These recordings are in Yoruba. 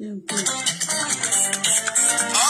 não tá. ah,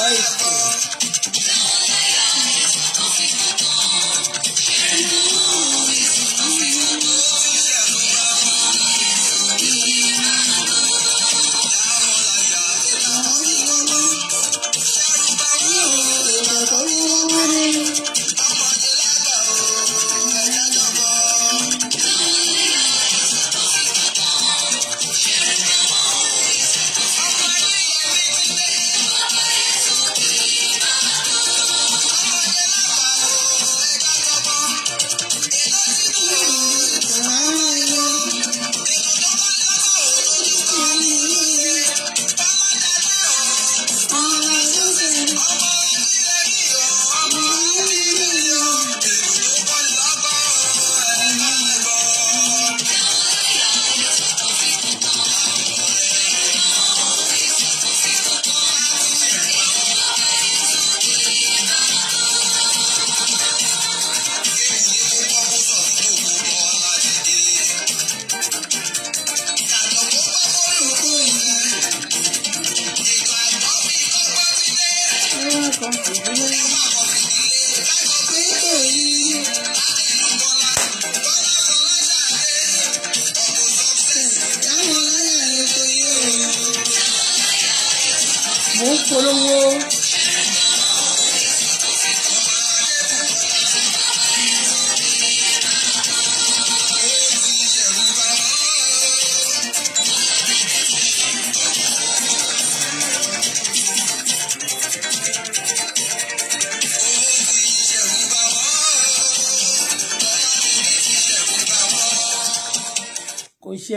Thank you.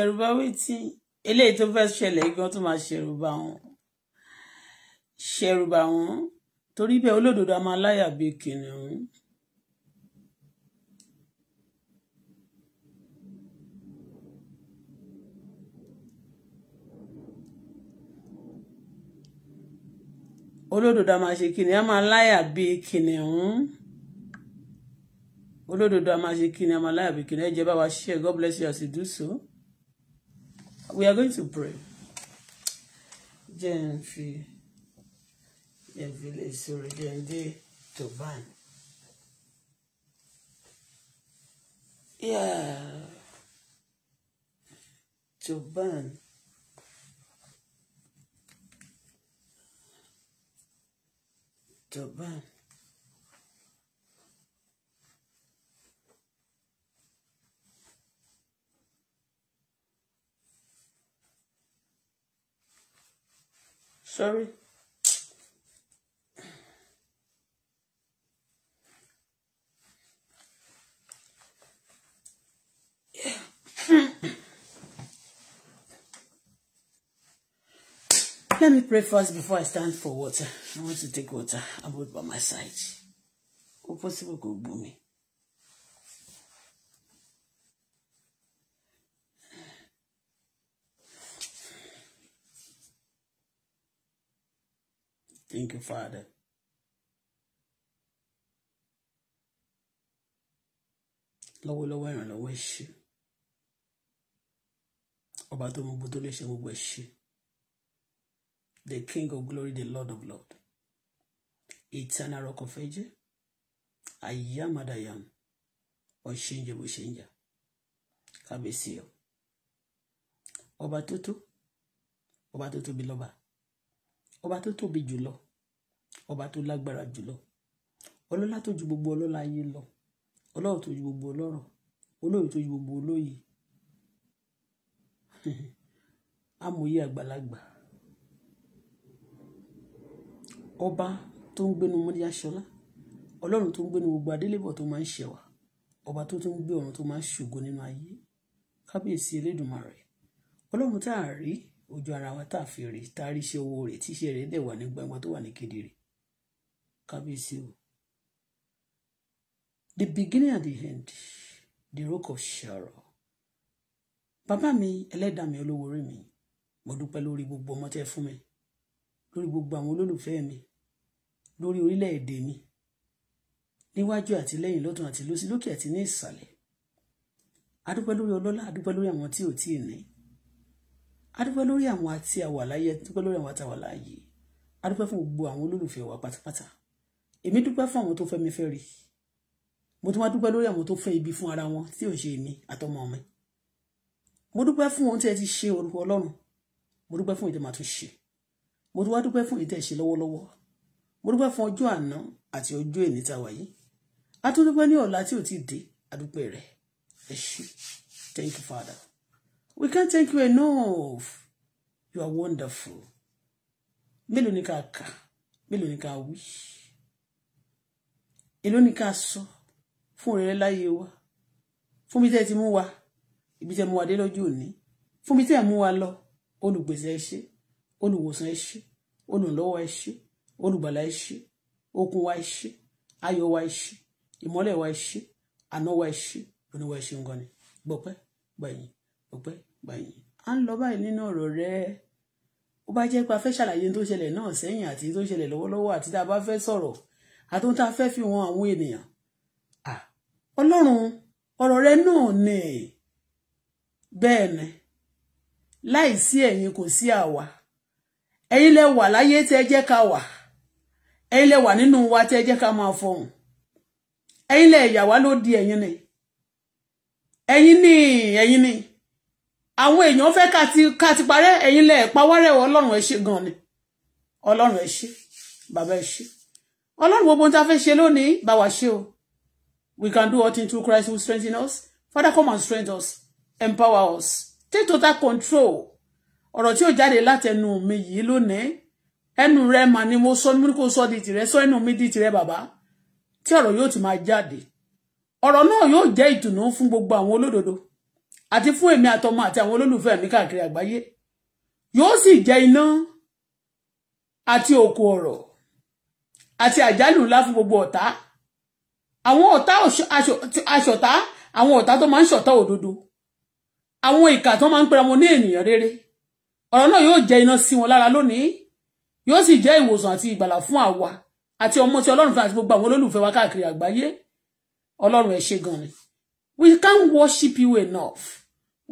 ṣẹ̀rùbà wítí eléyìí tó fẹ́ ṣẹlẹ̀ gan tó máa ṣẹ̀rùbà wọn ṣẹ̀rùbà wọn torí bẹ́ẹ̀ olódodo a máa láyà bí kìnìún. olódodo a máa ṣe kìnìún a máa láyà bí kìnìún olódodo a máa ṣe kìnìún a máa láyà bí kìnìún ẹ jẹ́ bá wa ṣe God bless you as you do so we are going to pray jẹ́ n fi ẹ̀fílẹ̀ sórí jẹ́ n Yeah. To burn. To burn. Sorry. Let me pray first before I stand for water. I want to take water. I put by my side. Ó possible kò gbó me? Thank you, Father. lọ́wọ́lọ́wọ́ ìrànlọ́wọ́ ẹ ṣé ọba tó mú gbogbo tó gbogbo ẹ the king of glory the lord of lord eternal rock of ages I am that I am unchangeable changer kábíyèsí o ọba tó tó ọba tó tóbi lọ́ba ọba tó tóbi jùlọ ọba tó lágbára jùlọ ọlọ́lá tó ju gbogbo ọlọ́lá ayé lọ ọlọ́rọ̀ tó ju gbogbo ọlọ́rọ̀ olóyè tó ju gbogbo olóyè amòye àgbàlagbà ọba tó ń gbénu mọ́lẹ́ aṣọlá ọlọ́run tó ń gbénu gbogbo adélébọ̀ tó máa ń ṣẹ̀wà ọba tó tún gbé ọ̀run tó máa ń ṣògo nínú ayé kábíyèsí elédùnmarè ọlọ́run tá a rí ojú ara wa tá a fi rí tá a rí iṣẹ́ owó rẹ̀ tíṣẹ́ rẹ̀ dẹ̀ wà ní gbangba tó wà ní kedere kábíyèsí o the beginning and the end the rock of Sharon Papa mi ẹlẹ́dàá mi olo orí mi mo dúpẹ́ lórí gbogbo ọmọ tẹ́ fún mi lórí gbogbo àwọn olólùfẹ́ mi lórí orílẹ̀-èdè mi níwájú àti lẹ́yìn lọ́tún àti lósì lókè àti ní lori adúpẹ́ lórí ọlọ́lá adúpẹ́ lórí àwọn tí ò tí ì ní adúpẹ́ lórí àwọn àti àwàláyé adúpẹ́ lórí àwọn àtàwàláyé adúpẹ́ fún gbogbo àwọn olólùfẹ́ wa pátápátá èmi dúpẹ́ fún àwọn tó fẹ́ mi fẹ́ rí mo tún wá dúpẹ́ lórí àwọn tó fẹ́ ibi fún ara wọn tí ò ṣe èmi àtọmọ mi mo dúpẹ́ fún ohun tí ẹ ti ṣe orúkọ ọlọ́run mo dúpẹ́ fún ìdẹ́mà tó ṣe mo tún wá dúpẹ́ fún ìtẹ́ ṣe lọ́wọ́lọ́wọ́ mo dúpẹ́ fún ọjọ́ àná àti ọjọ́ èní tá wà yìí a tún dúpẹ́ ní ọ̀la tí ò ti dé àdúpẹ́ rẹ̀ ẹ ṣé thank you father we can't thank you enough you are wonderful mélòó ni ká kà mélòó ni ká wí èló ni ká sọ fún rere láyé wa fún bí tẹ́ ti mú wa ibi tẹ́ mú wa dé lọ́jọ́ òní fún bí tẹ́ mú wa lọ olùgbèsè ẹ ṣé olùwòsàn ẹ ṣé olùlọ́wọ́ ẹ ṣé olùgbàlà ẹ ṣé okun wa ẹ ṣé ayọ̀ wa ẹ ṣé wa ẹ àná wa ẹ oníwà ẹ nǹkan ni gbọpẹ́ gbàyìn gbọpẹ́ gbàyìn à ń lọ báyìí nínú ọ̀rọ̀ rẹ ó bá jẹ́ pé a fẹ́ ṣàlàyé tó ṣẹlẹ̀ náà sẹ́yìn àti tó ṣẹlẹ̀ lọ́wọ́lọ́wọ́ àti tá a bá fẹ́ sọ̀rọ̀ àtòun tá a fẹ́ fi wọn àwọn ènìyàn ọlọ́run ọ̀rọ̀ rẹ náà ni bẹ́ẹ̀ ni láìsí ẹ̀yin kò sí àwa ẹ̀yin lẹ wà láyé tẹ́ jẹ́ ká wà ẹ̀yin lẹ wà nínú wa tẹ́ jẹ́ ká máa fọhùn ẹ̀yin lẹ yà wá ló di ẹ̀yin ni ẹ̀yin ni ẹ̀yin ni àwọn èèyàn fẹ́ ká ti ká ti parẹ́ ẹ̀yin lẹ pawárẹ̀ ọlọ́run ẹ ṣé gan ni ọlọ́run ẹ ṣé bàbá ẹ ṣé ọlọ́run gbogbo tá a fẹ́ ṣe lónìí bá wa ṣe o we can do all things through Christ who strengthen us father come and strengthen us empower us take total control ọ̀rọ̀ tí ó jáde láti ẹnu mi yìí lónìí ẹnu rẹ mà ni mo sọ ní kò sọ di tìrẹ sọ ẹnu mi di tìrẹ bàbá tí ọ̀rọ̀ yóò ti máa jáde ọ̀rọ̀ náà yóò jẹ́ ìtùnú fún gbogbo àwọn olódodo àti fún èmi àtọmọ àti àwọn olólùfẹ́ mi káàkiri àgbáyé yóò sì jẹ́ iná àti òkú ọ̀rọ̀ àti àjálù ńlá fún gbogbo ọ̀tá àwọn ọ̀tá aṣọ̀tá àwọn ọ̀tá tó máa ń ṣọ̀tá òdodo àwọn ìkà tó máa ń pera wọn ní ènìyàn rere ọ̀rọ̀ náà yóò jẹ́ iná sí wọn lára lónìí yóò sì jẹ́ ìwòsàn àti ìgbàlà fún àwa àti ọmọ tí ọlọ́run fẹ́ àti gbogbo àwọn olólùfẹ́ wa káàkiri àgbáyé ọlọ́run ẹ ṣé gan ni we can't worship you enough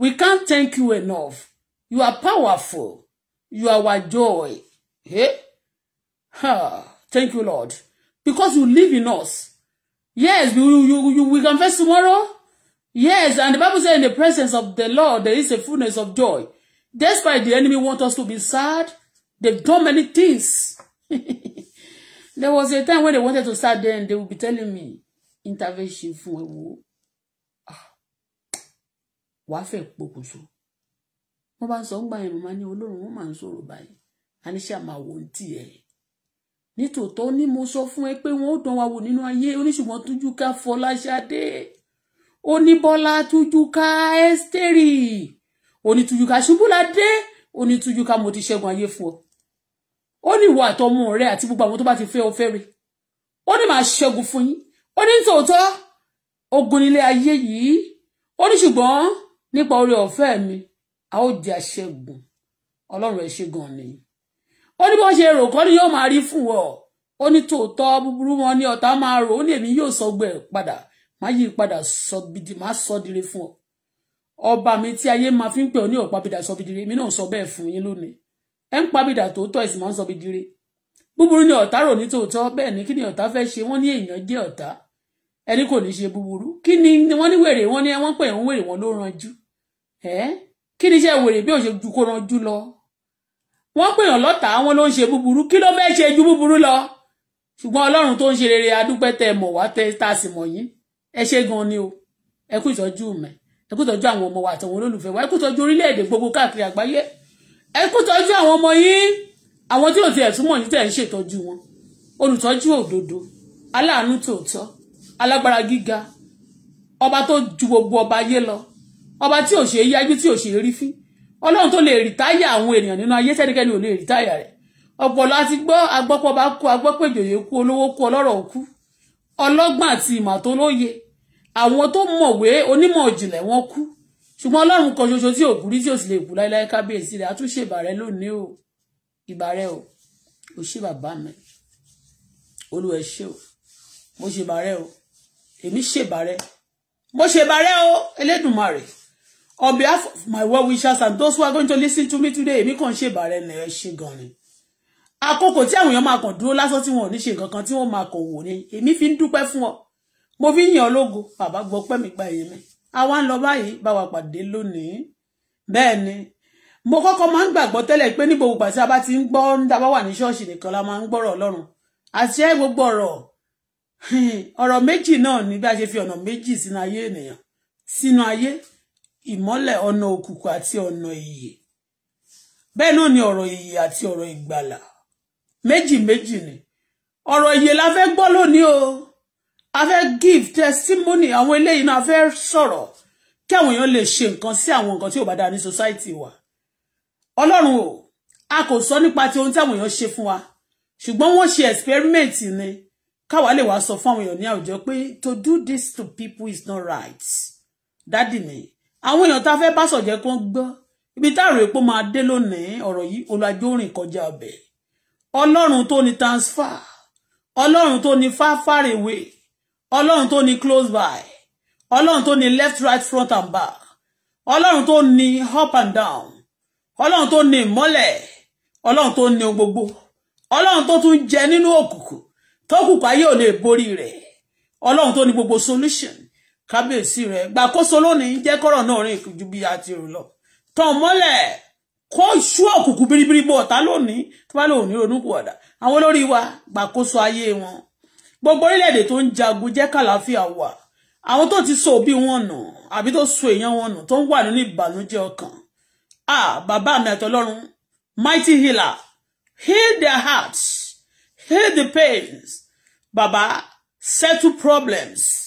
we can't thank you enough you are powerful you are our joy. Hey? Huh. Thank you, Lord. Because you live in us. Yes, we, you, you, we confess tomorrow. Yes, and the Bible says in the presence of the Lord there is a fullness of joy. Despite the enemy want us to be sad, they've done many things. There was a time when they wanted to start then they would be telling me, intervention for, ewu. Ah. Wàá fẹ́ pokùnso. Wọ́n bá ń sọ ń gbà yẹn màmá ní olórun wọ́n máa ń sọ̀rọ̀ báyìí. A nítòótọ́ ní mo sọ fún ẹ pé wọ́n ó dán wa wò nínú ayé oníṣùgbọ́n tújúká fọláṣadé oníbọ́lá tújúká ẹ́stẹ́rì onítújúká ṣubúládé onítújúká mo ti ṣẹ́gun ayé fún ọ ó ní ìwọ àtọmọ rẹ àti gbogbo àwọn tó bá ti fẹ́ ọ fẹ́re ó ní màá ṣẹ́gun fún yín ó ní tòótọ́ ogun nílé ayé yìí ó ní ṣùgbọ́n nípa oore ọ̀fẹ́ mi a ó di aṣẹ́gun ọlọ́run ẹ ṣe gan-an nìyí ó ní bọ́n ṣe rò kọ́ ni yóò máa rí fún ọ ó ní tòótọ́ búburú wọn ní ọ̀tá máa rò ó ní èmi yóò sọ gbẹ padà má yí padà sọ bìdì má sọ dire fún ọ ọba mi tí ayé máa fi ń pè ọ ní ọ̀pá bìdà sọ bìdìrì èmi náà sọ bẹ́ẹ̀ fún yín lónìí ẹ ń pa bìdà tòótọ́ ẹ̀sìn máa ń sọ bìdìrì búburú ni ọ̀tá rò ní tòótọ́ bẹ́ẹ̀ ni kí ni ọ̀tá fẹ́ ṣe wọ́n ní èèyàn jẹ́ ọ̀tá ẹni kò ní ṣe búburú kí ni wọ́n ní wèrè wọ́n ní wọ́n pè wọ́n wèrè wọ́n ló ranjú ẹ́ kí ni iṣẹ́ wèrè bí òṣèlú kó ranjú lọ wọ́n pèèyàn lọ́tàá wọn ló ń ṣe búburú kí ló fẹ́ ṣe ju búburú lọ ṣùgbọ́n ọlọ́run tó ń ṣe rere adúpẹ́ tẹ mọ̀ wá tẹ tá a sì mọ̀ yín ẹ ṣé gan ni o ẹ kú ìtọ́jú mẹ́ ẹ kú ìtọ́jú àwọn ọmọ wa àtàwọn olólùfẹ́ wa ẹ kú ìtọ́jú orílẹ̀-èdè gbogbo káàkiri àgbáyé ẹ kú ìtọ́jú àwọn ọmọ yín àwọn tí ò tiẹ̀ túmọ̀ yín tẹ̀ ń ṣètọ́jú wọn olùtọ́jú òdodo aláàánú tòótọ́ alágbára gíga ọba tó ju gbogbo ọba ayé lọ ọba tí ò ṣe é yájú tí ò ṣe é rí fín ọlọ́run tó lè rìtáyà àwọn ènìyàn nínú ayé sẹ́nikẹ́ni ò lè rìtáyà rẹ̀ ọ̀pọ̀ láti gbọ́ agbọ́pọ̀ bá kú agbọ́pọ̀ ìjòyè kú olówó kú ọlọ́rọ̀ kú ọlọ́gbọ́n àti ìmọ̀ tó lóye àwọn tó mọ̀wé onímọ̀ ìjìnlẹ̀ wọn kú ṣùgbọ́n ọlọ́run kan ṣoṣo tí ògúrí tí ò sì lè kú láéláé kábíyèsí rẹ̀ àtúnṣe ìbàrẹ̀ lónìí o ìbàrẹ̀ o ò ṣe bàbá mi olúwa ẹ o mo ṣe bàrẹ̀ o èmi ṣèbàrẹ̀ mo ṣèbàrẹ̀ o Elédùmarè on behalf of my well wishers and those who are going to listen to me today èmi kàn ṣe ìbàrẹ̀ ní ẹ ṣe gan ni àkókò tí àwọn èèyàn máa kàn dúró lásán tí wọn ò ní ṣe nǹkan kan tí wọn máa ni èmi fi ń dúpẹ́ fún mo fi ń yàn ológo bàbá gbọ́ mi gba èyí mi àwa ń lọ báyìí bá wa pàdé lónìí bẹ́ẹ̀ ni mo kọ́kọ́ máa ń gbàgbọ́ tẹ́lẹ̀ pé ní gbogbo pàṣẹ abá ti ń gbọ́ ń dábá wà ní ṣọ́ọ̀ṣì nìkan la máa ń gbọ́rọ̀ Ọlọ́run àṣẹ gbogbo ọ̀rọ̀ ọ̀rọ̀ méjì náà ni bí a ṣe fi ọ̀nà méjì sínú ayé ènìyàn sínú ayé ìmọ́lẹ̀ ọ̀nà òkùnkùn àti ọ̀nà ìyè bẹ́ẹ̀ náà ni ọ̀rọ̀ ìyè àti ọ̀rọ̀ ìgbàlà méjì méjì ni ọ̀rọ̀ ìyè la fẹ́ gbọ́ lónìí o a fẹ́ give testimony àwọn eléyìí náà a fẹ́ sọ̀rọ̀ kí àwọn èèyàn lè ṣe nǹkan sí àwọn nǹkan tí ò bá dáa ní society wa ọlọ́run o a kò sọ nípa ti ohun tí àwọn èèyàn ṣe fún wa ṣùgbọ́n wọ́n ṣe experiment ni káwa lè wá sọ fún àwọn èèyàn ní àwùjọ pé to do this to people is not right dádì mi àwọn èèyàn tá a fẹ́ bá sọ̀jẹ́ kan gbọ́ ibi táàrùn epo máa dé lónìí ọ̀rọ̀ yìí olajórin kọjá ọbẹ̀ ọlọ́run tó ní transfer ọlọ́run tó ní far far away ọlọ́run tó ní close by ọlọ́run tó ní left right front and back ọlọ́run tó ní up and down ọlọ́run tó ní ìmọ́lẹ̀ ọlọ́run tó ní gbogbo ọlọ́run tó tún jẹ nínú òkùnkùn tó kùkù ayé ò lè borí rẹ̀ ọlọ́run tó ní gbogbo solution kábíyèsí rẹ gbàkóso lónìí jẹ́ kọ́rọ̀ náà rìn ju bí a ti rò lọ tàn mọ́lẹ̀ kó ìṣú òkùnkùn biribiri bọ ọ̀tá lónìí tó bá lòun ní ronúkú ọdà àwọn olórí wa gbàkóso ayé wọn gbogbo orílẹ̀-èdè tó ń jagun jẹ́ kàlàáfíà wà àwọn tó ti so òbí wọn nà àbí tó so èèyàn wọn nà tó ń wà nínú ìbànújẹ́ ọkàn ah bàbá mi àtọlọ́run mighty healer heal their hearts heal the pains baba settle problems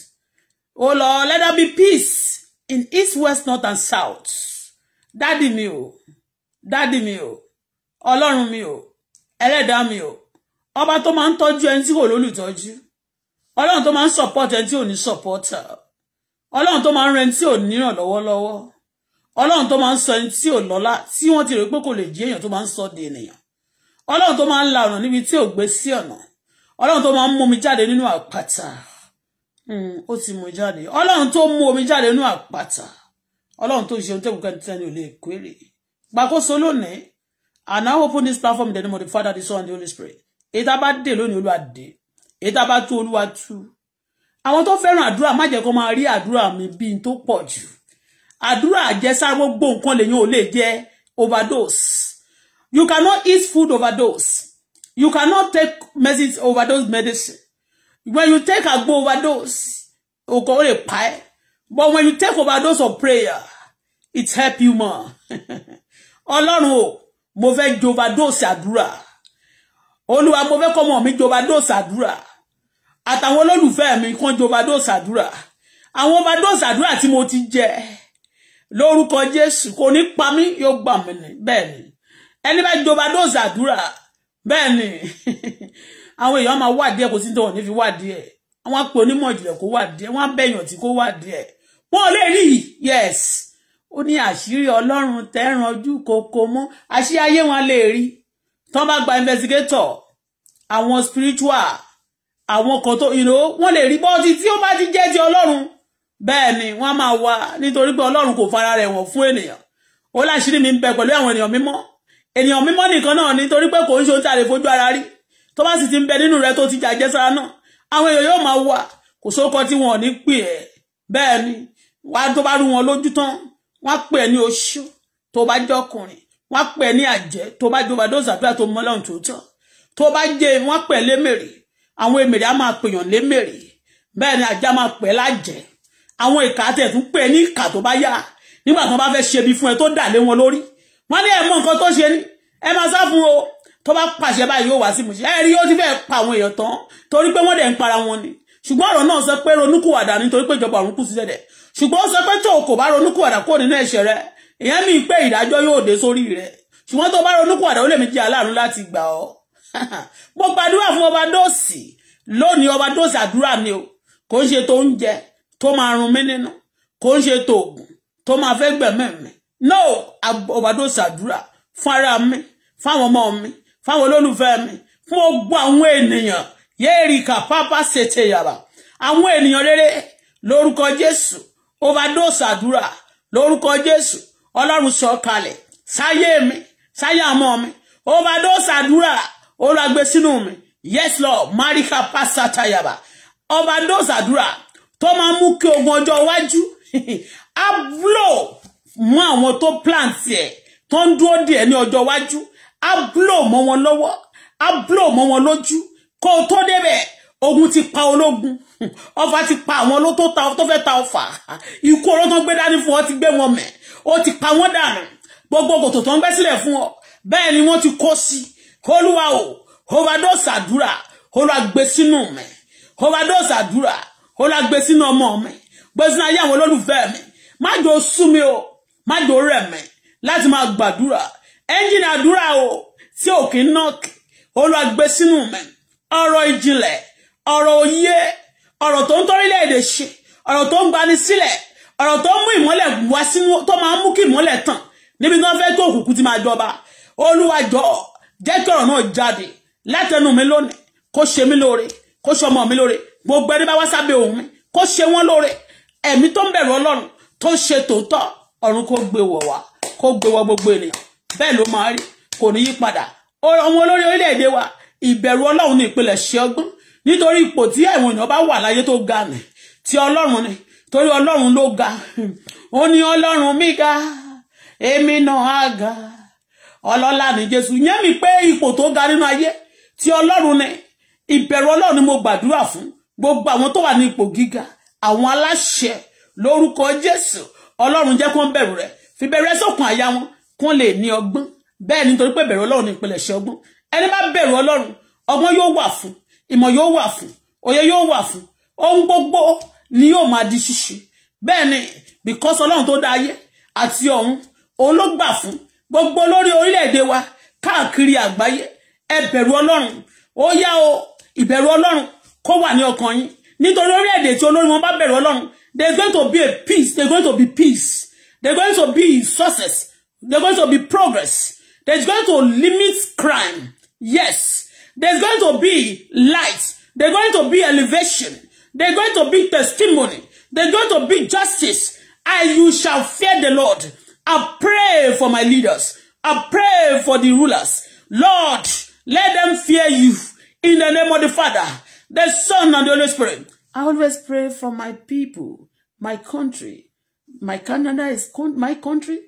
O oh Lord, let there be peace in east, west, north, and south. Daddy mi o, dádì mi o, ọlọ́run mi o, ẹlẹ́dàá mi o, ọba tó máa ń tọ́jú ẹni tí kò lólùtọ́jú, ọlọ́run tó máa ń support ẹni tí ò ní supporter, ọlọ́run tó máa ń ran ẹni tí ò níràn lọ́wọ́lọ́wọ́, ọlọ́run tó máa ń sọ ẹni tí ò lọ́lá tí wọ́n ti rò pé kò lè jí èèyàn tó máa ń sọ di ènìyàn, ọlọ́run tó la ọ̀nà níbi tí o gbé sí ọ̀nà, ọlọ́run tó máa ń mú mi jáde nínú àpáta. Hmm, ó ti mú jáde ọlọ́run tó mú omi jáde nínú àpáta ọlọ́run tó ṣe ohun tẹ́kùn kẹ́ni tẹ́ni ò lè kéré gbàkóso lónìí and now open this platform in the name of the Father the Son and the Holy Spirit èyí tá a bá dè lónìí olúwa dè èyí tá a bá tú olúwa tú àwọn tó fẹ́ràn àdúrà má jẹ́ kó máa rí àdúrà mi bí n tó pọ̀ jù àdúrà àjẹsára gbogbo nǹkan lèyìn ò lè jẹ overdose you cannot eat food overdose you cannot take medicine overdose medicine When you take a go overdose, okay, pie. But when you take overdose of prayer, it help you more. Ọlọ́run o, mo fẹ́ overdose adura. Olúwa mo fẹ́ kọ́mọ mi overdose adura. Àtàwọn olólùfẹ́ mi kan joverdose àdúrà. Àwọn overdose adura. tí mo ti jẹ lórúkọ Jésù kò ní pa mí yóò gbà mí ni bẹ́ẹ̀ ni. Ẹni bá joverdose àdúrà bẹ́ẹ̀ ni. àwọn èèyàn máa wádìí ẹ kò sí tó wọn ní fi wádìí ẹ àwọn apò onímọ̀ ìjìnlẹ̀ kó wádìí ẹ wọn abẹ́yàn tí kó wádìí ẹ wọn ò lè rí yes ó ní àṣírí ọlọ́run tẹ́ran ojú kòkó mọ́ àṣírí ayé wọn lè rí tán bá gba investigator àwọn spiritual àwọn kan tó you know wọn lè rí bọ́ọ̀tì tí ó bá ti jẹ́ ti ọlọ́run bẹ́ẹ̀ ni wọ́n máa wá nítorí pé ọlọ́run kò fara rẹ̀ wọ̀n fún ènìyàn ó láṣírí mi ń bẹ pẹ̀lú àwọn ènìyàn mímọ́ ènìyàn mímọ́ nìkan náà nítorí pé kò ń ṣe ohun tí a lè fojú ara rí tó bá sì ti ń bẹ nínú rẹ tó ti jàjẹ́ sára náà àwọn èèyàn yóò máa wà kò sóko tí wọn ò ní pè ẹ́ bẹ́ẹ̀ ni wá tó bá rú wọn lójú tán wọ́n pè ẹ́ ní oṣù tó bá jẹ́ ọkùnrin wọ́n pè ẹ́ ní àjẹ́ tó bá jọba dóòsì àdúrà tó mọ́ lọ́run tó tó bá jẹ́ wọ́n pè ẹ́ lémèrè àwọn èmèrè á máa pèèyàn lémèrè bẹ́ẹ̀ ni àjẹ́ á máa pè ẹ́ lájẹ́ àwọn ìka tẹ̀ tún pè é ní ìka tó bá yá nígbà tó bá fẹ́ ṣe bí fún ẹ tó dà lé wọn lórí wọ́n ní ẹ̀ mọ nǹkan tó ṣe ni ẹ máa sá fún o tó bá pàṣẹ báyìí yóò wá sí ìmúṣẹ ẹ rí ó ti fẹ́ẹ́ pa àwọn èèyàn tán torí pé wọ́n dẹ̀ ń para wọn ni ṣùgbọ́n ọ̀rọ̀ náà sọ pé ronúkúwàdà nítorí pé ìjọba òun kù sí sẹ́dẹ̀ ṣùgbọ́n ó sọ pé tó o kò bá ronúkúwàdà kúrò nínú ẹ̀ṣẹ̀ rẹ ìyẹn mi pé ìdájọ́ yóò dé sórí rẹ ṣùgbọ́n tó o bá ronúkúwàdà ó lè mi jẹ́ aláàánú láti gbà ọ́ mo gbàdúrà fún ọba dóòsì lónìí ọba dóòsì àdúrà mi o kò ń ṣe tó ń jẹ tó máa run mí nínú kò ń ṣe tó ògùn tó máa fẹ́ gbẹ̀mẹ̀mẹ̀ no ọba dóòsì àdúrà fún ara mi fáwọn ọmọ mi fáwọn olólùfẹ́ mi fún gbogbo àwọn ènìyàn yéèrìkà pápá ṣètè yàrá àwọn ènìyàn rere lórúkọ Jésù overdose àdúrà lórúkọ Jésù Ọlọ́run sọ̀kalẹ̀ sáyé mi sáyé àmọ́ mi overdose àdúrà olùgbé sínú mi yes lord marika pasatayaba overdose àdúrà tó máa mú kí ogun ọjọ́ iwájú á blow mú àwọn tó plant ẹ̀ tó ń dúró díẹ̀ ní ọjọ́ iwájú á blow mọ́ wọn lọ́wọ́ á blow mọ́ wọn lójú kó o tó ogun ti pa ológun ọfà ti pa àwọn ló tó ta tó fẹ́ ta ọfà ikú oró tó ń gbé dání fún ọ ti gbé wọn mẹ́ ó ti pa wọ́n dànù gbogbo kòtò tó ń gbé sílẹ̀ fún ọ ni wọ́n ti kó sí olúwa o overdose àdúrà olúwa gbé sínú mẹ́ overdose àdúrà olúwa gbé sínú ọmọ mẹ́ gbé sínú ayé àwọn olólùfẹ́ mi má jò sú mi o má jò rẹ̀ mẹ́ láti máa gbàdúrà ẹ́ńjìnì àdúrà o tí ò kí ń nọ́ọ̀kì olúwa gbé sínú mi ọ̀rọ̀ ìjìnlẹ̀ ọ̀rọ̀ òye ọ̀rọ̀ tó ń tọ́rílẹ̀ èdè ṣe ọ̀rọ̀ tó ń gbani sílẹ̀ ọ̀rọ̀ tó ń mú ìmọ́lẹ̀ wá sínú tó máa ń mú kí ìmọ́lẹ̀ tàn níbi tó ń fẹ́ tó òkùnkùn ti máa jọba olúwa jọ̀ọ́ kí ọ̀rọ̀ náà jáde látẹnu mi lónìí kó ṣe mí lóore kó ṣe ọmọ mi lóore gbogbo ẹni bá wá sábẹ́ òun mi kó ṣe wọ́n lóore ẹ̀mí tó ń bẹ̀rù ọlọ́run tó ń ṣe tòótọ́ ọ̀run kó gbé wọ̀ wá kó gbé wọ gbogbo ènìyàn bẹ́ẹ̀ ló máa rí kò ní yí padà ọmọ olórí orílẹ̀-èdè wa ìbẹ̀rù ọlọ́run ní ìpilẹ̀ṣẹ̀ ọgbọ́n nítorí ipò tí àwọn èèyàn bá wà láyé tó ga ni ti ọlọ́run ni torí ọlọ́run ló ga ó ní ọlọ́run mi ga èmi náà á ga ọlọ́lá ni jésù yẹn mi pé ipò tó ga nínú ayé ti ọlọ́run ni ìbẹ̀rù ọlọ́run ni mo gbàdúrà fún gbogbo àwọn tó wà ní ipò gíga àwọn aláṣẹ lórúkọ jésù ọlọ́run jẹ́ kó ń bẹ̀rù rẹ̀ fi bẹ̀rẹ̀ sókun àyà wọn kún lè ní ọgbọ́n bẹ́ẹ̀ nítorí pé bẹ̀rù ọlọ́run ní ìpilẹ̀ṣẹ̀ ọgbọ́n ẹni bá bẹ̀rù ọlọ́run ọgbọ́n yóò wà fún ìmọ̀ yóò wà fún òye yóò wà fún ohun gbogbo ni yóò máa di ṣíṣe bẹ́ẹ̀ ni because ọlọ́run tó dá ayé àti ọ̀run òun ló gbà fún gbogbo lórí orílẹ̀-èdè wa káàkiri àgbáyé ẹ bẹ̀rù ọlọ́run ó yá o ìbẹ̀rù ọlọ́run kó wà ní ọkàn yín nítorí orílẹ̀-èdè tí olórí wọn bá bẹ̀rù ọlọ́run there going to be a peace there going to be peace there going to be success There's going to be progress. There's going to limit crime. Yes. There's going to be light. There's going to be elevation. There's going to be testimony. There's going to be justice. And you shall fear the Lord. I pray for my leaders. I pray for the rulers. Lord, let them fear you in the name of the Father, the Son, and the Holy Spirit. I always pray for my people, my country. My Canada is con my country.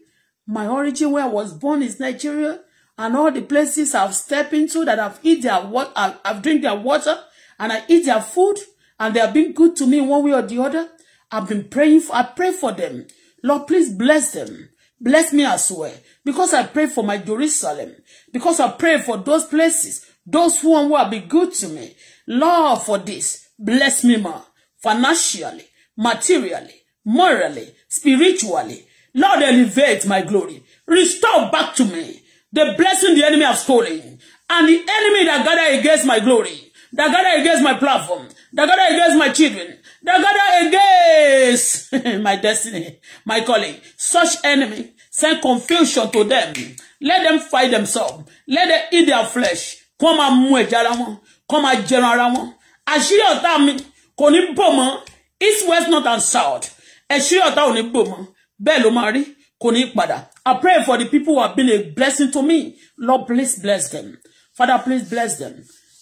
My origin where I was born is Nigeria. And all the places I've stepped into that I've eat their water, I've drink their water, and I eat their food, and they have been good to me one way or the other. I've been praying for, I pray for them. Lord, please bless them. Bless me as well. Because I pray for my Jerusalem. Because I pray for those places, those who will be good to me. Lord, for this, bless me, ma. Financially, materially, morally, spiritually, Lord, elevate my glory. Restore back to me the blessing the enemy has stolen. And the enemy that gathered against my glory, that gathered against my platform, that gathered against my children, that gathered against my destiny, my calling. Such enemy, send confusion to them. Let them fight themselves. Let them eat their flesh. Come máa mú ẹ̀jẹ̀ come wọn. general máa jẹran ara wọn. Àṣírí ọ̀tá mi East, west, north and south. Àṣírí ọ̀tá ò ní bò mọ́ bẹ́ẹ̀ ló máa rí kò ní padà I pray for the people who have been a blessing to me Lord please bless them Father please bless them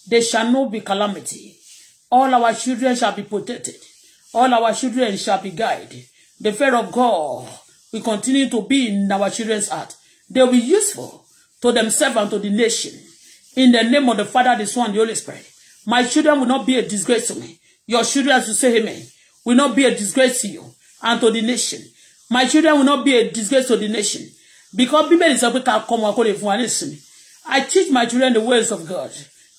they shall not be calamity all our children shall be protected all our children shall be guided the fear of God will continue to be in our children's heart they will be useful to themselves and to the nation in the name of the Father the Son and the Holy Spirit my children will not be a disgrace to me your children as you say amen will not be a disgrace to you and to the nation my children will not be a disgrace to the nation because bíbélì sọ pé ká kọ́ ọmọ kó lè fún wa nísìnyí I teach my children the ways of God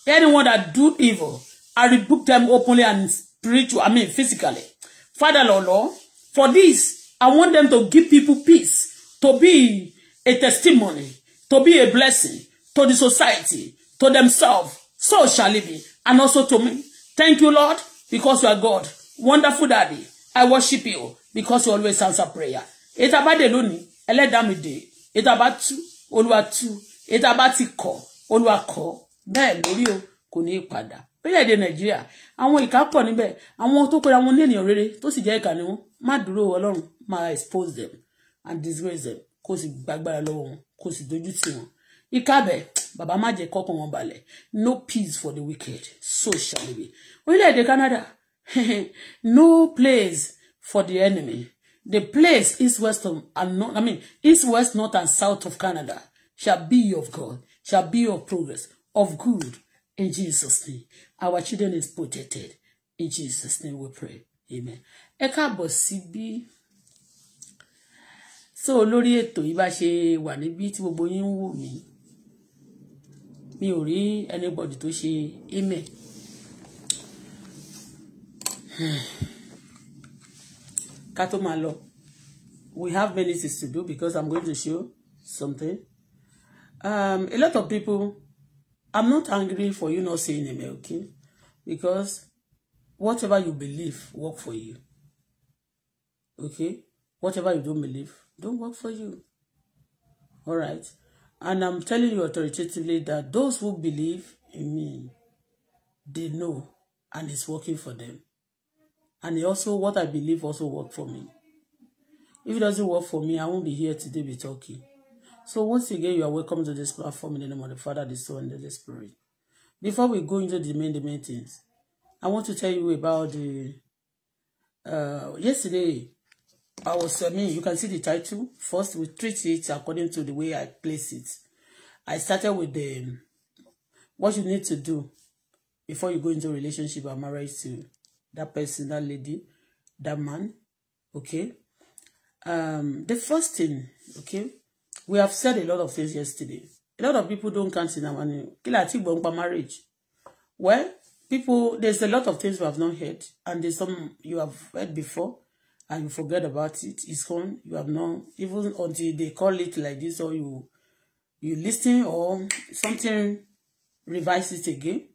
anyone that do evil I rebuke them openly and spiritually I mean physically Father Lord Lord for this I want them to give people peace to be a testimony to be a blessing to the society to themselves so shall it be and also to me thank you Lord because you are God wonderful daddy I worship you because you always answer prayer èyí tá a bá dè lónìí ẹlẹ́dàá mi dè èyí tá a bá tú olúwa tú èyí tá a bá ti kọ̀ olúwa kọ̀ bẹ́ẹ̀ lórí o kò ní í padà orílẹ̀-èdè nàìjíríà àwọn ìkà pọ̀ níbẹ̀ àwọn tó pera wọn ní ènìyàn rere tó sì jẹ́ ìkà ni wọn má dúró ọlọ́run máa expose them and disgrace them kó sì gbàgbára lọ́wọ́ wọn kó sì dojú tì wọn ìkàbẹ̀ bàbá má jẹ́ kọ́kàn wọn balẹ̀ no peace for the wicked so shall it be orílẹ̀-èdè canada no place for the enemy. The place east, west of, and north, I mean, east, west, north, and south of Canada shall be of God, shall be of progress, of good, in Jesus' name. Our children is protected. In Jesus' name we pray. Amen. Eka káàbọ̀ síbí. So lórí ètò yìí bá ṣe wà níbí Mi ori anybody to she. amen. Hmm ká tó máa we have many things to do because i'm going to show something um, a lot of people i'm not angry for you not saying amen okay because whatever you believe work for you okay whatever you don't believe don't work for you all right and i'm telling you authoritatively that those who believe in me they know and it's working for them and also what I believe also worked for me. If it doesn't work for me, I won't be here today be talking. So once again, you are welcome to this platform in the name of the Father, the Son, and the Holy Spirit. Before we go into the main, the main things, I want to tell you about the uh, yesterday. I was I mean, you can see the title. First, we treat it according to the way I place it. I started with the what you need to do before you go into a relationship or marriage to that person, that lady, that man. Okay. Um, the first thing, okay, we have said a lot of things yesterday. A lot of people don't count in our marriage. Well, people, there's a lot of things we have not heard, and there's some you have heard before, and you forget about it. It's gone. You have not even until they call it like this, or you you listen, or something revise it again.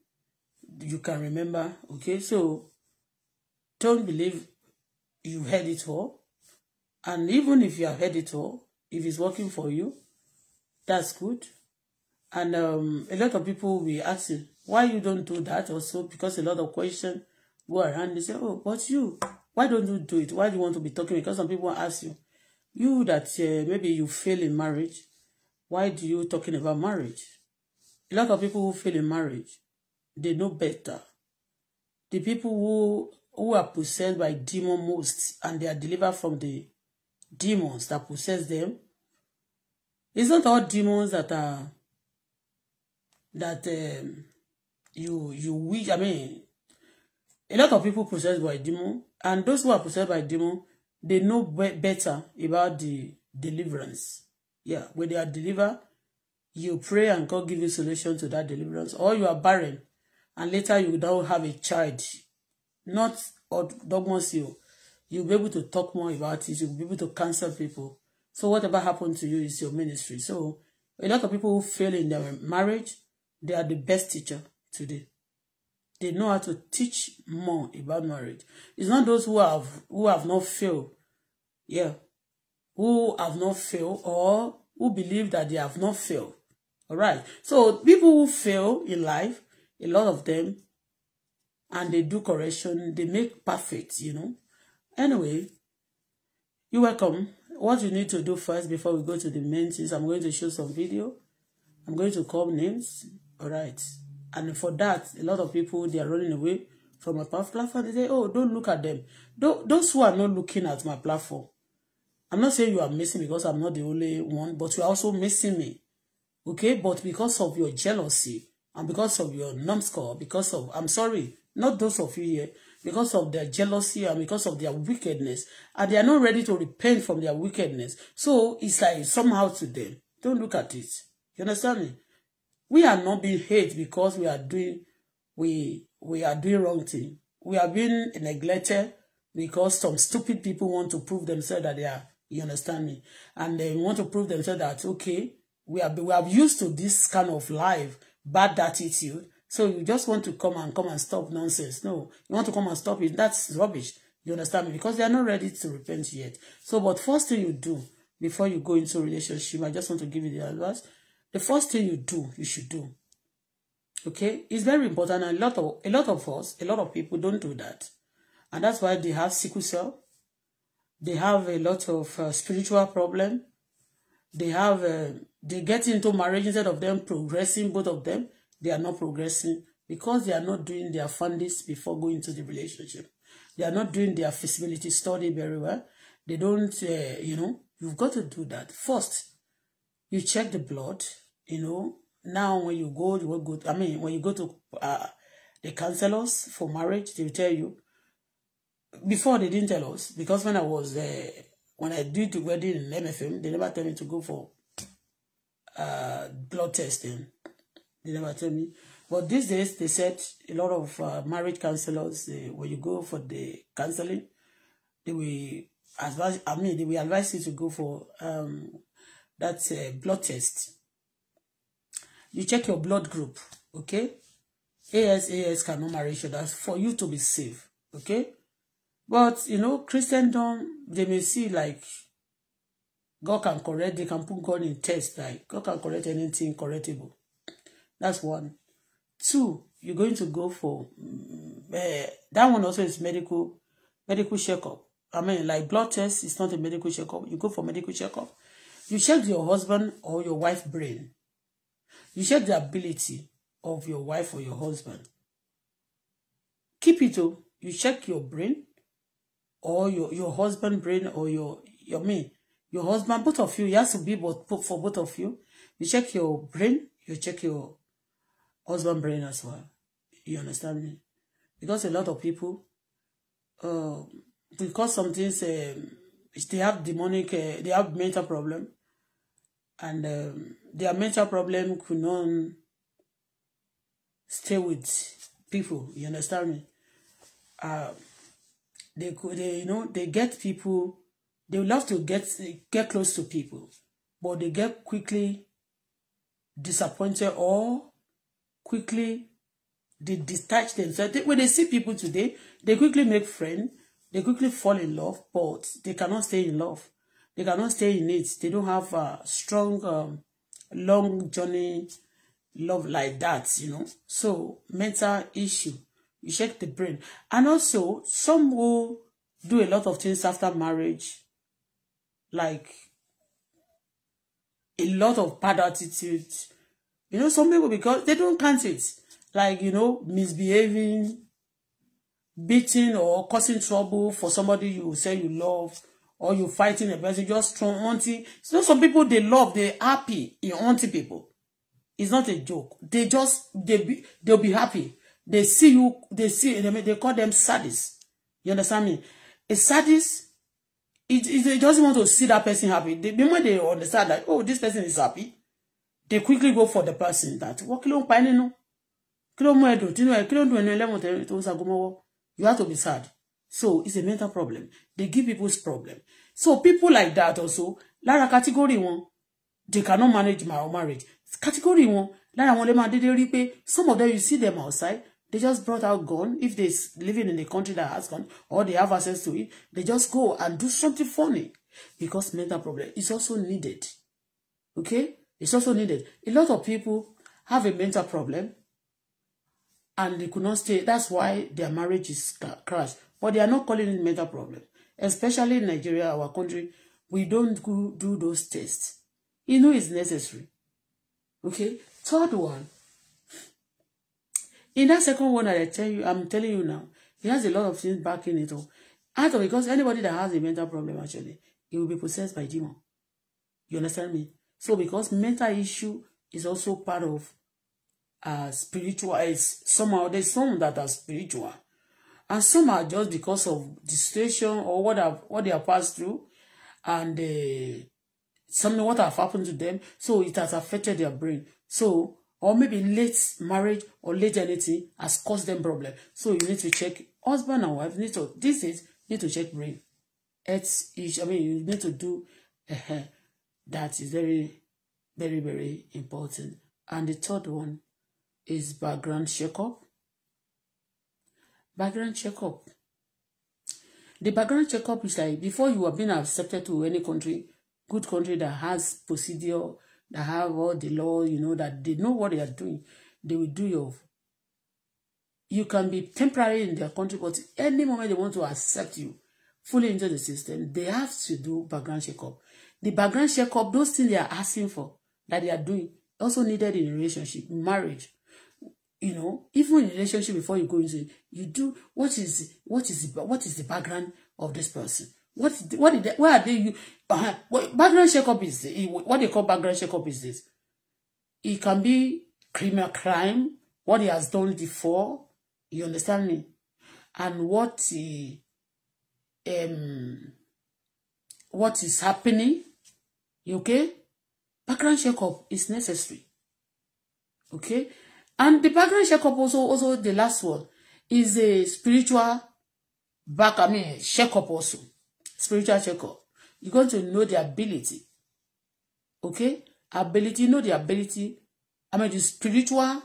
You can remember. Okay, so Don't believe you've heard it all. And even if you have heard it all, if it's working for you, that's good. And um, a lot of people will ask you, why you don't do that also? Because a lot of questions go around. They say, oh, but you, why don't you do it? Why do you want to be talking? Because some people ask you, you that uh, maybe you fail in marriage, why do you talking about marriage? A lot of people who fail in marriage, they know better. The people who who are possessed by demon most and they are delivered from the demons that possess them. It's not all demons that are that um, you you wish. I mean, a lot of people possessed by demon, and those who are possessed by demon, they know be better about the deliverance. Yeah, when they are delivered, you pray and God give you solution to that deliverance, or you are barren, and later you don't have a child not dogmas you you'll be able to talk more about it you'll be able to counsel people so whatever happened to you is your ministry so a lot of people who fail in their marriage they are the best teacher today they know how to teach more about marriage it's not those who have who have not failed yeah who have not failed or who believe that they have not failed all right so people who fail in life a lot of them and they do correction they make perfect you know anyway you're welcome what you need to do first before we go to the main things i'm going to show some video i'm going to call names all right and for that a lot of people they are running away from my platform they say oh don't look at them those who are not looking at my platform i'm not saying you are missing because i'm not the only one but you're also missing me okay but because of your jealousy and because of your numbskull because of i'm sorry Not those of you here, because of their jealousy and because of their wickedness. And they are not ready to repent from their wickedness. So it's like somehow to them. Don't look at it. You understand me? We are not being hated because we are doing we we are doing wrong thing. We are being neglected because some stupid people want to prove themselves that they are you understand me and they want to prove themselves that okay we are we are used to this kind of life bad attitude So you just want to come and come and stop nonsense. No, you want to come and stop it. That's rubbish. You understand me? Because they are not ready to repent yet. So, but first thing you do before you go into relationship, I just want to give you the advice. The first thing you do, you should do. Okay, it's very important. And a lot of a lot of us, a lot of people don't do that, and that's why they have sickle cell. They have a lot of uh, spiritual problem. They have uh, they get into marriage instead of them progressing both of them they are not progressing because they are not doing their fundings before going to the relationship. They are not doing their feasibility study very well. They don't, uh, you know, you've got to do that. First, you check the blood, you know. Now, when you go, you will go, to, I mean, when you go to uh, the counselors for marriage, they'll tell you. Before, they didn't tell us because when I was there, uh, when I did the wedding in MFM, they never tell me to go for uh, blood testing. They never tell me. But these days, they said a lot of uh, marriage counselors, uh, when you go for the counseling, they will advise, I mean, they will advise you to go for um, that uh, blood test. You check your blood group, okay? AS, AS cannot marry each other for you to be safe, okay? But, you know, Christendom, they may see like God can correct, they can put God in test, like God can correct anything correctable. That's one. Two, you're going to go for uh, that one also is medical medical checkup. I mean, like blood test is not a medical checkup. You go for medical checkup. You check your husband or your wife brain. You check the ability of your wife or your husband. Keep it up. Oh. You check your brain or your, your husband brain or your, your me, your husband, both of you. It has to be both, for both of you. You check your brain, you check your husband brain as well. You understand me? Because a lot of people, uh, because some things, um, they have demonic, uh, they have mental problem, and um, their mental problem could not stay with people. You understand me? Uh, they could, they, you know, they get people. They love to get get close to people, but they get quickly disappointed or quickly they detach themselves. They, when they see people today, they quickly make friends, they quickly fall in love, but they cannot stay in love. They cannot stay in it. They don't have a strong, um, long journey love like that, you know. So mental issue, you shake the brain. And also, some will do a lot of things after marriage, like a lot of bad attitudes, You know, some people, because they don't count it. Like, you know, misbehaving, beating or causing trouble for somebody you say you love or you fighting a person, just strong auntie. You know, some people, they love, they happy in auntie people. It's not a joke. They just, they be, they'll be happy. They see you, they see, they, they call them sadists. You understand me? A sadist it, it, it doesn't want to see that person happy. The moment they understand that, oh, this person is happy, they quickly go for the person that wọ́n kí ló ń pa ẹ́ nínú kí ló mú ẹ dùn nínú kí ló ń dùn ẹnu ẹlẹ́wọ̀n tó ń sago you have to be sad so it's a mental problem they give people's problem so people like that also lára category wọn they cannot manage my own marriage category wọn lára wọn lè máa dédé rí pé some of them you see them outside they just brought out gun if they living in a country that has gun or they have access to it they just go and do something funny because mental problem is also needed okay It's also needed. A lot of people have a mental problem and they could not stay. That's why their marriage is crashed. But they are not calling it mental problem. Especially in Nigeria, our country, we don't go do those tests. You know it's necessary. Okay? Third one. In that second one that I tell you, I'm telling you now, He has a lot of things backing it up. Out because anybody that has a mental problem actually, he will be possessed by demon. You understand me? So because mental issue is also part of uh, spiritual, it's eh, somehow there's some that are spiritual. And some are just because of the situation or what have, what they have passed through and uh, eh, something what have happened to them. So it has affected their brain. So or maybe late marriage or late anything has caused them problem. So you need to check husband and wife need to this is need to check brain. It's each I mean you need to do uh, That is very, very, very important. And the third one is background checkup. Background checkup. The background checkup is like before you are being accepted to any country, good country that has procedure, that have all the law, you know, that they know what they are doing, they will do your you can be temporary in their country, but any moment they want to accept you fully into the system, they have to do background checkup the background check up those things they are asking for that they are doing also needed in relationship in marriage you know even in relationship before you go into it you do what is what is what is the background of this person what what did they, where are they you uh, what background check up is what they call background check up is this it can be criminal crime what he has done before you understand me and what he, um what is happening Okay? Background checkup is necessary. Okay? And the background checkup also, also the last one, is a spiritual back, I mean, checkup also. Spiritual checkup. You're going to know the ability. Okay? Ability, know the ability. I mean, the spiritual,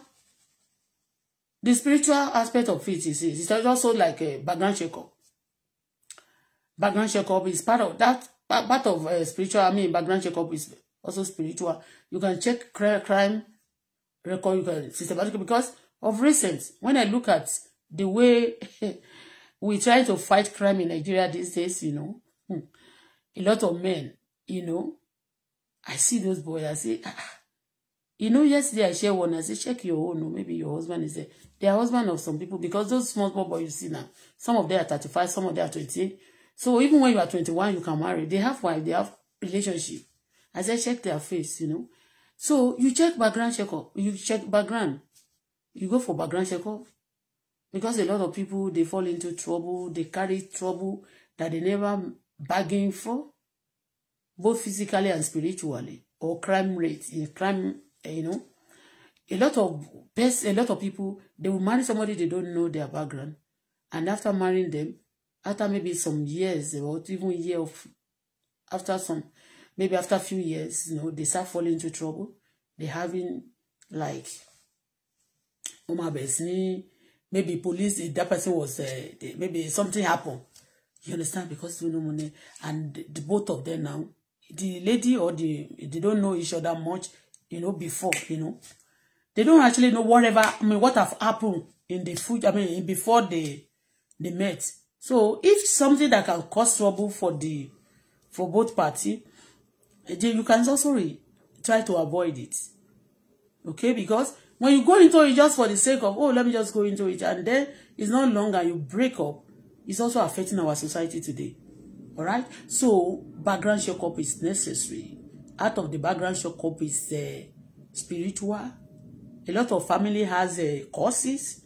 the spiritual aspect of it is, it's also like a background checkup. Background checkup is part of that part of uh, spiritual, I mean, background checkup is also spiritual. You can check crime record, you can systematically, because of recent, when I look at the way we try to fight crime in Nigeria these days, you know, hmm, a lot of men, you know, I see those boys, I say, ah. ah you know, yesterday I share one, I say, check your own, or oh, maybe your husband is there. They are husband of some people, because those small, small boys you see now, some of them are 35, some of them are 28, So even when you are 21, you can marry. They have wife, they have relationship. I said check their face, you know. So you check background checkup. You check background. You go for background checkup Because a lot of people, they fall into trouble. They carry trouble that they never bargained for. Both physically and spiritually. Or crime rate. In crime, eh, you know. A lot of a lot of people, they will marry somebody they don't know their background. And after marrying them, after maybe some years or even year of after some maybe after few years you know they start falling into trouble they having like wọ́n máa bẹ̀rẹ̀ maybe police that person was uh, they, maybe something happened. you understand because you know money and the both of them now the lady or the they don't know each other much you know before you know they don't actually know whatever I mean what have happened in the future I mean before they they met So if something that can cause trouble for the for both party, then you can also try to avoid it. Okay, because when you go into it just for the sake of oh let me just go into it and then it's not long and you break up, it's also affecting our society today. All right, so background up is necessary. Out of the background up is uh, spiritual. A lot of family has uh, causes.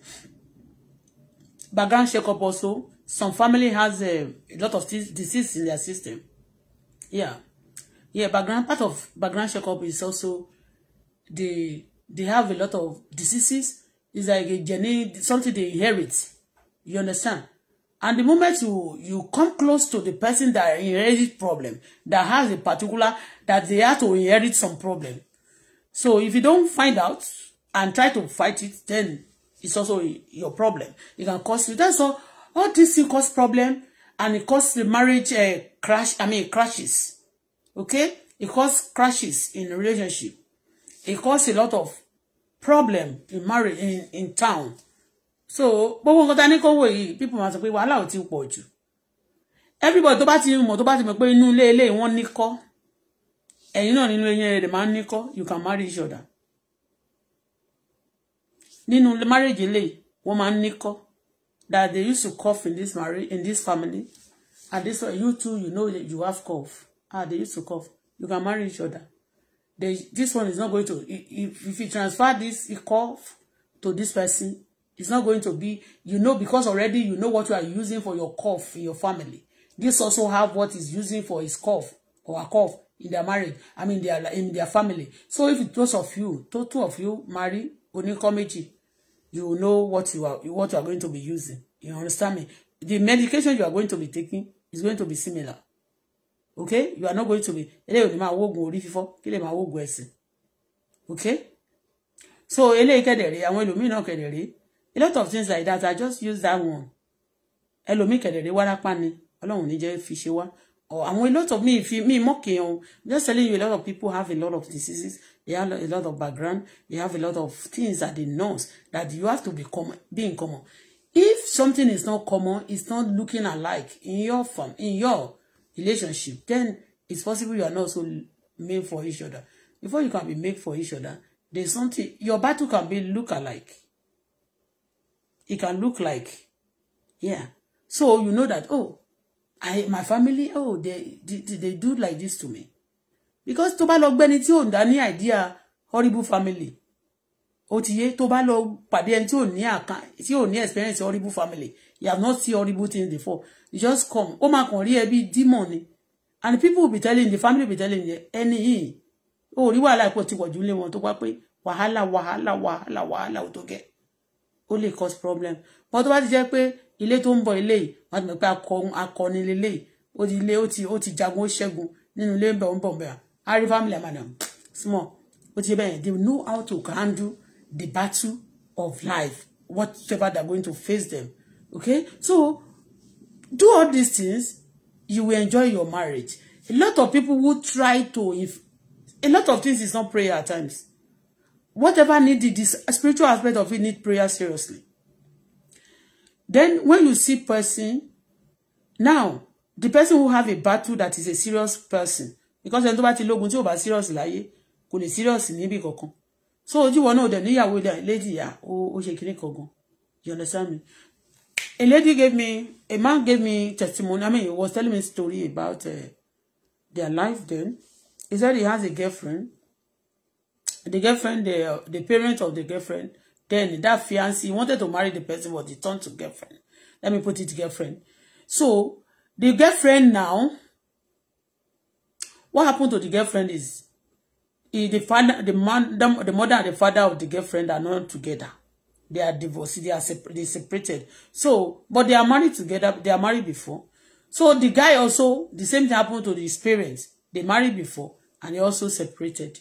Background up also some family has a, a lot of disease in their system. Yeah. Yeah, background part of background checkup is also they they have a lot of diseases. It's like a genetic something they inherit. You understand? And the moment you you come close to the person that inherited problem, that has a particular that they have to inherit some problem. So if you don't find out and try to fight it, then it's also your problem. It can cause you. That's all all these things cause problem and it causes the marriage uh, crash i mean crashes okay it causes crashes in relationship it causes a lot of problem in marriage in in town so but when ta ní kó people must be pé wàhálà ò everybody tó bá ti mọ̀ tó bá ti mọ̀ pé inú ilé ilé wọn níkọ́ ẹ̀yin náà nínú eyín rẹ̀ you can marry each other nínú marriage ilé woman máa that they used to cough in this marriage, in this family. And this one, you too, you know you have cough. Ah, they used to cough. You can marry each other. They, this one is not going to, if, if you transfer this cough to this person, it's not going to be, you know, because already you know what you are using for your cough in your family. This also have what is using for his cough or a cough in their marriage. I mean, their in their family. So if those of you, two, two of you marry, oníkọ́ méjì, you will know what you are what you are going to be using you understand me the medication you are going to be taking is going to be similar okay you are not going to be eléyìí ò ní máa wógun orí fífọ́ kí lè máa wógun okay so eléyìí kẹdẹrẹ àwọn ẹlòmíì náà kẹdẹrẹ a lot of things like that i just use that one ẹlòmíì kẹdẹrẹ wárápá ni Ọlọ́run ní jẹ́ fi ṣe wá or àwọn a lot of me fi me mọ kéèyàn just telling you a lot of people have a lot of diseases you have a lot of background you have a lot of things that they knows that you have to become being common if something is not common it's not looking alike in your form in your relationship then it's possible you are not so made for each other before you can be made for each other there's something your battle can be look alike it can look like yeah so you know that oh I my family oh they they, they do like this to me because tó bá lọ gbẹ́ni tí ò dá ní idea horrible family ó ti yé tó bá lọ pàdé ẹni tí ò ní àkàn tí ò ní experience horrible family you have not seen horrible things before you just come ó máa kàn rí ẹbí demon ni and people will be telling the family will be telling you ẹni yìí ó rí wàhálà ìpò tí wọ̀jú lé wọn tó wá wahala, wahala. wàhálà wàhálà wàhálà ò tó gẹ́ ó cause problem But tó bá ti jẹ́ pé ilé tó ń bọ̀ ilé yìí wọn ti mọ̀ pé akọni lélẹ́yìí ó ti ilé ó ti jagun ó ṣẹ́gun nínú ilé ń bọ̀ ń bọ̀ bẹ́ẹ̀. Harry family madam small but ti they know how to handle the battle of life whatever they're going to face them okay so do all these things you will enjoy your marriage a lot of people who try to if a lot of things is not prayer at times whatever needed this spiritual aspect of it need prayer seriously then when you see person now the person who have a battle that is a serious person because ẹni tó bá ti lógun tí ò bá serious láyé kò lè serious níbì kankan so ojúwọ náà dẹ̀ níyàwó lady yà ó ṣe kiri kankan you understand me a lady gave me a man gave me testimony i mean he was telling me story about uh, their life then he said he has a girlfriend the girlfriend the the parent of the girlfriend then that fiance wanted to marry the person but he turned to girlfriend let me put it girlfriend so the girlfriend now What happened to the girlfriend is the father, the man, the mother and the father of the girlfriend are not together. They are divorced. They are separ they separated. So, but they are married together. They are married before. So the guy also, the same thing happened to his parents. They married before and they also separated.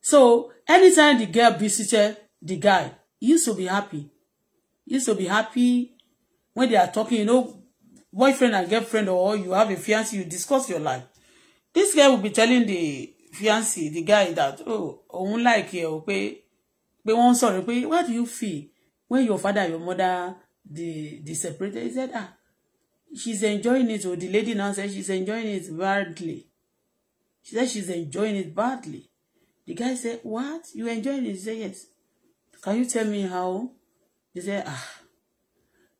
So anytime the girl visited the guy, he used to be happy. He used to be happy when they are talking, you know, boyfriend and girlfriend or you have a fiancé, you discuss your life this guy will be telling the fiance, the guy that oh òun like you. o pé pé sorry. ń what do you feel when your father your mother the the separated he said ah she's enjoying it o the lady now said she's enjoying it badly she said she's enjoying it badly the guy said what you enjoying it Say yes can you tell me how he said ah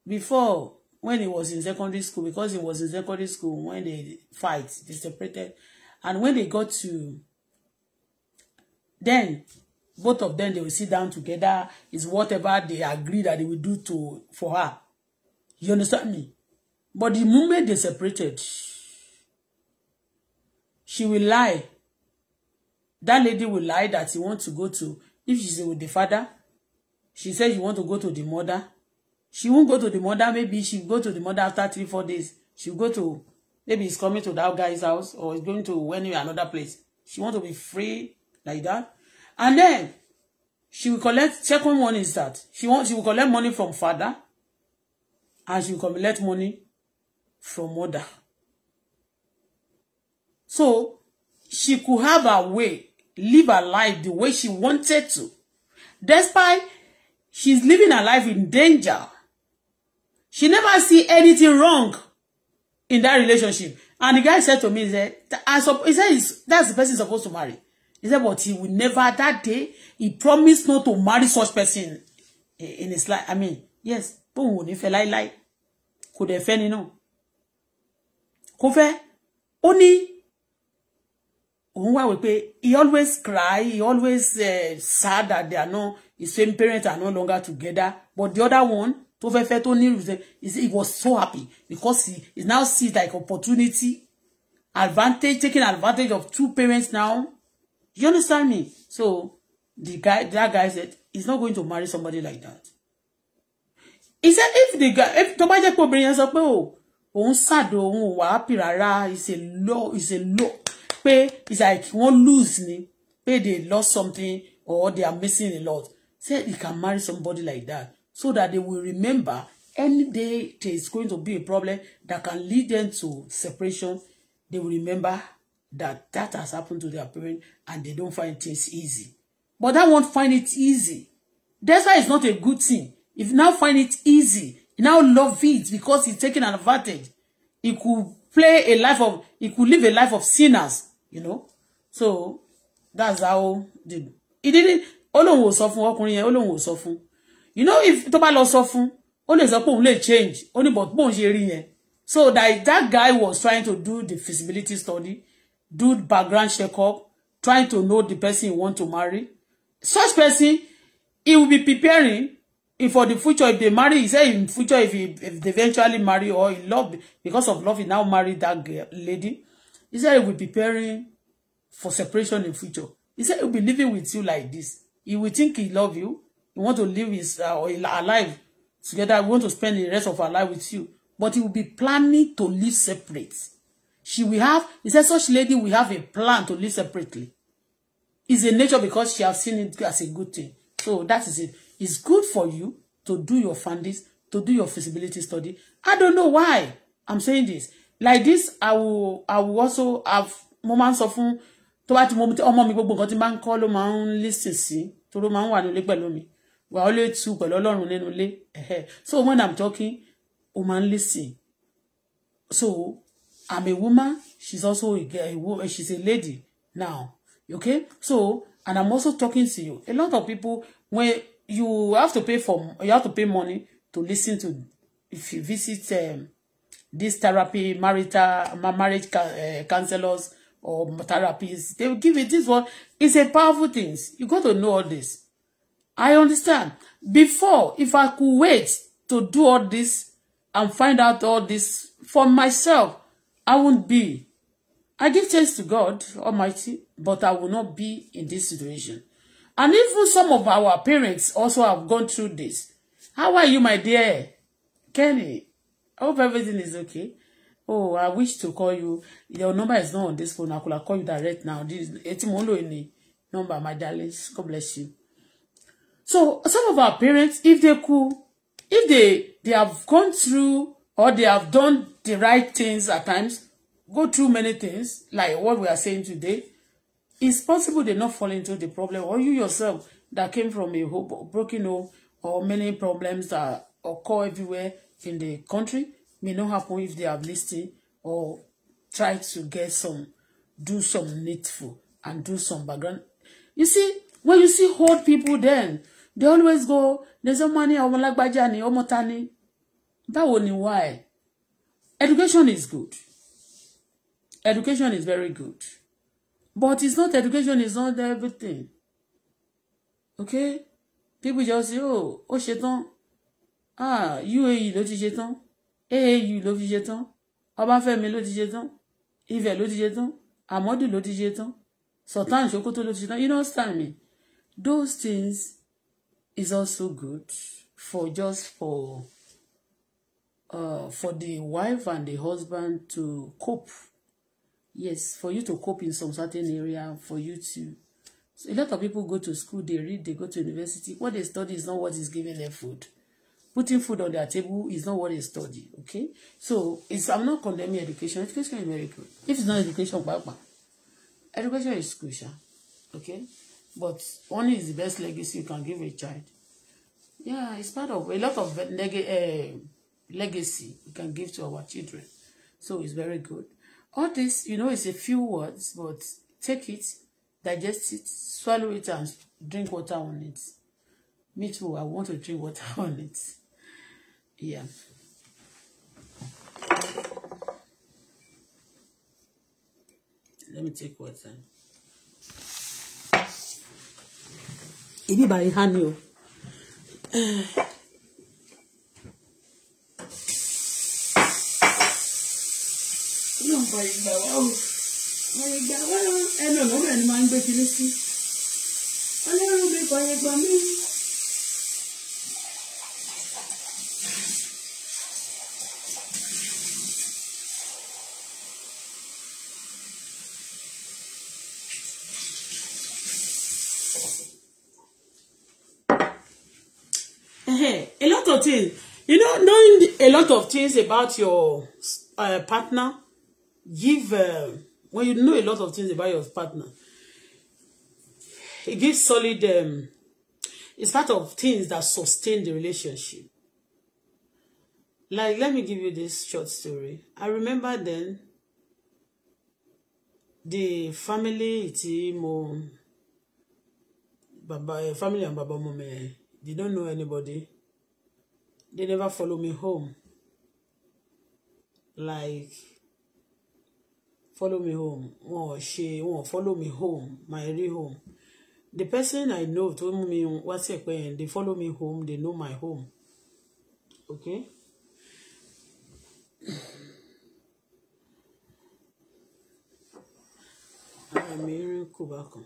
before when he was in secondary school because he was in secondary school when they fight they separated and when they got to then both of them they will sit down together is whatever they agree that they will do to for her you understand me but the moment they separated she will lie that lady will lie that she want to go to if she's with the father she said she want to go to the mother she won't go to the mother maybe she go to the mother after three four days she go to maybe he's coming to that guy's house or he's going to any another place she want to be free like that and then she will collect second one is that she wants she will collect money from father and she will collect money from mother so she could have her way live her life the way she wanted to despite she's living her life in danger She never see anything wrong in that relationship. And the guy said to me, he said, he said that's the person supposed to marry. He said, but he would never that day, he promised not to marry such person in his life. I mean, yes, but won't if láíláí. lie, dẹ̀ fẹ́ ni náà. Kò fẹ́, ó ní òun wà he always cry, he always uh, sad that they are no, his same parents are no longer together. But the other one, To fẹ́ fẹ́ tó ní reason he say he was so happy because he, is now sees like opportunity advantage taking advantage of two parents now you understand me so the guy that guy said he's not going to marry somebody like that he said if the guy if tó bá jẹ́ pé obìnrin oh, sọ sad, oh, òun ṣàdó òun wà happy rárá is a low is a low pé is like won't lose ni Pay they lost something or they are missing a lot Said he can marry somebody like that so that they will remember any day there is going to be a problem that can lead them to separation they will remember that that has happened to their parents and they don't find things easy but that won't find it easy that's why it's not a good thing if you now find it easy you now love it because he's taking an advantage he could play a life of he could live a life of sinners you know so that's how the he didn't olóhùn ò sọ fún ọkùnrin yẹn olóhùn ò you know if tó bá lọ sọ fún ó lè sọ pé òun change ó ní but bóun ṣe rí yẹn so that that guy was trying to do the feasibility study do background check up trying to know the person he want to marry such person he will be preparing if for the future if they marry he say in future if he if they eventually marry or in love because of love he now marry that girl, lady he said he will be preparing for separation in future he said he will be living with you like this he will think he love you We want to live his uh, alive together. We want to spend the rest of our life with you. But he will be planning to live separate. She will have, he said, such lady will have a plan to live separately. It's a nature because she has seen it as a good thing. So that is it. It's good for you to do your fundings, to do your feasibility study. I don't know why I'm saying this. Like this, I will, I will also have moments of tó bá ti mọ ọmọ mi gbogbo nǹkan tí Call ń kọ́ listen. See to lísìn sí tó ló máa ń wà lólé we are only two pẹ̀lú ọlọ́run lẹ́nu lé so when i'm talking o máa listen so i'm a woman she's also a girl a woman she's a lady now okay so and i'm also talking to you a lot of people when you have to pay for you have to pay money to listen to if you visit um, this therapy marital marriage uh, counselors or therapists they will give you this one it's a powerful thing you got to know all this I understand. Before, if I could wait to do all this and find out all this for myself, I won't be. I give thanks to God Almighty, but I will not be in this situation. And even some of our parents also have gone through this. How are you, my dear? Kenny, I hope everything is okay. Oh, I wish to call you. Your number is not on this phone. I could have called you direct now. This is number, my darlings. God bless you. So some of our parents, if they could, if they they have gone through or they have done the right things at times, go through many things, like what we are saying today, it's possible they not fall into the problem or you yourself that came from a hope broken home or many problems that occur everywhere in the country may not happen if they have listened or try to get some, do some needful and do some background. You see, when you see old people then, they always go there's no money ọmọ lágbájá ni ọmọ ta ni báwo why education is good education is very good but it's not education is not everything okay people just say oh ó ṣe tán ah UAE ló ti ṣe tán AAU ló fi ṣe tán Ọbáfẹ́mi ló ti ṣe tán Ifẹ̀ ló ti ṣe tán Amọ́dù ló ti ṣe Sometimes Sultan Sokoto ló ti ṣe tán you know understand me those things is also good for just for uh, for the wife and the husband to cope. Yes, for you to cope in some certain area, for you to. So a lot of people go to school, they read, they go to university. What they study is not what is giving them food. Putting food on their table is not what they study. Okay, so it's I'm not condemning education. Education is very good. If it's not education, bye bye. Education is crucial. Okay. But honor is the best legacy you can give a child. Yeah, it's part of a lot of leg uh, eh, legacy you can give to our children. So it's very good. All this, you know, it's a few words, but take it, digest it, swallow it, and drink water on it. Me too, I want to drink water on it. Yeah. Let me take water. ibi ìbàyí há mi o. ọlọ́mọba ìgbà wá o ọ̀rọ̀ ìgbà wá ẹnu ọ̀nà ọ̀rọ̀ ẹni máa ń gbé kiri sí ọlọ́run mi kọ̀ ẹ̀gbọ́n mi. things you know knowing a lot of things about your uh, partner give uh, when you know a lot of things about your partner it gives solid um, it's part of things that sustain the relationship like let me give you this short story I remember then the family tí mo baba family and baba ọmọ mi they don't know anybody they never follow me home like follow me home wọn ò ṣe wọn ò follow me home my real home the person i know tó me. What's it sí they follow me home they know my home okay. I'm in Kubakan.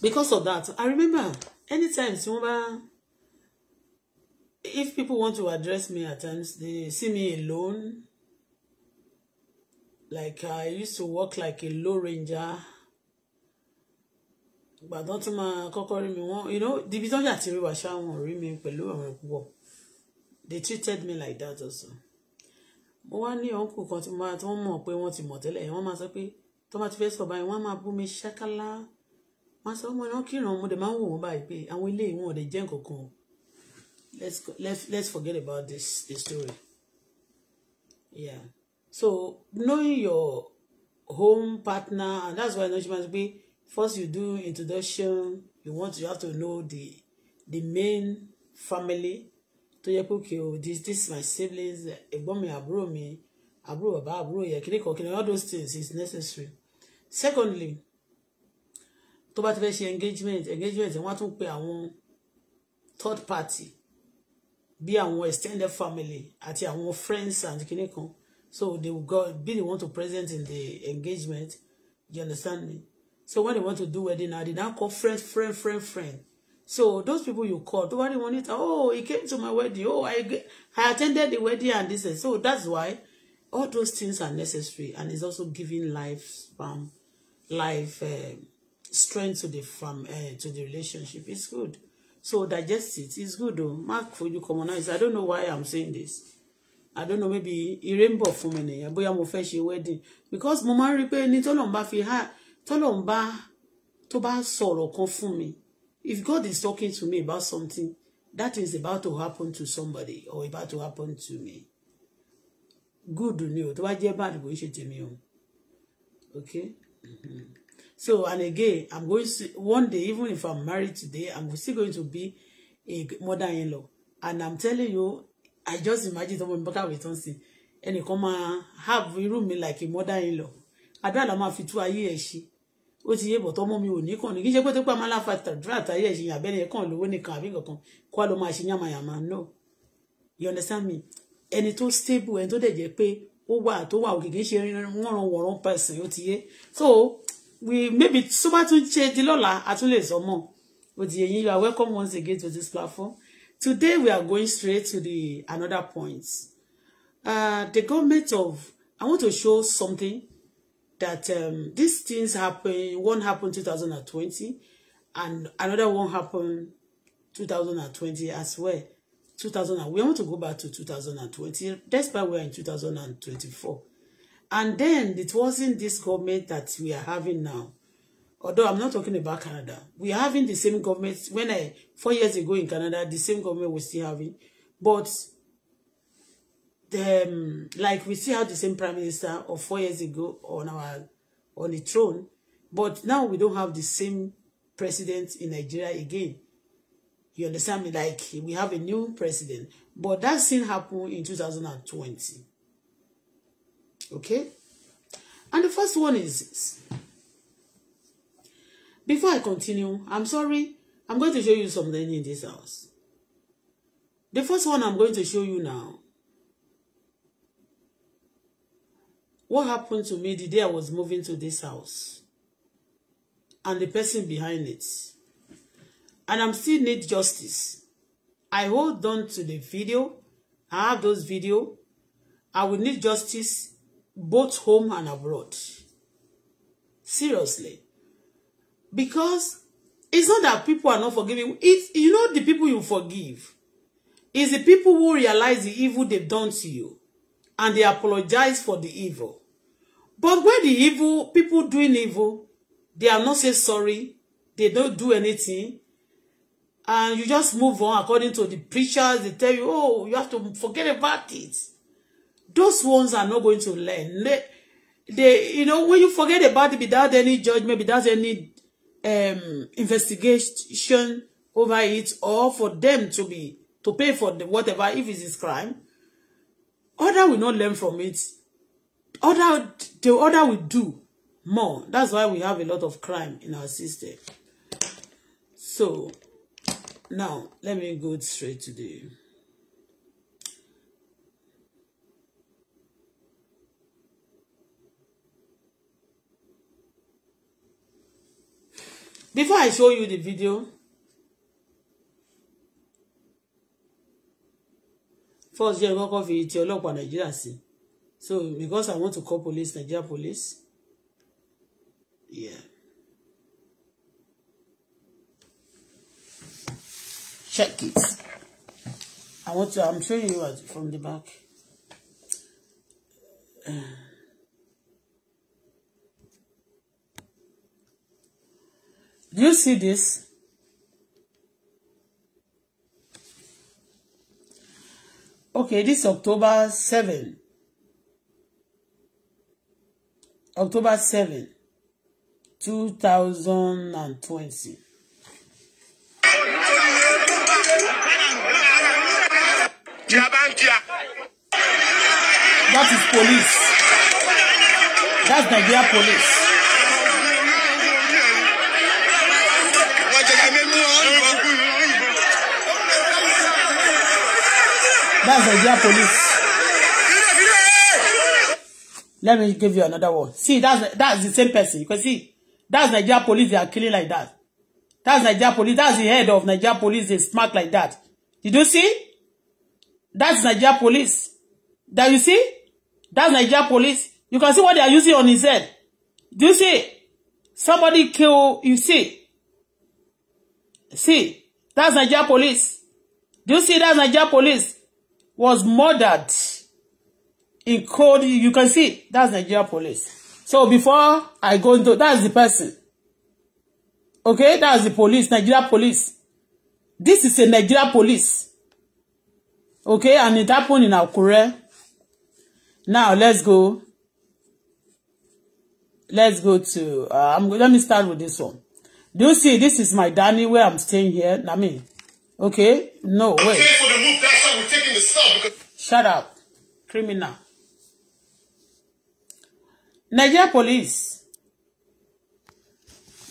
because of that I remember anytime tí wọ́n bá if people want to address me at times they see me alone like I used to work like a low ranger but not my kọ́kọ́ rí you know dibi tó yà ti rí wa ṣá wọn rí mi pẹ̀lú they treated me like that also mo wá ní ọ̀nkù kan tí wọ́n mọ̀ pé wọ́n ti mọ̀ tẹ́lẹ̀ wọ́n máa sọ pé tó bá ti fẹ́ sọ báyìí wọ́n máa bú mi ṣákálá wọn sọ ọmọ náà kírun mo dẹ̀ máa ń wò wọ́n báyìí pé àwọn ilé ìwọ̀n ọ̀dẹ̀ jẹ́ nǹkan let's go, let's let's forget about this this story yeah so knowing your home partner and that's why she must be first you do introduction you want you have to know the the main family tó yẹ pé kí o oh, this this my siblings ẹ̀gbọ́n mi àbúrò mi àbúrò bàbá àbúrò yẹ kíní kan kíní all those things is necessary secondly tó bá ti fẹ́ ṣe engagement engagement wọ́n á tún pe àwọn third party bí àwọn extended family àti àwọn friends and kìnnì kan so they will go be the one to present in the engagement you understand me so when they want to do wedding now they now call friend friend friend friend so those people you call tó bá ní wọn níta oh he came to my wedding oh I I attended the wedding and this and so that's why all those things are necessary and it's also giving life um, life. Um, strength to the fam uh, to the relationship it's good so digest it it's good Mark, o má fojú commonize i don't know why i'm saying this i don't know maybe a rainbow for me. mi nìyẹn bóyá mo fẹ́ ṣe wedding because mo máa ń rí fi ha tọ́lọ́run bá tó bá sọ̀rọ̀ kan if God is talking to me about something that is about to happen to somebody or about to happen to me good ni o tó bá bad kò ń ṣe okay. Mm-hmm. So, and again, I'm going to, one day, even if I'm married today, I'm still going to be a mother-in-law. And I'm telling you, I just imagine someone back with something. And you come and have a room like a mother-in-law. Àdúrà la máa fi tú ayé ẹ ṣe. Ó ti yé bọ̀ tọ́mọ́ mi ò ní kàn ní. Kí ṣe pé tó pé a máa láfa àdúrà àtàyè ẹ̀ ṣe yàn abẹ́ni ẹ̀ kàn lówó nìkan àbí kankan. Kó a ló máa ṣe yàmàyàmà náà. You understand me? Ẹni tó stable ẹni tó dẹ̀ jẹ́ pé ó wà tó wà òkè kì í ṣe wọ́n ran wọ̀rán person ó ti yé. So we maybe tó bá tún ṣe di lọ́la a tún lè sọ mọ́ òdìyẹyìn you are welcome once again to this platform today we are going straight to the another point uh, the government of I want to show something that um, these things happen one happened 2020 and another one happened 2020 as well 2000 we want to go back to 2020 that's why are in 2024 And then it wasn't this government that we are having now. Although I'm not talking about Canada. We are having the same government. When I, four years ago in Canada, the same government we're still having. But, the, um, like we still have the same prime minister of four years ago on our, on the throne. But now we don't have the same president in Nigeria again. You understand me? Like, we have a new president. But that scene happened in 2020. Okay? And the first one is this. Before I continue, I'm sorry. I'm going to show you something in this house. The first one I'm going to show you now. What happened to me the day I was moving to this house? And the person behind it. And I'm still need justice. I hold on to the video. I have those video. I will need justice both home and abroad. Seriously. Because it's not that people are not forgiving. It's, you know, the people you forgive is the people who realize the evil they've done to you and they apologize for the evil. But when the evil, people doing evil, they are not say sorry, they don't do anything, and you just move on according to the preachers, they tell you, oh, you have to forget about it those ones are not going to learn. They, they you know, when you forget about it without any judgment, without any um, investigation over it, or for them to be to pay for the, whatever if it is crime, other will not learn from it. Other the other will do more. That's why we have a lot of crime in our system. So now let me go straight to the Before I show you the video, first jẹ́ going to ti ọlọ́pàá Nàìjíríà Nigeria, So because I want to call police, Nigeria police. Yeah. Check it. I want to, I'm showing you from the back. Uh, Do you see this? Okay, this October 7. October 7, 2020. That is police. That's Nigeria police. that's Nigerian police. Let me give you another one. See, that's that's the same person. You can see, that's Nigeria police. They are killing like that. That's Nigeria police. That's the head of Nigeria police. They smack like that. Did you see? That's Nigeria police. That you see? That's Nigeria police. You can see what they are using on his head. Do you see? Somebody kill, you see? See, that's Nigeria police. Do you see that's Nigeria police? was murdered in cold. You can see that's Nigeria police. So before I go into that's the person. Okay, that's the police, Nigeria police. This is a Nigeria police. Okay, and it happened in Akure. Now let's go. Let's go to. Uh, I'm let me start with this one. Do you see? This is my Danny where I'm staying here. I mean, okay, no way. Okay, yourself because. Shut up, criminal. Nigeria police.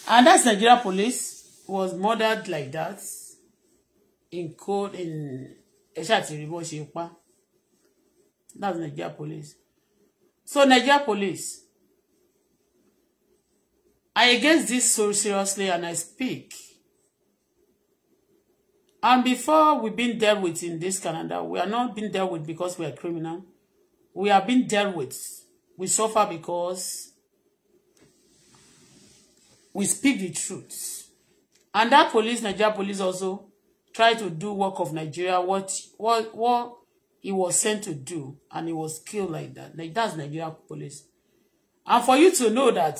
And that's Nigeria police was murdered like that in cold in Eshati Ribo Shepa. That's Nigeria police. So Nigeria police. I against this so seriously and I speak And before we've been dealt with in this Canada, we are not being dealt with because we are criminal. We are being dealt with. We suffer because we speak the truth. And that police, Nigeria police also try to do work of Nigeria, what what what he was sent to do, and he was killed like that. Like that's Nigeria police. And for you to know that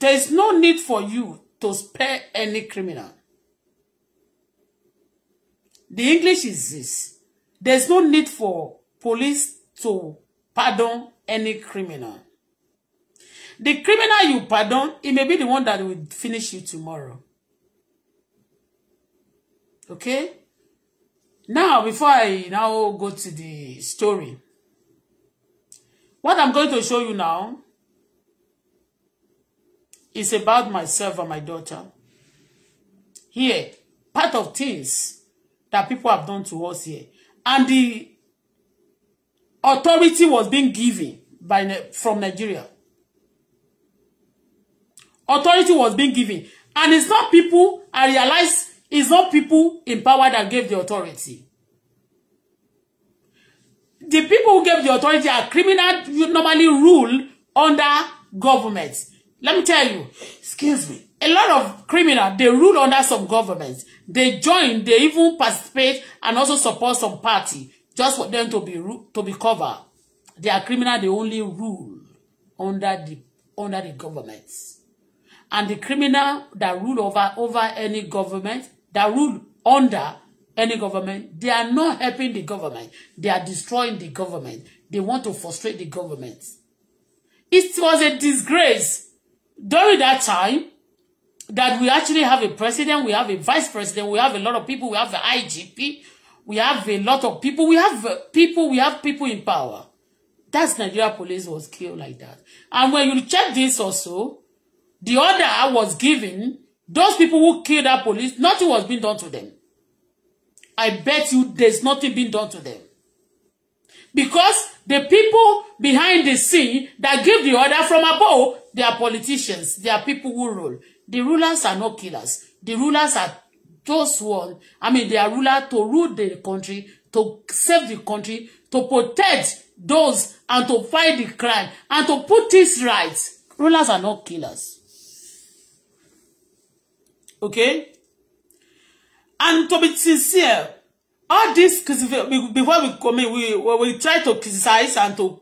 there is no need for you to spare any criminal. The English is this. There's no need for police to pardon any criminal. The criminal you pardon, it may be the one that will finish you tomorrow. Okay? Now, before I now go to the story, what I'm going to show you now is about myself and my daughter. Here, part of things that people have done to us here. And the authority was being given by from Nigeria. Authority was being given. And it's not people, I realize, it's not people in power that gave the authority. The people who gave the authority are criminal, you normally rule under government. Let me tell you, excuse me a lot of criminal they rule under some governments they join they even participate and also support some party just for them to be to be covered they are criminal they only rule under the under the governments. and the criminal that rule over over any government that rule under any government they are not helping the government they are destroying the government they want to frustrate the government it was a disgrace during that time that we actually have a president, we have a vice president, we have a lot of people, we have the IGP, we have a lot of people, we have uh, people, we have people in power. That's Nigeria police was killed like that. And when you check this also, the order was given, those people who killed that police, nothing was being done to them. I bet you there's nothing being done to them. Because the people behind the scene that give the order from above, they are politicians, they are people who rule. The rulers are not killers. The rulers are just one. I mean, they are ruler to rule the country, to save the country, to protect those and to fight the crime and to put things right. Rulers are not killers. Okay? And to be sincere, all this before we come in, we, we, we try to criticize and to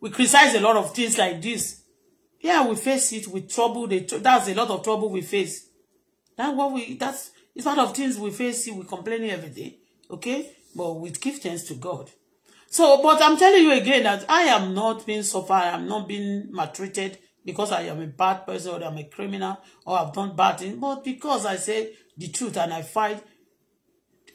we criticize a lot of things like this. Yeah, we face it with trouble. They that's a lot of trouble we face. That what we that's it's part of things we face. We complaining every day, okay? But we give thanks to God. So, but I'm telling you again that I am not being suffered. I'm not being maltreated because I am a bad person or I'm a criminal or I've done bad things. But because I say the truth and I fight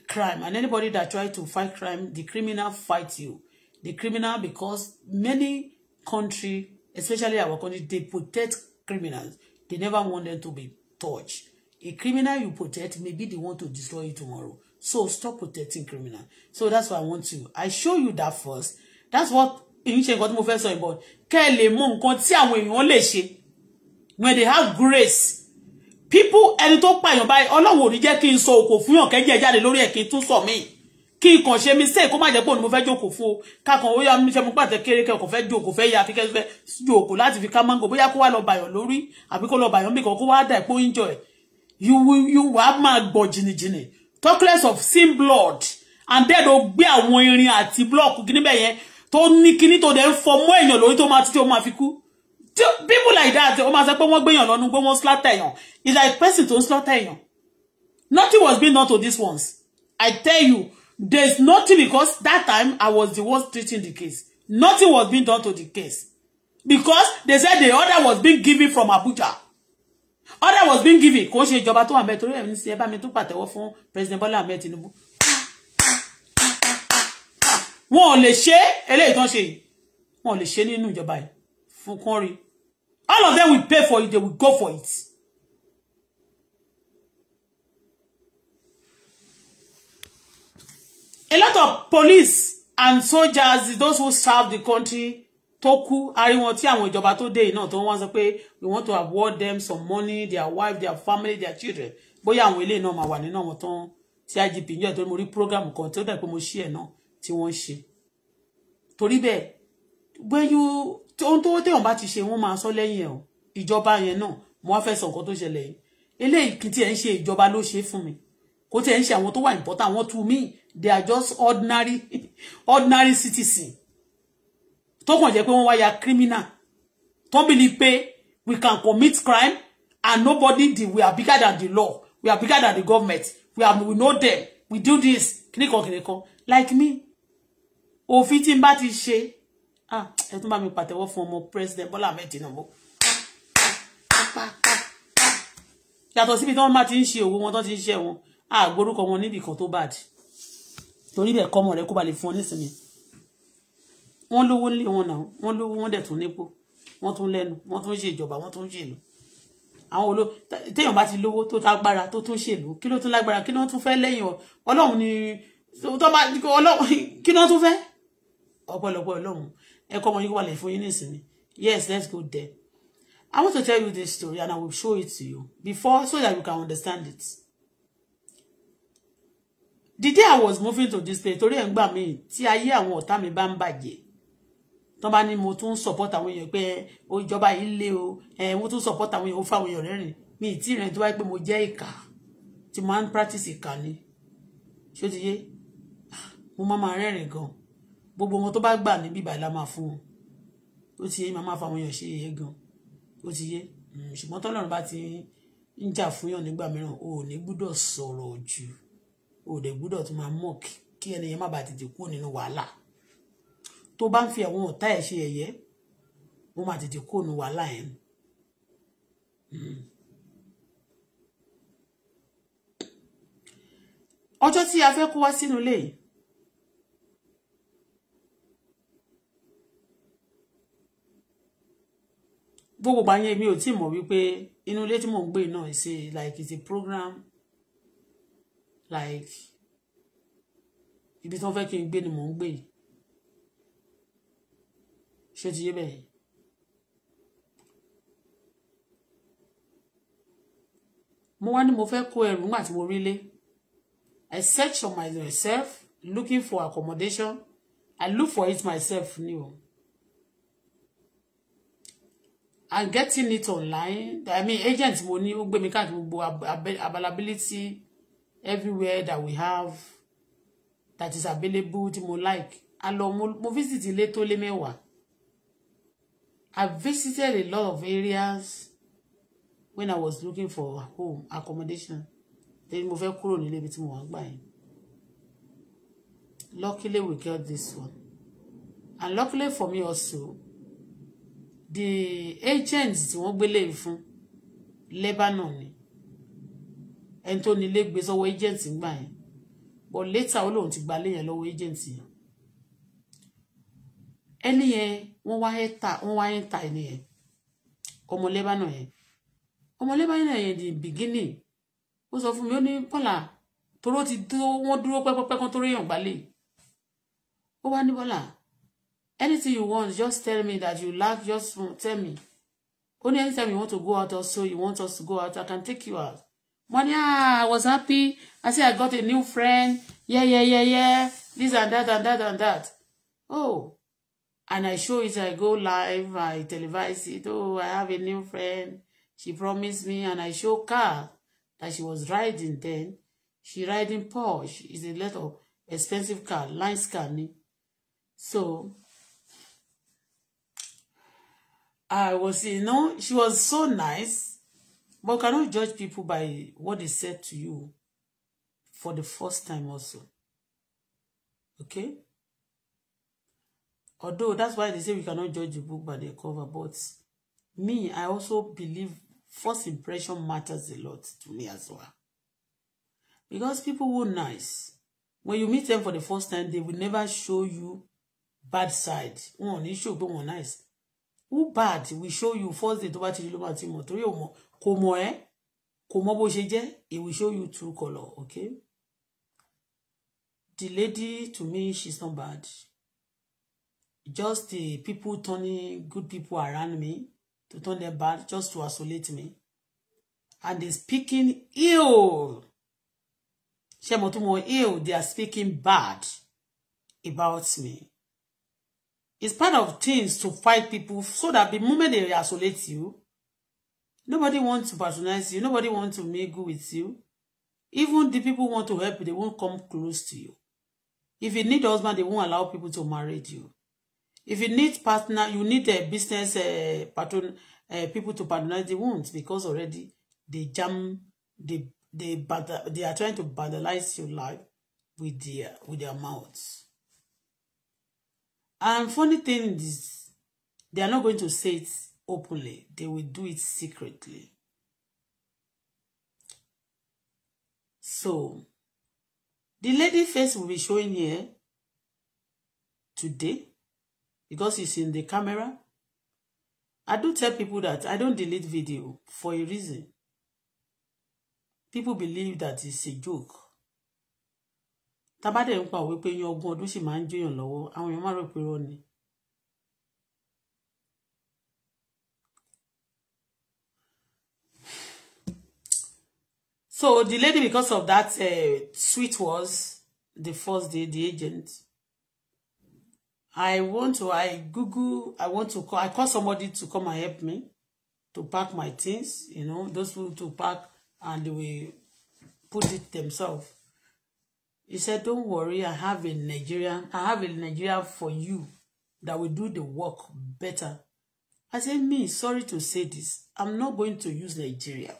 crime, and anybody that try to fight crime, the criminal fight you. The criminal because many country especially our country, they protect criminals. They never want them to be touched. A criminal you protect may be the one to destroy you tomorrow. So stop protecting criminals. So that's why I want to. I show you that first. That's what èyí ṣe nǹkan tí mo fẹ́ sọ ìbọn kẹ́ ẹ lè mọ nǹkan when they have grace people ẹni tó pààyàn báyìí ọlọ́run ò ní jẹ́ kí n sọ òkò fún yàn kẹ́jẹ́ jáde lórí ẹ̀ kí n tún kí n kàn ṣe mi sẹ́ẹ̀ kó má jẹ́ pé òun ni mo fẹ́ jókòó fún o kákan ó yá mi ṣe mo pàtẹ kéré kẹ́kọ̀ọ́ fẹ́ jókòó fẹ́ ya kíkẹ́ fẹ́ jókòó láti fi ká mango bóyá kó wá lọ bàyàn lórí àbí kó lọ bàyàn bí kan kó wá dà ìpó yíjọ ẹ̀ yíwú wàá máa gbọ̀ jìnnìjìnnì talk of sin blood and then o gbé àwọn irin àti blọọkù kí níbẹ̀ yẹn tó ní kíní tó dẹ̀ ń fọmọ́ èèyàn lórí tó máa títí ó máa fi kú people like that ó máa sọ pé wọ́n gbéyàn lọ́nu pé wọ́n slaughter èèyàn it's like person tó slaughter èèyàn nothing was being done to these ones i tell you There's nothing because that time I was the one treating the case. Nothing was being done to the case. Because they said the order was being given from Abuja. Order was being given. Kò ṣe ìjọba tó wà mẹ́ẹ̀ torí ẹ̀mí sí ẹ bá mi tún pàtẹ́wọ́ fún President Bola Ahmed Tinubu. Wọn ò lè ṣe eléyìí tán ṣe yìí. Wọn ò lè ṣe nínú ìjọba yìí. Fún kán rí. All of them will pay for it. They will go for it. a lot of police and soldiers those who serve the country tó kú ari wọn tí àwọn ìjọba tó dé iná tó wọ́n sọ pé we want to award them some money their wife their family their children Boya àwọn ilé náà máa wà nínú àwọn tán tí IGP ń jẹ́ mo rí program kan tí ó dẹ̀ pé mo ṣí ẹ̀ náà tí wọ́n ń ṣe torí bẹ́ẹ̀ gbẹ́yú ohun tó téèyàn bá ti ṣe wọ́n máa sọ lẹ́yìn ẹ̀ o ìjọba yẹn náà mo wá fe so nǹkan tó ṣẹlẹ̀ yìí eléyìí kì í tiẹ̀ ń ṣe ìjọba ló mi kò tiẹ̀ ń ṣe àwọn tó wà important wọ́n tu míì they are just ordinary ordinary citizen tó kàn jẹ́ pé wọ́n wá ya criminal tó believe pé we can commit crime and nobody did we are bigger than the law we are bigger than the government we are we know them we do this kìnìkan kìnìkan like me òfin tí n bá ti ṣe ah ẹ tún bá mi pàtẹ́wọ́ fún ọmọ president Bọ́lá Ahmed to yàtọ̀ síbi tí wọ́n máa ti ń ṣe òwò wọn tó ti ń ṣe ah, wọn àgbórúkọ wọn níbìkan tó bàdì torí bẹ́ẹ̀ kọ́mọ rẹ kó ba lè fún ọ nísìnyí wọ́n lówó lé wọn náà wọ́n lówó wọ́n dẹ̀ tún nípò wọ́n tún lẹ́nu wọ́n tún ṣe ìjọba wọ́n tún ṣèlú àwọn olo téèyàn bá ti lówó tó lágbára tó tún ṣèlú kí ló tún lágbára kí ló tún fẹ́ lẹ́yìn ọ ọlọ́run ni tó bá ọlọ́run kí ló tún fẹ́ ọ̀pọ̀lọpọ̀ ọlọ́run ẹ̀kọ́ ọmọ yìí wà lẹ̀ fún yín nísìnyí yes let's go there I want to tell you this story and I will show it to you before so that you can understand it the day I was moving to this place torí ẹ̀ ń gbà mí tí ayé àwọn ọ̀tá mi bá ń bàjẹ́ tó bá mo tún support àwọn èèyàn pé ó joba yìí lé o ẹ mo tún support àwọn èèyàn ó fáwọn èèyàn rẹ́rìn mi ì tí ì rìn tó wáyé pé mo jẹ́ ìkà tí mo máa ń practice ìkà ni ṣé ó ti yé mo máa máa rẹ́rìn gan gbogbo wọn tó bá gbà ní bíbá ìlà máa fún un ó ti yé màá máa fáwọn èèyàn ṣe é gan ó ti yé hmm, ṣùgbọ́n tọ́lọ́run bá ti ń jà fún yàn nígbà mìíràn o ò ní gbúdọ̀ sọ̀rọ̀ jù ò dẹ̀ gbúdọ̀ tún máa mọ̀ kí ẹni yẹn má bàa tètè kúrò nínú wàhálà tó bá ń fi àwọn ọ̀tá ẹ̀ ṣe ẹ̀yẹ wọ́n máa tètè kúrò nínú wàhálà yẹn. Hmm. ọjọ́ tí a fẹ́ kó wá sínú ilé yìí gbogbo gbàyẹn mi ò tí mọ̀ wípé inú ilé tí mò ń gbé náà ṣe like it's a program like ibi tí wọ́n fẹ́ kí n gbé ni mò ń gbé yìí ṣé ti yé bẹ́ẹ̀ mo wá ní mo fẹ́ kó ẹrù nígbà tí mo rí lé I search for myself looking for accommodation I look for it myself ni o I'm getting it online I mean agent mo ní ó gbé mi káàkiri gbogbo availability. Ab ab ab ab ab ab ab ab everywhere that we have that is available tí mo like a lọ mo mo visit ilé tó lé mẹ́wàá I visited a lot of areas when I was looking for home accommodation then mo fẹ́ kúrò nílé ibi tí mo wà gbà yẹn luckily we got this one and luckily for me also the agents tí wọ́n gbélé fún Lebanon ni ẹni tó ní ilé gbé sọ́wọ́ agent gbà yẹn but later ó lóun ti gba ilé yẹn lọ́wọ́ agent yẹn ẹni yẹn wọ́n wá ẹ́ta wọ́n wá ẹ́ta ẹni yẹn ọmọ Lebanon. yẹn ọmọ lẹ́bánà yẹn di beginning ó sọ fún mi ó ní Bọ́lá toró ti dúró wọ́n dúró pẹ́pẹ́pẹ́ kan tó réyàn gbálẹ̀ ó wá ní Bọ́lá anything you want just tell me that you like. just tell me ó ní anytime you want to go out also you want us to go out I can take you out money ah, I was happy I say I got a new friend yeah yeah yeah yeah this and that and that and that oh and I show it I go live I televise it oh I have a new friend she promised me and I show car that she was riding then she riding Porsche is a little expensive car nice car so I was you know she was so nice But you cannot judge people by what they said to you for the first time also. Okay? Although that's why they say we cannot judge a book by the cover, but me, I also believe first impression matters a lot to me as well. Because people were nice. When you meet them for the first time, they will never show you bad side. Wọn ò should be more nice. Who bad will show you first day to bá you look at him or three or more kò mọ̀ ẹ́ kò mọ̀ bó ṣe jẹ́ it will show you true colour okay the lady to me she's not bad just the people turning good people around me to turn them bad just to isolate me and they speaking ill ṣé mo tún mọ ill they are speaking bad about me it's part of things to fight people so that the moment they isolate you Nobody wants to patronize you. Nobody wants to make good with you. Even the people want to help you, they won't come close to you. If you need husband, they won't allow people to marry you. If you need partner, you need a business uh, patron, uh, people to patronize, they won't because already they jam, they they bad, they are trying to vandalize your life with their with their mouths. And funny thing is, they are not going to say it openly, they will do it secretly. So, the lady face will be showing here today because it's in the camera. I do tell people that I don't delete video for a reason. People believe that it's a joke. Tabade ń pa òwe pé yan ọgbọ́n ọdún sì máa ń jóyàn lọ́wọ́, àwọn ni. So the lady, because of that uh, sweet was the first day, the agent. I want to, I Google, I want to call, I call somebody to come and help me to pack my things, you know, those people to pack and they will put it themselves. He said, don't worry, I have a Nigerian, I have a Nigerian for you that will do the work better. I said, me, sorry to say this, I'm not going to use Nigeria.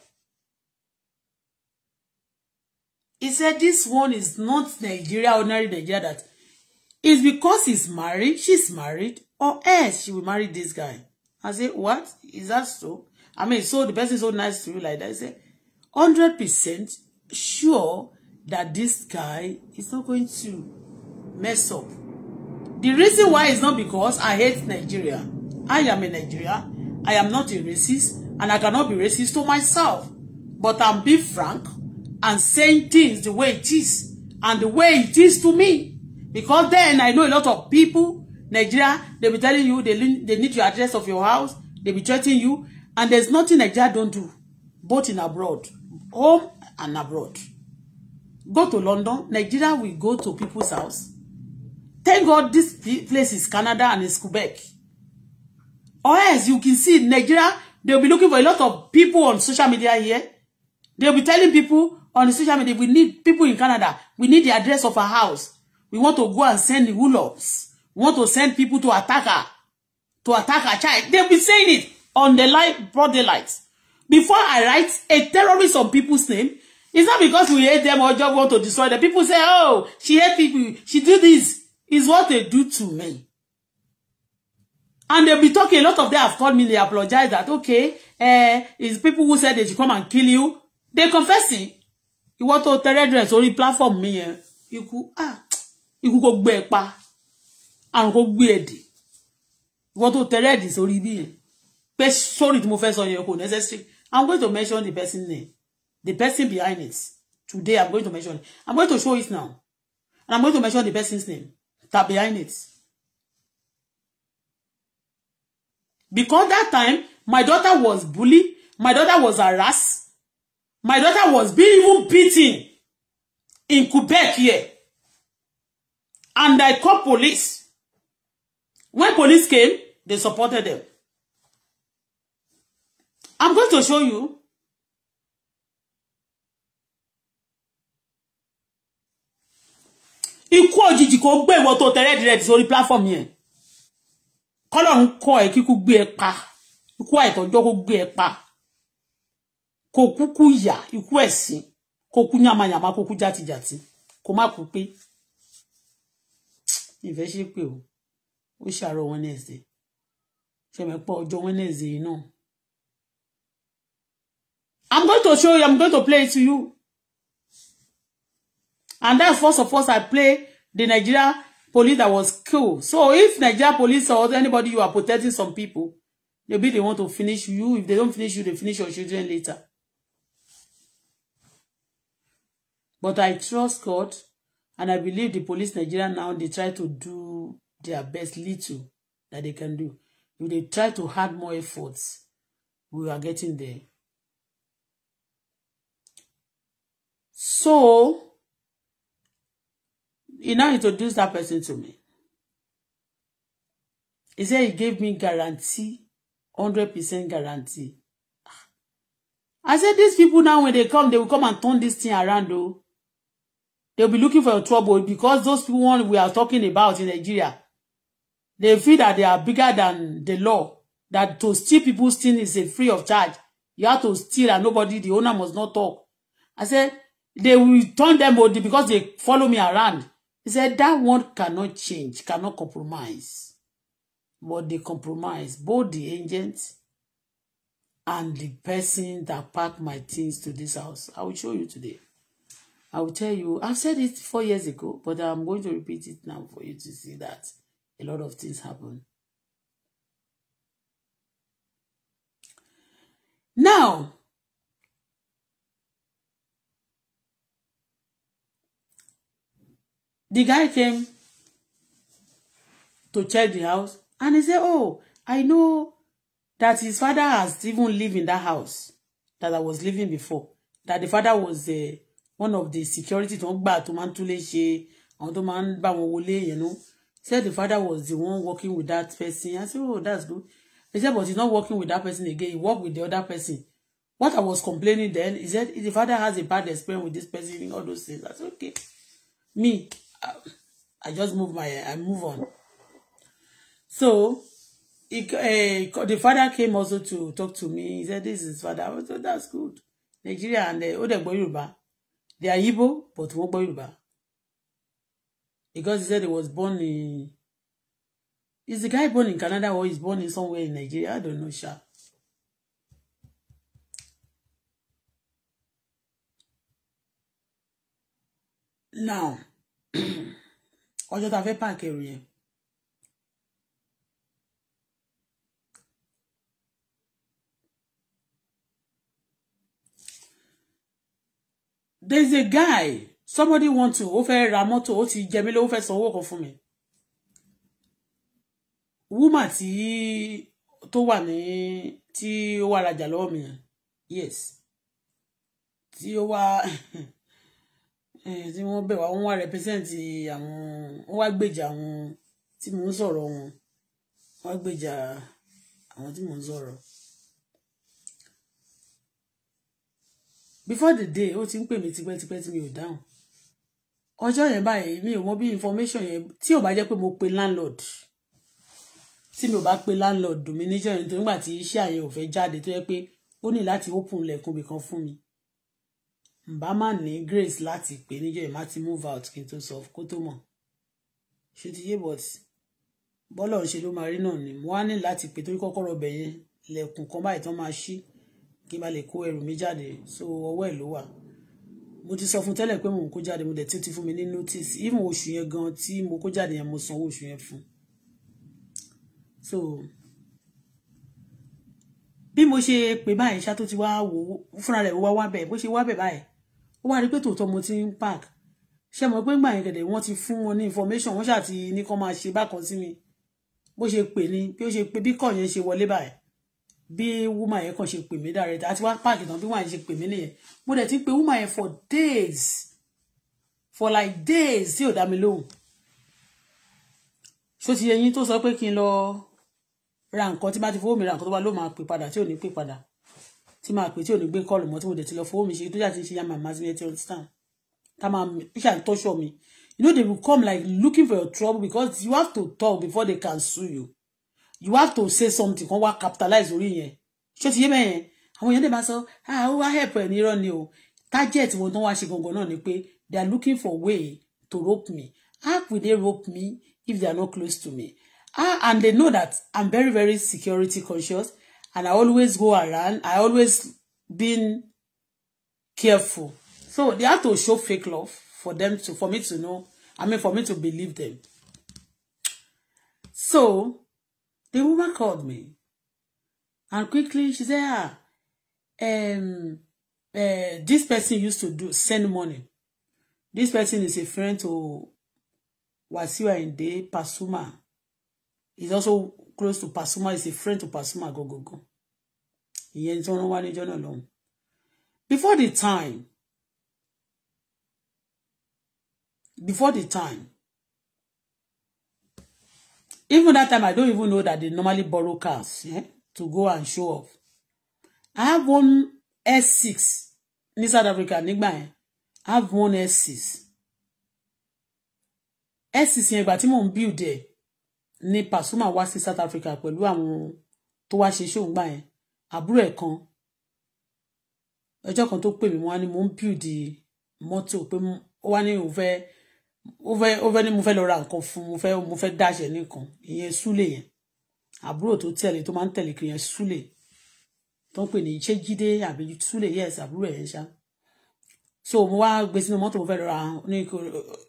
He said this one is not Nigeria, ordinary Nigeria that is because he's married, she's married, or else she will marry this guy. I said, what? Is that so? I mean, so the person is so nice to you like that. He said, 100% sure that this guy is not going to mess up. The reason why is not because I hate Nigeria. I am a Nigeria. I am not a racist, and I cannot be racist to myself. But I'm being frank and saying things the way it is and the way it is to me. Because then I know a lot of people, Nigeria, they be telling you they, they need your address of your house, they be threatening you, and there's nothing Nigeria don't do, both in abroad, home and abroad. Go to London, Nigeria will go to people's house. Thank God this place is Canada and it's Quebec. Or as you can see Nigeria, they'll be looking for a lot of people on social media here. They'll be telling people, on the social media. We need people in Canada. We need the address of her house. We want to go and send the wolves. We want to send people to attack her. To attack her child. They'll be saying it on the live broad daylight. Before I write a terrorist on people's name, it's not because we hate them or just want to destroy them. People say, oh, she hate people. She do this. It's what they do to me. And they'll be talking. A lot of them have called me. They apologize that, okay, uh, it's people who said they should come and kill you. They confessing ìwọ tó tẹ red dress orí platform mi yẹn ikú ah ikú kò gbé ẹ e pa àrùn kò gbé ẹ e dè ìwọ tó tẹ red sórí bí yẹn pé sorry tí mo fẹ́ sọ yẹn kò necessary i'm going to mention the person name the person behind it today i'm going to mention it i'm going to show it now and i'm going to mention the person's name that behind it because that time my daughter was bullied my daughter was harassed My daughter was being even beaten in Quebec here. And I called police. When police came, they supported them. I'm going to show you. Ikú òjijì kò gbé ìwọ tó tẹ̀rẹ́ direct sórí platform yẹn. Kọ́lọ́run kọ́ ẹ kíkú gbé ẹ pa. Ikú àìtọ́jọ́ kó gbé ẹ pa kò kúkú yà ikú ẹ̀sìn kò kú yàmàyàmà kò kú jàtìjàtì kò má kú pé ìfẹ́ ṣe pé o ó ṣàárọ̀ Wednesday ṣẹ̀mẹ̀pọ̀ ọjọ́ Wednesday náà. I'm going to show you, I'm going to play it to you. And that first of all, I play the Nigeria police that was killed. So if Nigeria police or anybody, you are protecting some people, maybe they want to finish you. If they don't finish you, they finish your children later. But I trust God and I believe the police Nigeria now they try to do their best little that they can do. If they try to add more efforts, we are getting there. So he now introduced that person to me. He said he gave me guarantee, hundred percent guarantee. I said, these people now, when they come, they will come and turn this thing around, though. They'll be looking for trouble because those people we are talking about in Nigeria, they feel that they are bigger than the law. That to steal people's thing is a free of charge. You have to steal and nobody, the owner must not talk. I said, they will turn them over because they follow me around. He said, that one cannot change, cannot compromise. But they compromise both the agents and the person that packed my things to this house. I will show you today. I will tell you, I've said it four years ago, but I'm going to repeat it now for you to see that a lot of things happen. Now, the guy came to check the house and he said, Oh, I know that his father has even lived in that house that I was living before, that the father was a uh, one of the security tó ń gbà tó máa ń tún lè ṣe àwọn tó máa ń bá wọn wọlé yẹn said the father was the one working with that person i said oh that's good he said but he's not working with that person again he work with the other person what i was complaining then he said the father has a bad experience with this person in all those things i said okay me i, I just move my i move on so he, uh, the father came also to talk to me he said this is his father i said that's good nigeria and uh, eh, odegbo They are Igbo, but wọ́n gbọ́ Yorùbá. Because he said he was born in. Is the guy born in Canada or is born in somewhere in Nigeria? I don't know, sha. Now, ọjọ́ tá a fẹ́ páàkì there is a guy somebody want to ó fẹ́ ra mọ́tò ó ti jẹ mí lówó fẹ́ sanwó kan fún mi woman tí tó wà ní tí ó wà rajà lọ́wọ́ mi yes tí ó wà eh, tí wọ́n bẹ̀ wá wọ́n wá represent àwọn wọ́n wá gbèjà àwọn tí mò ń sọ̀rọ̀ wọn wọ́n wá gbèjà àwọn tí mò ń sọ̀rọ̀. before the day ó ti ń pè mí tipẹ́tipẹ́ tí mi ò dáhùn ọjọ́ yẹn báyìí mi ò mọ bí information yẹn tí ò bá jẹ́ pé mo pe landlord tí mi ò bá pe landlord mi níjọ́ yẹn tó nígbà tí iṣẹ́ àyẹ̀wò fẹ́ jáde tó yẹ pé ó ní láti open lẹ̀kùn ibìkan fún mi ǹbá má ní grace láti pè níjọ́ yẹn má ti move out kí n tó sọ kó tó mọ̀ ṣe ti yé but bọ́lọ̀ ń ṣe ló máa rí náà ni mo wá ní láti pè torí kọ́kọ́rọ́ bẹ̀ yẹn kan báyìí tán máa ṣí kí n bá lè kó ẹrù mi jáde so ọwọ́ ẹ̀ ló wà mo ti sọ fún tẹ́lẹ̀ pé mò ń kó jáde mo dẹ̀ tí ó ti fún mi ní notice even oṣù yẹn gan tí mo kó jáde yẹn mo sanwó oṣù yẹn fún so bí mo ṣe pè báyìí ṣá tó ti wá wò ó fúnra rẹ̀ ó wá wá bẹ̀ bó ṣe wá bẹ̀ báyìí ó wá rí pé tòótọ́ mo ti ń park ṣé mo pé ń gbà yẹn kẹ̀dẹ̀ wọ́n ti fún wọn ní information wọ́n ṣáà ní kán máa ṣe bákan sí mi bó ṣe pè ní bí ó ṣe pé bí kọ̀ yẹn ṣe wọlé báyìí bí woman yẹn kàn ṣe pè mí direct àti wá páàkì tán bí woman yẹn ṣe pè mí nìyẹn mo dẹ̀ ti pe woman yẹn for days for like days tí ò dá mi lóhùn ṣó ti yẹyin tó sọ pé kí n lọ ra nǹkan tí bá ti fowó mi ra nǹkan tó bá ló máa pè padà tí ò ní pè padà tí máa pè tí ò ní gbé kọ́ọ̀lù mọ́ tí mo dẹ̀ ti lọ fowó mi ṣe tó yàtí ṣe yàmà máa ti ní ẹ ti understand tá máa ṣà ń tọ́ṣọ mi you know they will come like looking for your trouble because you have to talk before they can sue you you have to say something kan wá capitalize orí yẹn ṣé ti yé bẹ́ẹ̀ yẹn àwọn èèyàn dẹ̀ máa sọ ah ó wá help ẹ̀ nírọ̀ ni o target wọn tó wá ṣe gangan náà ni pé they are looking for way to rope me how will they rope me if they are not close to me ah and they know that I'm very very security conscious and I always go around I always been careful so they have to show fake love for them to for me to know I mean for me to believe them so The woman called me. And quickly she said, ah, um, uh, this person used to do send money. This person is a friend to Wasiu Ayinde Pasuma. He's also close to Pasuma. He's a friend to Pasuma. Go, go, go. He tí wọ́n wá níjọ́ náà lọ́hùn. Before the time, before the time, Even that time, I don't even know that they normally borrow cars yeah, to go and show off. I have one S6 in South Africa nígbà I have one S6. S6 yẹn ìgbà tí mò build ẹ̀ ni Pasuma wá sí South Africa pẹ̀lú àwọn tó wá ṣe show, gbà yẹn. Àbúrò ẹ̀ kan ọjọ́ kan tó pè mí wọ́n á ní mò ń build mọ́tò pé wọ́n á ní òun fẹ́ ó fẹ́ ó fẹ́ ní mo fẹ́ lọ ra nǹkan fún mo fẹ́ mo fẹ́ dáṣẹ nìkan ìyẹn súlẹ̀ yẹn àbúrò tó tẹ̀lé tó máa ń tẹ̀lé kiri yẹn súlẹ̀ tó ń pè ní ṣé jíde àbí súlẹ̀ yes àbúrò yẹn ṣá so mo wá gbé sínú mọ́tò mo fẹ́ lọ ra ní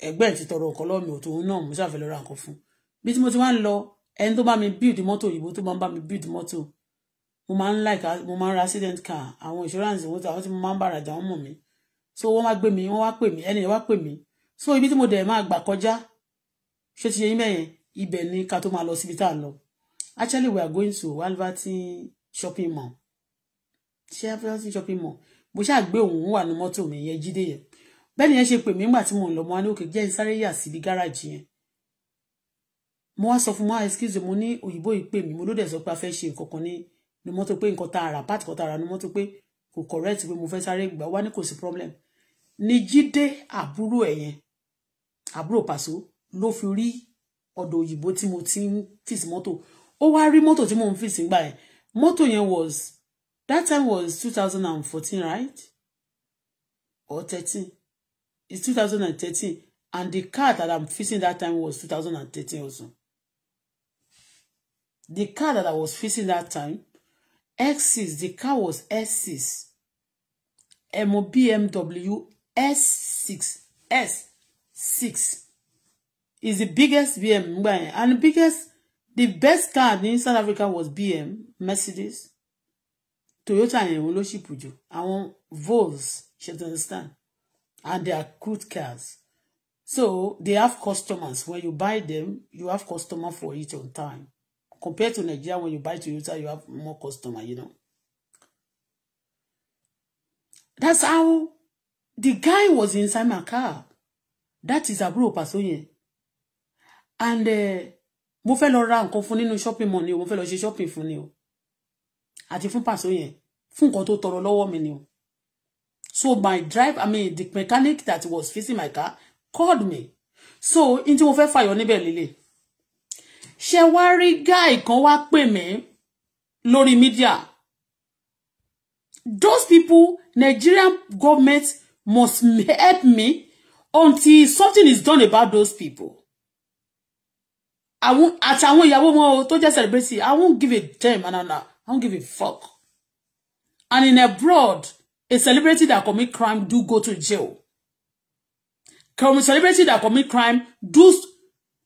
ẹgbẹ́ ẹ̀ ti tọrọ nǹkan lọ́mì òtún náà mo ṣàfẹ́ lọ ra nǹkan fún bí tí mo ti wá ń lọ ẹni tó bá mi build mọ́tò òyìnbó tó máa ń bá mi build mọ́tò mo máa ń like mo máa ń ra accident car àwọn insurance wọn tí àwọn tí mo máa ń bá rajà wọn mọ̀ mí so wọ́n wá gbé mi wọ́n wá pè mí ẹni wá pè mí so ibi tí mo dẹ̀ máa gbà kọjá ṣé ti yẹ yín mẹ́yẹn ibẹ̀ ni ká tó máa lọ síbi tá a lọ actually we are going to Alverton shopping mall ṣé Alverton shopping mall mo ṣáà gbé òun wà ní mọ́tò mi yẹn jíde yẹn bẹ́ẹ̀ ni yẹn ṣe pè mí nígbà tí mo ń lọ mo wá ní òkè jẹ́ ń sáré yà síbi gáràjì yẹn mo wá sọ fún wa excuse mo ní òyìnbó yìí pè mí mo ló dẹ̀ sọ pé a fẹ́ ṣe nǹkan kan ní ní mọ́tò pé nǹkan tá a rà pàtì kan tá a rà ní mọ́tò pé kò correct pé mo fẹ́ sáré gbà wá ní kò sí problem ní jíde àbúrò ẹ̀ yẹn àbúrò pàṣọ ló fi rí ọ̀dọ̀ òyìnbó tí mo ti ń fìsì mọ́tò ó wá rí mọ́tò tí mò ń fìsì gbà yẹn mọ́tò yẹn was that time was 2014, right or 13? it's 2013, and the car that i'm fixing that time was 2013 also the car that i was fixing that time x6 the car was s6 emo bmw s6 s six is the biggest BM gbà and the biggest the best car in South Africa was BM Mercedes Toyota and òun ló ṣìpù jù àwọn understand and they are good cars so they have customers when you buy them you have customer for it on time compared to Nigeria when you buy Toyota you have more customer you know that's how the guy was inside my car that is àbúrò pàṣọ yẹn and eh, mo fẹ́ lọ ra nǹkan fún nínú shopping mall ni o mo fẹ́ lọ ṣe shopping fún ni o àti fún pàṣọ yẹn fún nǹkan tó tọrọ lọ́wọ́ mi ni o so my drive i mean the mechanic that was fixing my car called me so n tí mo fẹ́ fàyọ níbẹ̀ lélẹ̀ ṣe wá rí guy kan wá pè mí lórí media those people Nigerian government must help me until something is done about those people I won't. àwọn àtàwọn ìyàwó wọn to jẹ́ celebrity I won't give a damn and I won't give a fuck and in abroad a celebrity that commit crime do go to jail celebrity that commit crime do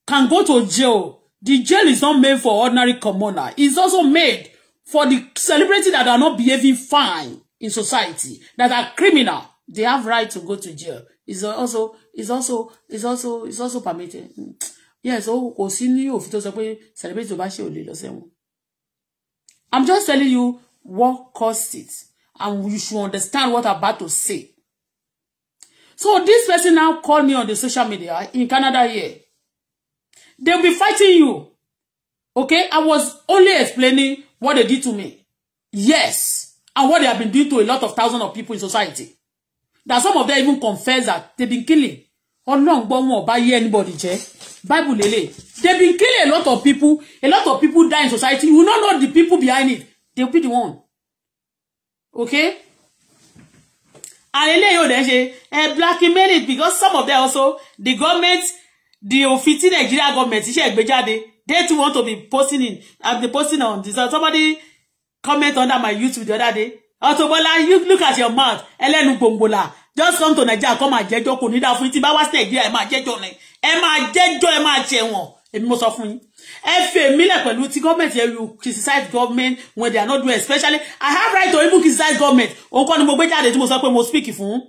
can go to jail the jail is not made for ordinary commoner it's also made for the celebrity that are not behaving fine in society that are criminal They have right to go to jail. It's also it's also it's also it's also permitted. Yes, ó kò sí ní òfin tó sọ pé celebrate to bá ṣe ò lè lọ sẹ́wọ̀n. I'm just telling you what caused it and you should understand what I'm about to say. So this person now called me on the social media in Canada here. They'll be fighting you. Okay? I was only explaining what they did to me. Yes. And what they have been doing to a lot of thousands of people in society that some of them even confess that they've been killing ọlọ́run gbọ́ wọn ọba yé anybody jẹ́ bible lele. They've been killing a lot of people a lot of people die in society you will not know the people behind it They'll be the one okay and lele you, dẹ́ ṣe ẹ eh, blackmail it because some of them also the government the official Nigeria government iṣẹ́ ìgbéjáde they too want to be posting in and be posting on this somebody comment under my YouTube the other day Auto Bola, you look at your mouth. Ẹlẹ́nu gbòǹgbòlà. Just come to Nigeria, come and jẹ́jọ́ kò ní dá fún yín. Tí bá wá sí Nigeria, ẹ máa jẹ́jọ́ ni. Ẹ máa jẹ́jọ́, ẹ máa jẹ̀wọ̀n. Èmi mo sọ fún yín. Ẹ fẹ́ mi lẹ̀ pẹ̀lú ti government here you criticize government when they are not doing especially. I have right to even criticize government. Òun kọ́ ni mo gbé jáde tí mo sọ pé mo speak fún.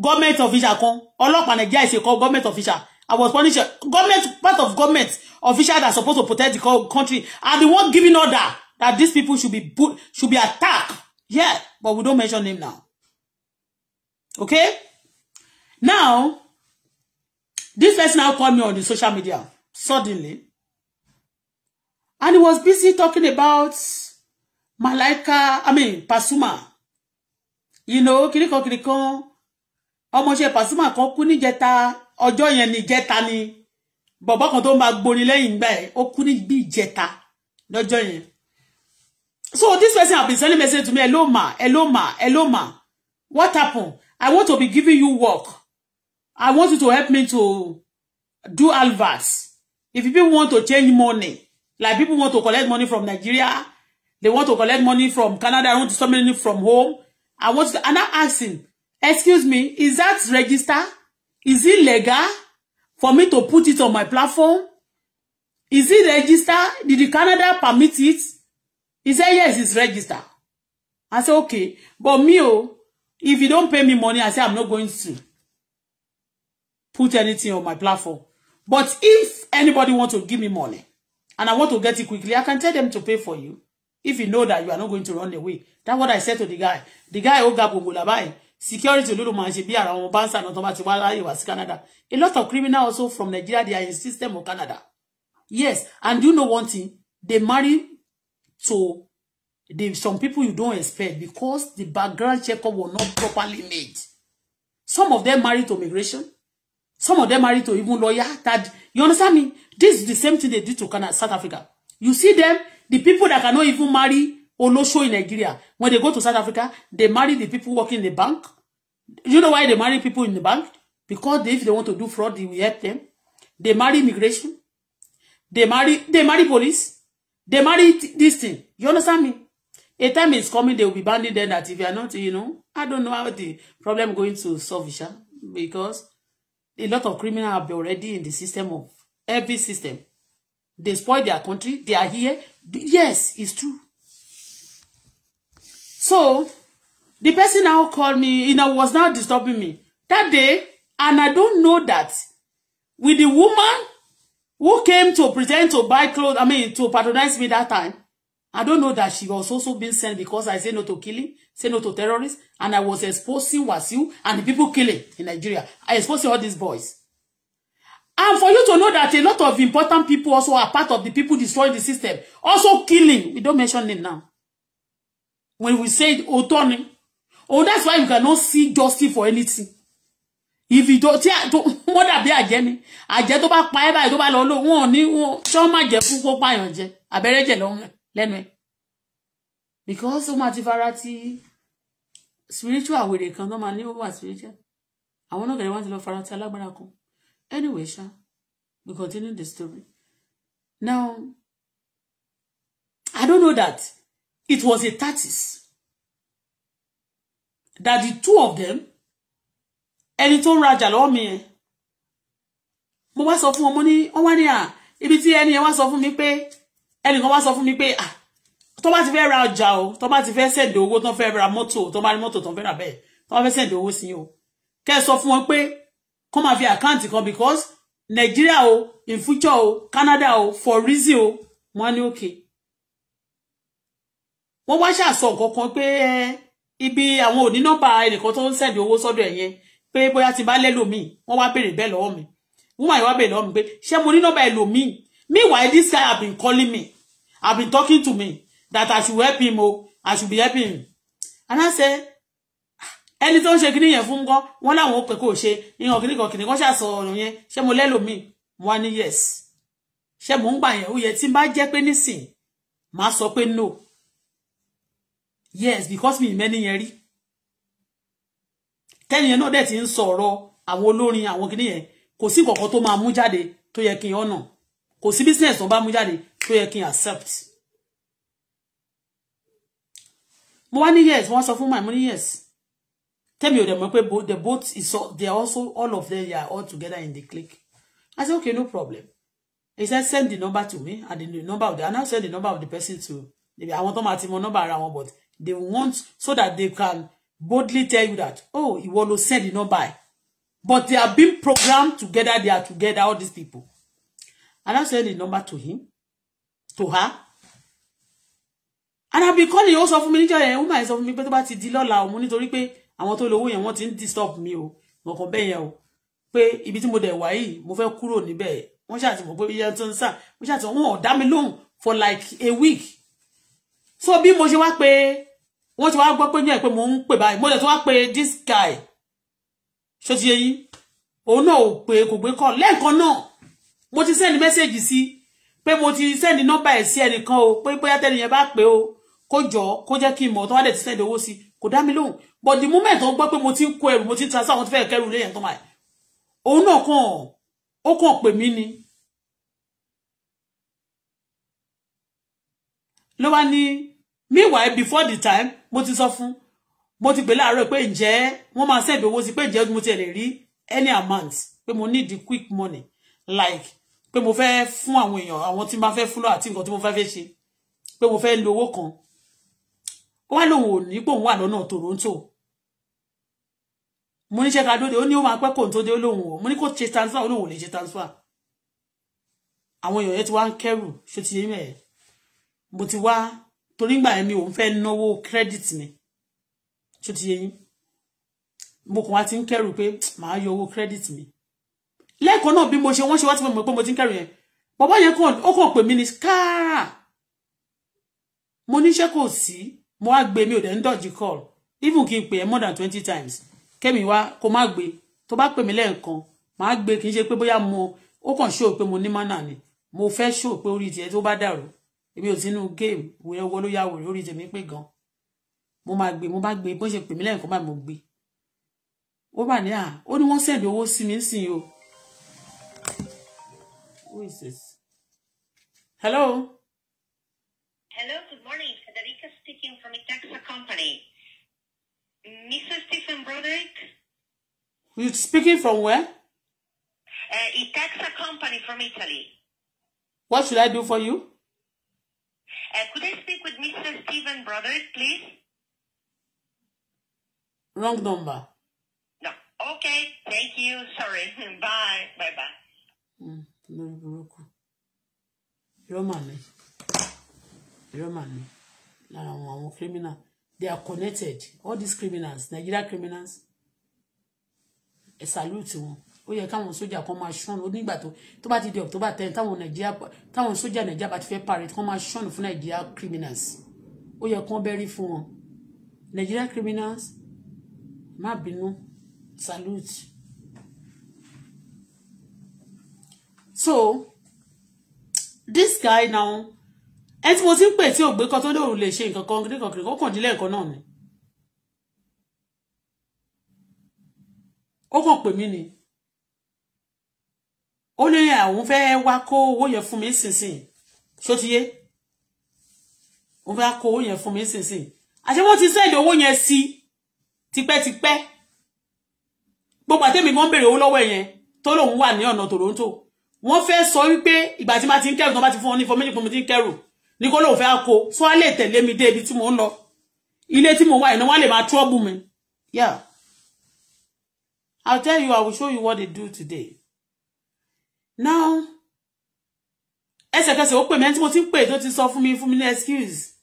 Government official kan. Ọlọ́pàá Nigeria is a government official. I was punished. Government, part of government official that supposed to protect the country are the one giving order that these people should be put, should be attacked. Yeah, but we don't mention him now. Okay? Now, this person now called me on the social media suddenly. And he was busy talking about Malaika, I mean, Pasuma. You know, kiriko kiriko, ọmọọṣẹ́ Pasuma kan kú níjẹta, ọjọ́ yẹn ni jẹta ni. Bọ̀bọ́ kan tó máa gbóni lẹ́yìn gbà ẹ̀, ó kú ní bí ìjẹta lọ́jọ́ yẹn. So this person have been sending message to me, hello ma, hello ma, hello ma. What happened? I want to be giving you work. I want you to help me to do alvas. If people want to change money, like people want to collect money from Nigeria, they want to collect money from Canada, I want to send money from home. I want to, and I asked excuse me, is that register? Is it legal for me to put it on my platform? Is it register? Did the Canada permit it? He said, yes, it's registered. I said, okay. But me, oh, if you don't pay me money, I say I'm not going to put anything on my platform. But if anybody wants to give me money and I want to get it quickly, I can tell them to pay for you. If you know that you are not going to run away. That's what I said to the guy. The guy oh ga gbogbo labai. Security little ló máa ṣe bí ara wọn bá ń sànà tó Canada. A lot of criminals also from Nigeria, they are in system of Canada. Yes, and do you know one thing? They marry to the some people you don't expect because the background checkup was not properly made. Some of them married to migration. Some of them married to even lawyer. That you understand me? This is the same thing they did to Canada, South Africa. You see them, the people that cannot even marry Olosho in Nigeria. When they go to South Africa, they marry the people working in the bank. You know why they marry people in the bank? Because they, if they want to do fraud, they will help them. They marry immigration. They marry they marry police. They marry this thing. You understand me? A time is coming, they will be banding them that if you are not, you know, I don't know how the problem going to solve, Isha, because a lot of criminals have been already in the system of every system. They spoil their country. They are here. Yes, it's true. So, the person now called me, you know, was now disturbing me. That day, and I don't know that with the woman who came to pretend to buy clothes, I mean, to patronize me that time. I don't know that she was also being sent because I say no to killing, say no to terrorists, and I was exposing wasu and the people killing in Nigeria. I exposing all these boys. And for you to know that a lot of important people also are part of the people destroying the system, also killing. We don't mention them now. When we say Otoni, oh, that's why you cannot see justice for anything ìfì tó tí wọ́n dàbí àjẹ́ ni àjẹ́ tó bá pa ẹ́ báyìí tó bá lọ lò wọ́n ní wọ́n ṣọ́ má jẹ́ fún kó pààyàn jẹ abẹ́rẹ́ jẹ̀ lẹ́nu ẹ̀ because ó máa ti fara ti spiritual wèrè kan tó máa ní wà spiritual àwọn náà gẹ̀rẹ́ wọ́n ti lọ fara ti alágbára kan anyway ṣá we continue the story now I don't know that it was a thirties that the two of them ẹni tó ń rajà lọ́wọ́ mi yẹn mo wá sọ fún wọn mo ní wọ́n wá ní à ibi tí ẹni yẹn wá sọ fún mi pé ẹnì kan wá sọ fún mi pé à tó bá ti fẹ́ ra ọjà o tó bá ti fẹ́ sẹ̀dẹ̀ owó tó fẹ́ ra mọ́tò tó bá ní mọ́tò tó fẹ́ rà bẹ́ẹ̀ tó bá fẹ́ sẹ̀dẹ̀ owó sí o kẹ́ ẹ sọ fún wọn pé kọ́ máa fi àkáǹtì kan because Nàìjíríà o in future o Canada o for reason o wọ́n ní òkè wọ́n wá ṣàṣọ nǹkan kan pé ibi àwọn òní nọ́mbà ẹnìkan tó ń sẹ̀dẹ̀ owó sọ́dọ̀ ẹ̀yẹn pé bóyá ti bá lẹ́lòmíì wọ́n wá béèrè bẹ́ẹ̀ lọ́wọ́ mi wọ́n máa wá béèrè lọ́wọ́ mi pé ṣé mo ní nọ́mbà ẹlòmíì meanwhile this guy have been calling me have been talking to me that I should help him o I should be helping him and I say ẹni tó ń ṣe kíní yẹn fún gan wọn láwọn ó pè kó ṣe ìhàn kíní kan kíní kan ṣàṣọ ọ̀rọ̀ yẹn ṣé mo lẹ́lòmíì wọ́n á yes ṣé mo ń gbà yẹn ó yẹ tí n bá jẹ́ pé nísìn màá sọ pé no yes because mi ì yẹn rí tẹ́ni yẹn náà dẹ̀ ti ń sọ ọ̀rọ̀ àwọn olórin àwọn kìnìún yẹn kò sí kọ̀ọ̀kan tó máa mú jáde tó yẹ kí n ọ̀nà kò sí business tó bá mú jáde tó yẹ kí n accept. mo wá ní yes wọ́n sọ fún my money yes tẹ́mi ò dẹ̀ mọ̀ pé the both is all, they are also all of them they are all together in the clique I say okay no problem he said send the number to me and the number of the and I send the number of the person to àwọn tó máa ti mọ number ara wọn but they want so that they can boldly tell you that oh ìwọ ló send the number ẹ but they are being programmed together they are together all these people and I send the number to him to her and I be calling ó sọ fún mi níjọ́ yẹn ó máa sọ fún mi pé tó bá ti di I want to pé àwọn tó lówó yẹn wọ́n ti ń disturb mi o nǹkan bẹ́ẹ̀ yẹn o pé ibi tí mo dẹ̀ wá yìí mo fẹ́ kúrò níbẹ̀ wọ́n ṣáà ti mọ̀ pé iye tó ń sà wọ́n ṣáà ti wọ́n ò dá mi lóhùn for like a week so bí mo ṣe wá pé wọ́n ti wá gbọ́ pé ní ẹ̀ pé mò ń pè báyìí mo dẹ̀ tó wá pe this guy ṣó ti yé yín òun náà ò pé kò gbé kọ́ lẹ́ẹ̀kan náà mo ti sẹ́ni mẹ́sẹ̀gì sí pé mo ti sẹ́ni nọ́mbà ẹ̀ sí ẹnìkan o pé bóyá tẹ́niyẹn bá pé o kó jọ kó jẹ́ kí n mọ̀ tó wá dẹ̀ ti sẹ́ni owó sí kò dá mi lóhùn but the moment wọ́n gbọ́ pé mo ti ń kó ẹrù mo ti ń transfer àwọn tó fẹ́ kẹrù léyìn tó máa òun náà kàn ó kàn pè mí ni ló wá ní meanwhile before the time mo ti sọ fún mo ti pè láàárọ̀ pé ǹjẹ́ wọ́n máa send owó sí pé ǹjẹ́ mo ti lè rí any amount pé mo need the quick money like pé mo fẹ́ fún àwọn èèyàn àwọn tí máa fẹ́ fún lọ àti nǹkan tí mo fẹ́ fẹ́ ṣe pé mo fẹ́ lo owó kan ó wá lòun ò ní pò ń wà lọ́nà Toronto mo ní ṣe ká dóde ó ní ó máa pẹ́ kò ń tó dé ó lòun ò mo ní kó ṣe transfer ó lòun ò lè ṣe transfer àwọn èèyàn yẹn ti wá ń kẹ́rù ṣe ti yé mẹ́ẹ̀ ti wá torí ìgbà yẹn mi ò ń fẹ́ náwó credit mi tó ti yé yín mo kàn wá ti ń kẹ́rù pé màá yọ owó credit mi lẹ́ẹ̀kan náà bí mo ṣe wọ́n ṣe wá ti mọ̀ pé mo ti ń kẹ́rù yẹn bàbá yẹn kàn ó pè mí ní káà mo kò sí mo wá gbé ò dẹ̀ ń dọ̀jì call even kí n pè ẹ́ more twenty times kẹ́mi wá kó má gbé tó bá pè lẹ́ẹ̀kan màá èmi ò sínú géèmù wẹ́ẹ́ owó ló yàwó lórí tèmi pé gan mo máa gbé mo bá gbé bó ṣe pè mí lẹ́yìn kan mo gbé ó bà ní à ó ní wọ́n sẹ̀dí owó sí mi ń sìn Who is this? Hello. Hello, good morning. Federica speaking from a Itaxa Company. Mr. Stephen Broderick. You speaking from where? Uh, Itaxa Company from Italy. What should I do for you? Uh, could I speak with Mr. Stephen Brothers, please? Wrong number. No. Okay. Thank you. Sorry. bye. Bye bye. Mm, lórí burúkú. Irọ́ mà ni. Irọ́ mà ni. Lára criminal. They are connected. All these criminals, Nigeria criminals, A salute wọn ó yẹ káwọn sójà kan máa ṣọ́nù ó nígbà tó tó bá ti di October ten táwọn nàìjíríà táwọn sójà nàìjíríà bá ti fẹ́ parẹ́ kán máa ṣọ́nù fún nàìjíríà criminals ó yẹ kán bẹ́rí fún wọn nàìjíríà criminals má bínú salute. so this guy now ẹ tí mo ti ń pè tí ògbé kan tó lóòrù lè ṣe nǹkan kan nǹkan kan kàn dín lẹ́ẹ̀kan náà ni ó kàn pè mí ni ó ní àwọn fẹ́ wá kó owó yẹn fún mi sínsìn ṣó ti yé òun fẹ́ kó owó yẹn fún mi sínsìn àṣé wọ́n ti sẹ́ẹ̀dì owó yẹn sí tipẹ́tipẹ́ gbogbo àtẹ́mi gan bèrè owó lọ́wọ́ yẹn tó lòun wà ní ọ̀nà Toronto wọ́n fẹ́ sọ wípé ìgbà tí ma ti ń kẹ́rù tó bá ti fún wọn ní information fún mi ti ń kẹ́rù ní kó lóun fẹ́ kó tó wá lè tẹ̀lé mi dé ibi tí mò ń lọ ilé tí mo wà iná wọn lè máa trouble mi yeah I'll tell you I will show you what they do today now ẹsẹ̀kẹsẹ̀ ó pè mí ẹni tí mo ti ń pè tó ti sọ fún mi fún mi ní excuse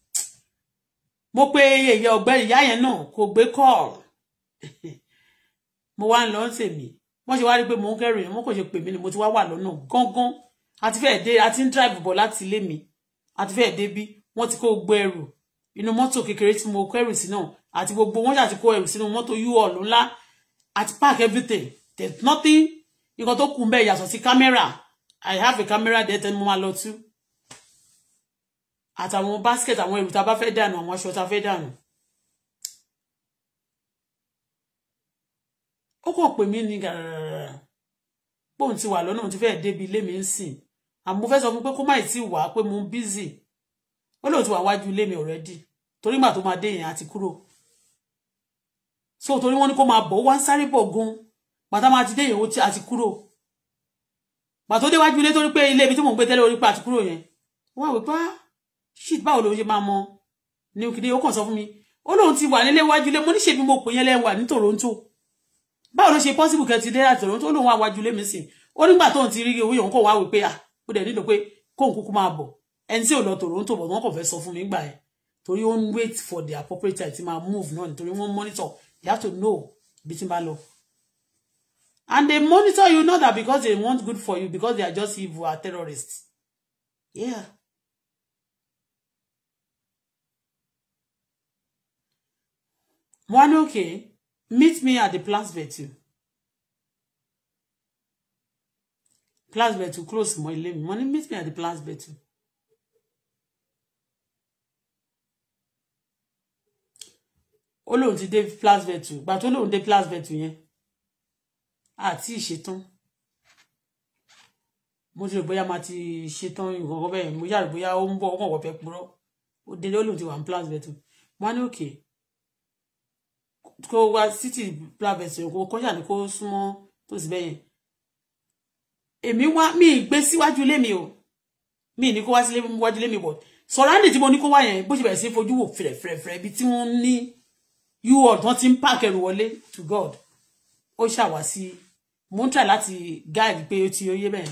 mo pe èyẹ ọ̀gbẹ́ni ìyá yẹn náà kò gbé call mo wá ń lọ tèmi wọ́n ṣe wá rí pé mò ń kẹ́rù yẹn wọ́n kò ṣe pè mí ni mo ti wá wà lọ́nà gángan àti fẹ́ẹ̀ dé àti ń drive bọ̀ láti ilé mi àti fẹ́ẹ̀ dé bí wọ́n ti kó gbọ ẹrù inú mọ́tò kékeré tí mo kẹ́rù sí náà àti gbogbo wọ́n ṣàti kó ẹrù sínú mọ́tò u-haul ńlá àti park everything there's nothing nǹkan to kù ń bẹ́ẹ̀ yàtọ̀ sí kámẹ́rà i have a camera there tẹ́ni mo máa lọ tú àtàwọn basket àwọn ẹrù tá a bá fẹ́ dànù àwọn aṣọ tá a fẹ́ dànù. ó kàn pè mí ní gàràràrà bóun ti wà lọ́nà òun ti fẹ́ẹ́ débi ilé mi ń sìn àmọ́ mo fẹ́ sọ fún pé kó má tí ì wá mo ń bízì ó ti wà wájú ilé mi already torí màá tó máa dé yẹn àti kúrò so torí wọ́n ní kó máa bọ̀ wá ń sáré bọ̀ bàtà máa ti dé ìyẹ̀wò àti kúrò bàtà ó déwájú ilé torí pé ilé ibi tí mò ń gbé tẹ́lẹ̀ orí pé àti kúrò yẹn wọ́n wí pé ah, shit báwo ló ṣe máa mọ ní òkìdí ó kàn sọ fún mi ó lóun ti wà nílé wájú ilé mo ní ṣèbí mo pè yẹn lẹ́wà ní Toronto báwo ló ṣe possible kẹ́ ti dé láti Toronto ó lóun wá wájú ilé mi sí ó nígbà tóun ti rí owó yòókù kó wá wí pé ah ó dẹ̀ nílò pé kóun kúkú máa bọ̀ ẹni tí ò lọ Toronto bọ̀ wọ́n kàn fẹ́ sọ fún mi gbà yẹn torí ó ń wait for the appropriate time ti máa move náà nítorí wọ́n monitor you have to know ibi tí n bá lọ And they monitor you not that because they want good for you, because they are just evil or terrorists. Yeah. One okay, meet me at the Place where Vertu. Place Vertu close my limb. Money meet me at the Place Vertu. Ó lóun ti dé Place Vertu, but ó lóun dé Place Vertu yẹn àti ìṣetán mo ti rò bóyá máa ti ṣetán ìkọ̀kọ̀ bẹ́ẹ̀ mo yára bóyá ó ń bọ̀ ó fẹ́ purọ́ ó délé ó lòun ti wà ní plant vetting wọn ní òkè kó wá city plant vetting kó kọjá ní kó súnmọ́ tó sì bẹ́yẹn èmi wá mi gbé síwájú ilé mi o mi ní kó wá sílé wájú ilé mi bọ̀ sọ̀rọ̀ǹdì tí mo ní kó wá yẹn bó ṣe bẹ̀rẹ̀ sí fojú wò fẹ̀rẹ̀fẹ̀rẹ̀ ibi tí wọ́n ní yú ọ̀dán ti ń pààkì wọlé to God ó ṣàwá sí i mo ń try láti guide pé ó ti yé bẹ́ẹ̀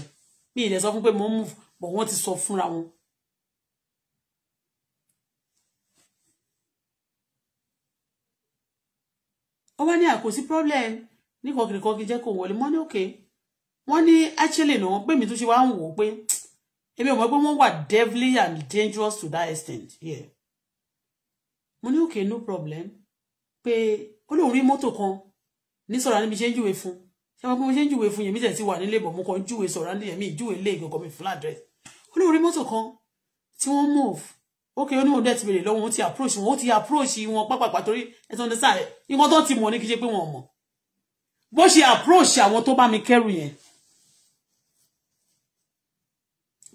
mi ì lè sọ fún pé mo ń move but wọ́n ti sọ fúnra wọn. wọ́n wá ní àkòsí problem ní kọkìrìkọkì jẹ́ kó wọlé mọ́ ní òkè wọ́n ní actually náà pé mi tún ṣe wá ń wò ó pé èmi ò mọ̀ pé wọ́n wà deadly and dangerous to that extent yeah. mo ní òkè no problem pé ó lóun rí mọ́tò kan ní sọ̀rọ̀ níbi ṣe ń júwe fún ṣé wọn pé mo ṣe ń júwe fún yẹn mi tẹ̀ sí wà nílé bọ̀ mo kàn ń júwe sọ̀rọ̀ ní yẹn mi ìjúwe lé ìgbọ̀ngàn mi fún àdírẹ́sì olórí mọ́tò kan tí wọ́n move ókè oníwọ̀n dẹ̀ ti bèrè lọ́wọ́ wọn ti approach wọn ó ti approach wọn pápápá torí ẹ tó ń dẹ́sà rẹ̀ nǹkan tó ti mọ̀ ní kí ṣe pé wọn ò mọ̀ bó ṣe approach àwọn tó bá mi kẹ́rù yẹn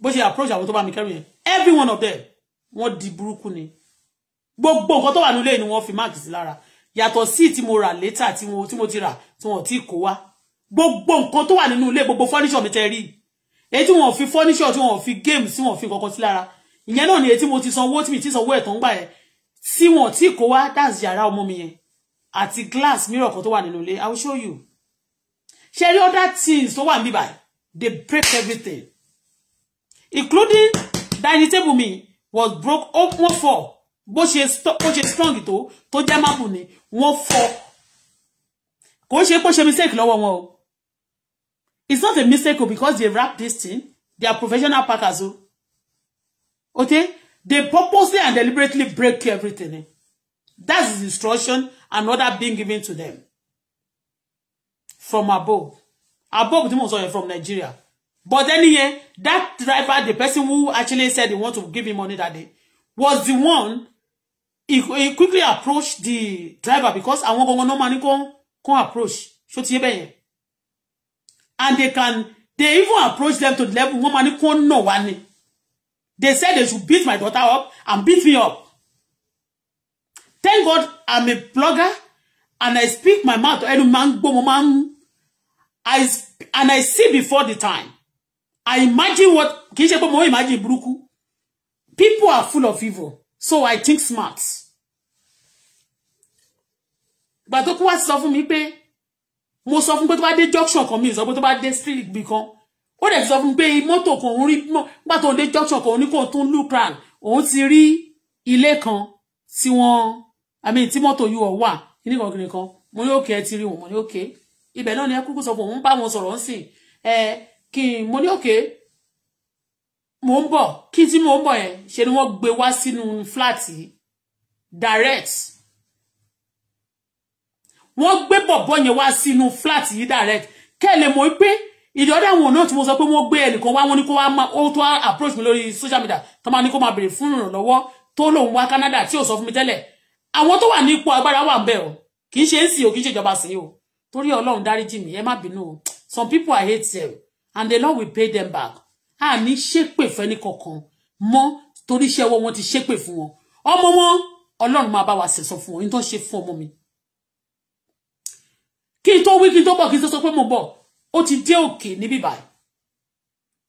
bó ṣe approach àwọn tó bá mi kẹ́rù yẹn every one of them wọ́n di burúkú ni gbogbo nǹkan tó wà nílé ni wọ́n fi máàkì sí lára yàtọ̀ sí tí mo rà létà tí mo ti rà tí wọ́n ti kó wá gbogbo nǹkan tó wà nínú ilé gbogbo fọ́níṣọ̀ mi tẹ́ rí èyí tí wọ́n fi fọ́níṣọ̀ tí wọ́n fi géèmù sí wọ́n fi kankan sí lára ìyẹn náà ni èyí tí mo ti sanwó tí mi ti sanwó ẹ̀tàn gbà yẹn tí wọ́n tí kò wá dáàsì yàrá ọmọ mi yẹn àti glass mirror kan tó wà nínú ilé i will show you Share other things to wà níbí báyìí they break everything including dining table mi was broke up wọ́n fọ́ bó ṣe strong tó To jẹ́ máàpù ni wọ́n fọ́ kò ṣe pé ṣe mistake lọ́wọ́ wọn o It's not a mistake because they wrap this thing. They are professional packers. Okay? They purposely and deliberately break everything. That's the instruction and order being given to them. From above. Above, the most from Nigeria. But then yeah, that driver, the person who actually said they want to give him money that day, was the one he, he quickly approached the driver because I want to náà máa ní come, approach ṣó ti yé and they can they even approach them to the level Woman, máa ní kó nà they said they should beat my daughter up and beat me up thank God I'm a blogger and I speak my mouth ẹnu máa ń gbó I and I see before the time I imagine what kì í imagine Bruku? people are full of evil so I think smart But kú wá sọ fún mi mo sọ fún pé tó bá dé junction kan mi sọ pé tó bá dé street bi kan ó dẹ̀ ti sọ fún pé mọ́tò kan òun rí nígbà tó dé junction kan òun ní kò tún look round òun ti rí ilé kan tí wọ́n i mean tí mọ́tò yóò wà kíní kan kiri kan mo ní òkè ẹ ti rí wọn mo ní òkè ibẹ̀ náà ni ẹ kúkú sọ fún òun bá wọn sọ̀rọ̀ ń sìn ẹ kí n mo ní òkè mo ń bọ̀ kí tí mo ń bọ̀ yẹn ṣe ni wọ́n gbé wá sínú fúláàtì direct wọ́n gbé bọ̀bọ́ yẹn wá sínú flat yìí direct kẹ́ lè mọ̀ pé ìdí ọ̀dà wọn náà tí mo sọ pé wọ́n gbé ẹnìkan wá wọn ní kó wá máa ó tó approach mi lórí social media tó máa ní kó máa béèrè fún ìrànlọ́wọ́ tó lòun wá Canada tí ò sọ fún mi tẹ́lẹ̀ àwọn to wà ní ipò agbára wà bẹ́ẹ̀ o kì í ṣe ń sìn o kì í ṣe ìjọba sìn o torí Ọlọ́run dáríjì mi ẹ má bínú some people I hate them and the Lord will pay them back a ní ṣépè fẹ́ni kankan mọ́ torí iṣẹ́ wọn ti ṣépè fún wọn ọmọ wọn Ọlọ́run máa bá wa sẹ̀sọ fún wọn ní tó ṣe fún ọmọ mi kí n tó wí kí n tó bọ̀ kí n tó sọ pé mo bọ̀ ó ti dé òkè níbí báyìí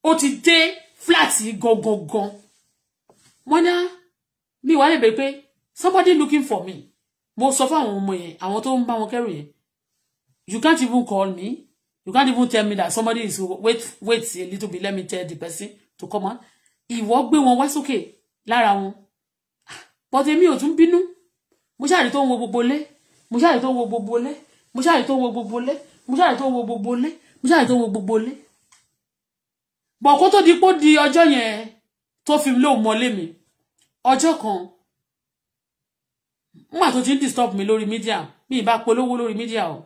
ó ti dé fúláàtì gangan wọ́n ná ah, mi wà lè pé somebody looking for me mo sọ fún àwọn ọmọ yẹn àwọn tó ń bá wọn kẹrù yẹn you can't even call me you can't even tell me that somebody is wait wait a little bit let me tell the person to come on ìwọ gbé wọn wá sókè lára wọn ah, but èmi ò tún bínú mo ṣáà rí tó ń wo gbogbo lé mo ṣáà tó ń wo gbogbo lé mo ṣáà tó wo gbogbo lé mo ṣáà tó wo gbogbo lé mo ṣáà tó wo gbogbo lé bọ̀ kó tó di pó di ọjọ́ yẹn tó fi lóun mọ́lé mi ọjọ́ kan nígbà tó ti ń disturb mi lórí mídíà mi ì bá polówó lórí mídíà o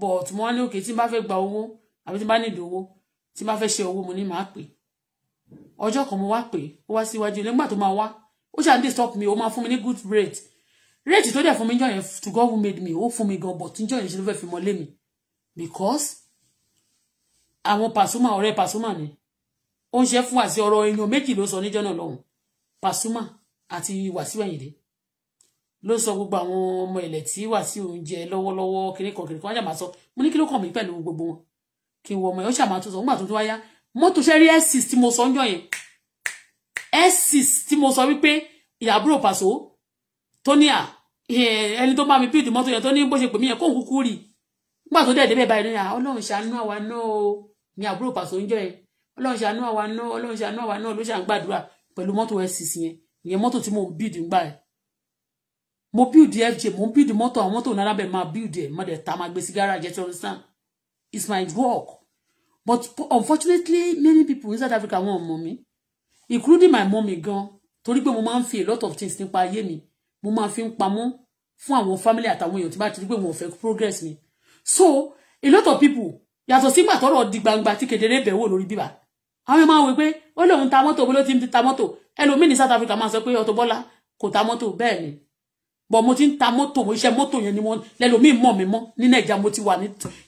but mo wá ní òkè tí n bá fẹ́ gba owó àbí tí n bá nílò owó tí n bá fẹ́ ṣe owó mo ní màá pè ọjọ́ kan mo wá pè ó wá síwájú ilé nígbà tó máa wá ó ṣáà ń mi ó máa fún mi ní good rate rate tó dẹ̀ fún mi níjọ́ to God who made me Who fún mi gan but níjọ́ yẹn ṣe ló fẹ́ me, because àwọn Pasuma ọ̀rẹ́ Pasuma ni ó ń ṣe fún àti ọ̀rọ̀ èèyàn méjì ló sọ níjọ́ náà lọ́hùn Pasuma àti Wàsíù Àyìndé ló sọ gbogbo àwọn ọmọ ilẹ̀ tí Wàsíù ń jẹ lọ́wọ́lọ́wọ́ kìnnìkan kìnnìkan wọ́n ṣàmà sọ mo ní kí ló kàn mí pẹ̀lú gbogbo wọn kí wọ́n ọmọ yẹn ó ṣàmà tó sọ nígbà tó tó wáyá mọ́tò ṣẹ́rí S6 tí mo sọ ń jọ yẹn S6 tí mo sọ wípé ìyàbúrò Paso tó ní à ẹni tó bá mi píìtì mọ́tò yẹn tó ní bó ṣe pè mí yẹn kó òkúkú rí nígbà tó dẹ̀ débẹ̀ báyìí ní à ọlọ́run ṣàánú àwa náà o ní àbúrò pàṣọ ń jọ yẹn ọlọ́run ṣàánú àwa náà ọlọ́run ṣàánú àwa náà ló ṣàn gbàdúrà pẹ̀lú mọ́tò ẹ̀sìsì yẹn ìyẹn mọ́tò tí mo bíìd ń gbà ẹ̀ mo bíìd fj mo bíìd mọ́tò àwọn mọ́tò náírà bẹ́ẹ̀ máa bíìd ẹ̀ mọ́ dẹ̀ ta máa gbé sí gáràjì ẹ̀ tí wọ́n sàn it's my work but unfortunately many people in South Africa wọn ò including my mummy gan torí pé mo máa ń a lot of things nípa ayé mi mo máa fi ń pamọ́ fún àwọn family àtàwọn èèyàn tí bá ti rí pé wọn ò fẹ́ progress mi so a lot of people yàtọ̀ sígbà tọ́rọ̀ di gbangba tí kedere bẹ̀ wò lórí bíbà àwọn máa wò pé ó lóun ta mọ́tò bó ló ti ń ta mọ́tò ẹlòmíì ní South Africa máa sọ pé Auto Bola kò ta mọ́tò bẹ́ẹ̀ ni bọ̀ mo ti ń ta mọ́tò mo iṣẹ́ mọ́tò yẹn ni wọ́n lẹ́lòmíì mọ̀ mi mọ́ ní nàìjíríà mo ti wà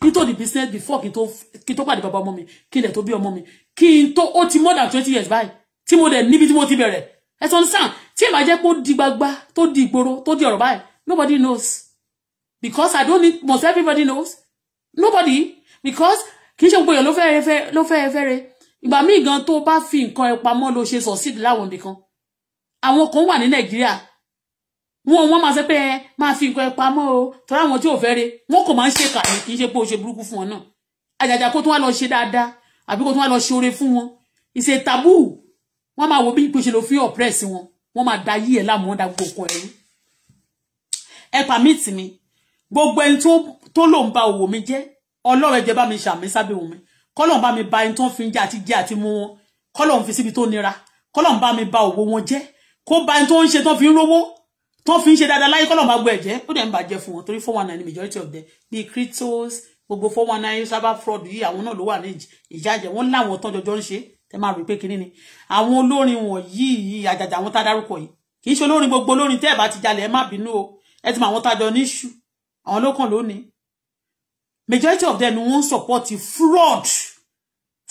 nítorí business before kí n tó kí n tó pàdé bàbá ọmọ mi kí n lẹ̀ tó bí ọmọ mi kí n tó ó ti more than twenty years báyìí tí mo dẹ̀ níbi tí mo ti bẹ̀rẹ̀ ẹ sọ ní sàn tí ìbá jẹ́ pé ó di gbagba tó di ìgboro tó di ọ̀rọ̀ báyìí nobody knows because i don't need must everybody knows nobody because kì í ṣe gbogbo èèyàn ló fẹ́ẹ́ fẹ́ ló fẹ́ẹ́ fẹ́re ìgbà míì gan tó bá fi nǹkan ẹ pamọ́ ló ṣe succeed láwọn ibìkan àwọn kan wà ní nàìjíríà wọn wọn máa sọ pé ẹ máa fi nǹkan ẹ pamọ́ o torí àwọn tí ò fẹ́ re wọn kò máa ń ṣe kà kì í ṣe pé o ṣe burúkú fún wọn náà àjàjà kó tó wá lọ ṣe dáadáa àbí kó tó wá lọ ṣe oore fún wọn ìṣe taboo wọn máa wò bí ìpèsè ló fi oppress wọn wọ́n máa da yí ẹ̀ láàmú wọ́n da gbogbo ẹ̀rú ẹ pàmìtì mi gbogbo ẹni tó lòun ba òwò mi jẹ́ ọlọ́run ẹ̀jẹ̀ bá mi ṣàmì sabe òun mi kọ́lọ̀ bá mi ba ẹni tó ń fi jẹ́ àti jẹ́ àti mú wọn kọ́lọ̀ ń fi síbi tó nira kọ́lọ̀ bá mi ba òwò wọn jẹ́ kó ba ẹni tó ń ṣe tó fi ń rówó tó fi ń ṣe dáadáa láyé kọ́lọ̀ bá gbọ́ ẹ̀jẹ̀ ó dẹ̀ ń bàjẹ́ fún wọn torí majority of them bíi cryptos gbogbo four one nine cyber fraud yìí àwọn náà ló wà ní ìjà ìjẹ́ wọ́n láwọn tán jọjọ́ ń tẹ máa rò pé kinní ni àwọn olórin wọ̀nyí àjàjà àwọn tá a dárúkọ yìí kì í ṣe olórin gbogbo olórin tẹ́ ẹ̀ bá ti jalè ẹ má bínú o ẹ ti mọ àwọn tá a jọ níṣù àwọn lókàn lónìí majority of them ni wọ́n ń support fraud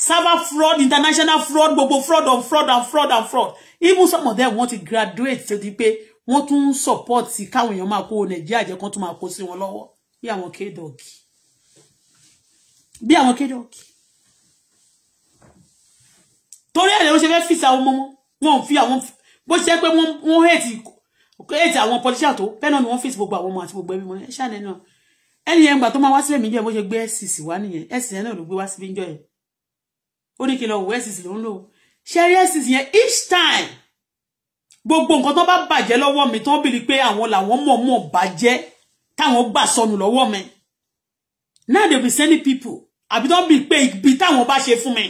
cyber fraud international fraud gbogbo fraud on fraud and fraud and fraud even some of them wọ́n ti graduate tó di pé wọ́n tún ń support káwọn èèyàn máa kó nàìjíríà jẹ́ kán tún máa kó sí wọn lọ́wọ́ bí àwọn kédọ̀gì bí àwọn kédọ̀gì torí ẹ̀ ló ṣe fẹ́ fìsà ọmọ wọn wọn fi àwọn bó ṣe pé wọ́n hẹ́ẹ̀tì hẹ́ẹ̀tì àwọn pọlíṣà tó bẹ́ẹ̀ náà ni wọ́n fèsì gbogbo àwọn ọmọ àti gbogbo ẹbí wọn ẹ ṣáà nínú ẹni yẹn gbà tó máa wá sílẹ̀ méjì ẹ̀ bó ṣe gbé ẹ̀sìsì wá nìyẹn ẹ̀sìsì yẹn náà ló gbé wá síbí níjọ́ yẹn ó ní kí n lọ wò ẹ̀sìsì ló ń lò ṣe rí ẹ̀sìsì yẹn each time gbogbo nǹkan tó bá bàjẹ́ lọ́wọ́ mi tó ń bìrì pé àwọn làwọn mọ̀ọ́mọ̀ bàjẹ́ táwọn gbà sọnù lọ́wọ́ mi now they be sending people àbí tó ń bìrì pé ibi táwọn bá ṣe fún mi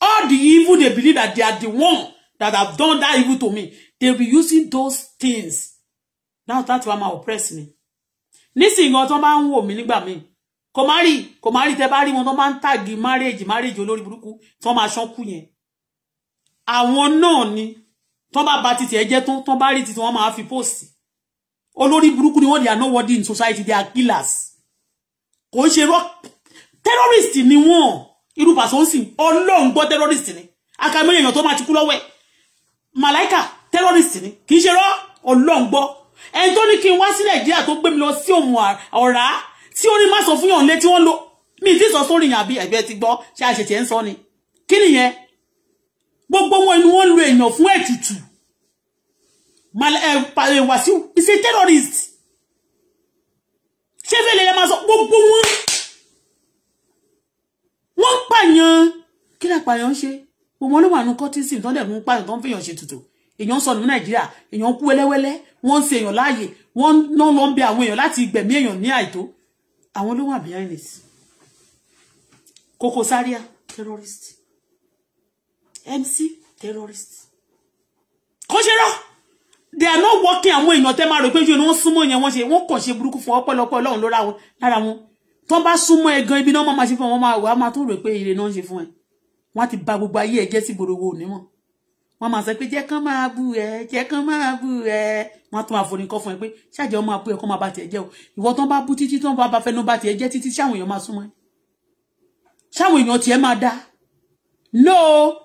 All the evil they believe that they are the one that have done that evil to me, They be using those things. Now that's why my oppress me. Nísìnyí gan tó máa ń wò mí nígbà míì. Kò má rí kò má rí tẹ́ bá rí wọn tó máa marriage marriage olórí burúkú tí wọ́n máa ṣánkú yẹn. Àwọn náà ni tó bá ba titi ẹ jẹ́ tó tó bá rí titi wọ́n máa fi post. Olórí burúkú ni wọ́n they are nobody in society they are killers. Kò ṣe rock terrorist ni wọ́n irú pàṣọ ń sìn ọlọ́run gbọ́ terrorist ni akamọ́ èèyàn tó máa ti kú lọ́wọ́ ẹ̀ màláìkà terrorist ni kì í ṣe rọ́ ọlọ́run gbọ́ ẹni tó ní kí n wá sí nàìjíríà tó gbé mi lọ sí òun ọ̀rá tí ó ní má sọ fún yàn létí wọ́n lo mi ti sọ sórí yàn àbí ẹ̀gbẹ́ ti gbọ́ ṣe àṣetì ẹ̀ ń sọ ni kí nìyẹn gbogbo wọn ni wọ́n lo èèyàn fún ètùtù Wàsíù is a terrorist ṣé fẹ́ẹ́ lè lè máa gbogbo wọn wọ́n ń pààyàn kí ni àpààyàn ń ṣe gbogbo wọn ló wà nù kọ́tísìm tó ń dẹ̀kun pààyàn tó ń fèèyàn ṣe tutù èèyàn sọnù nàìjíríà èèyàn kú wẹ́lẹ́wẹ́lẹ́ wọ́n ń ṣe èèyàn láàyè wọ́n ná lọ ń bẹ àwọn èèyàn láti gbẹ̀mí èèyàn ní àìtó àwọn ló wà behind it terrorist MC terrorist kò ṣe rọ they are not working àwọn èèyàn tẹ́ máa rò pé ju ni wọ́n súnmọ́ yẹn wọ́n ṣe wọ́n kàn ṣe burúkú fún ọpọlọpọ ọlọ́run lóra wọn lára wọn tọ́n bá súnmọ́ ẹ gan ibi náà mọ́ máa ṣe fún wọn ma wà á máa tó rò pé ire náà ń ṣe fún ẹ wọ́n ti ba gbogbo ayé ẹ jẹ́ sí gbòròwò onímọ̀ wọ́n máa sọ pé jẹ́ kán máa bú ẹ jẹ́ kán máa bú ẹ wọ́n tún máa forí nǹkan fún ẹ pé ṣáàjẹ́ wọn máa bú ẹ kó máa bá tiẹ̀ jẹ́ o ìwọ tọ́n bá bú títí tọ́n bá fẹ́ ló bá tiẹ̀ jẹ́ títí ṣáwọn èèyàn máa súnmọ́ ẹ ṣáwọn èèyàn tiẹ̀ máa dá no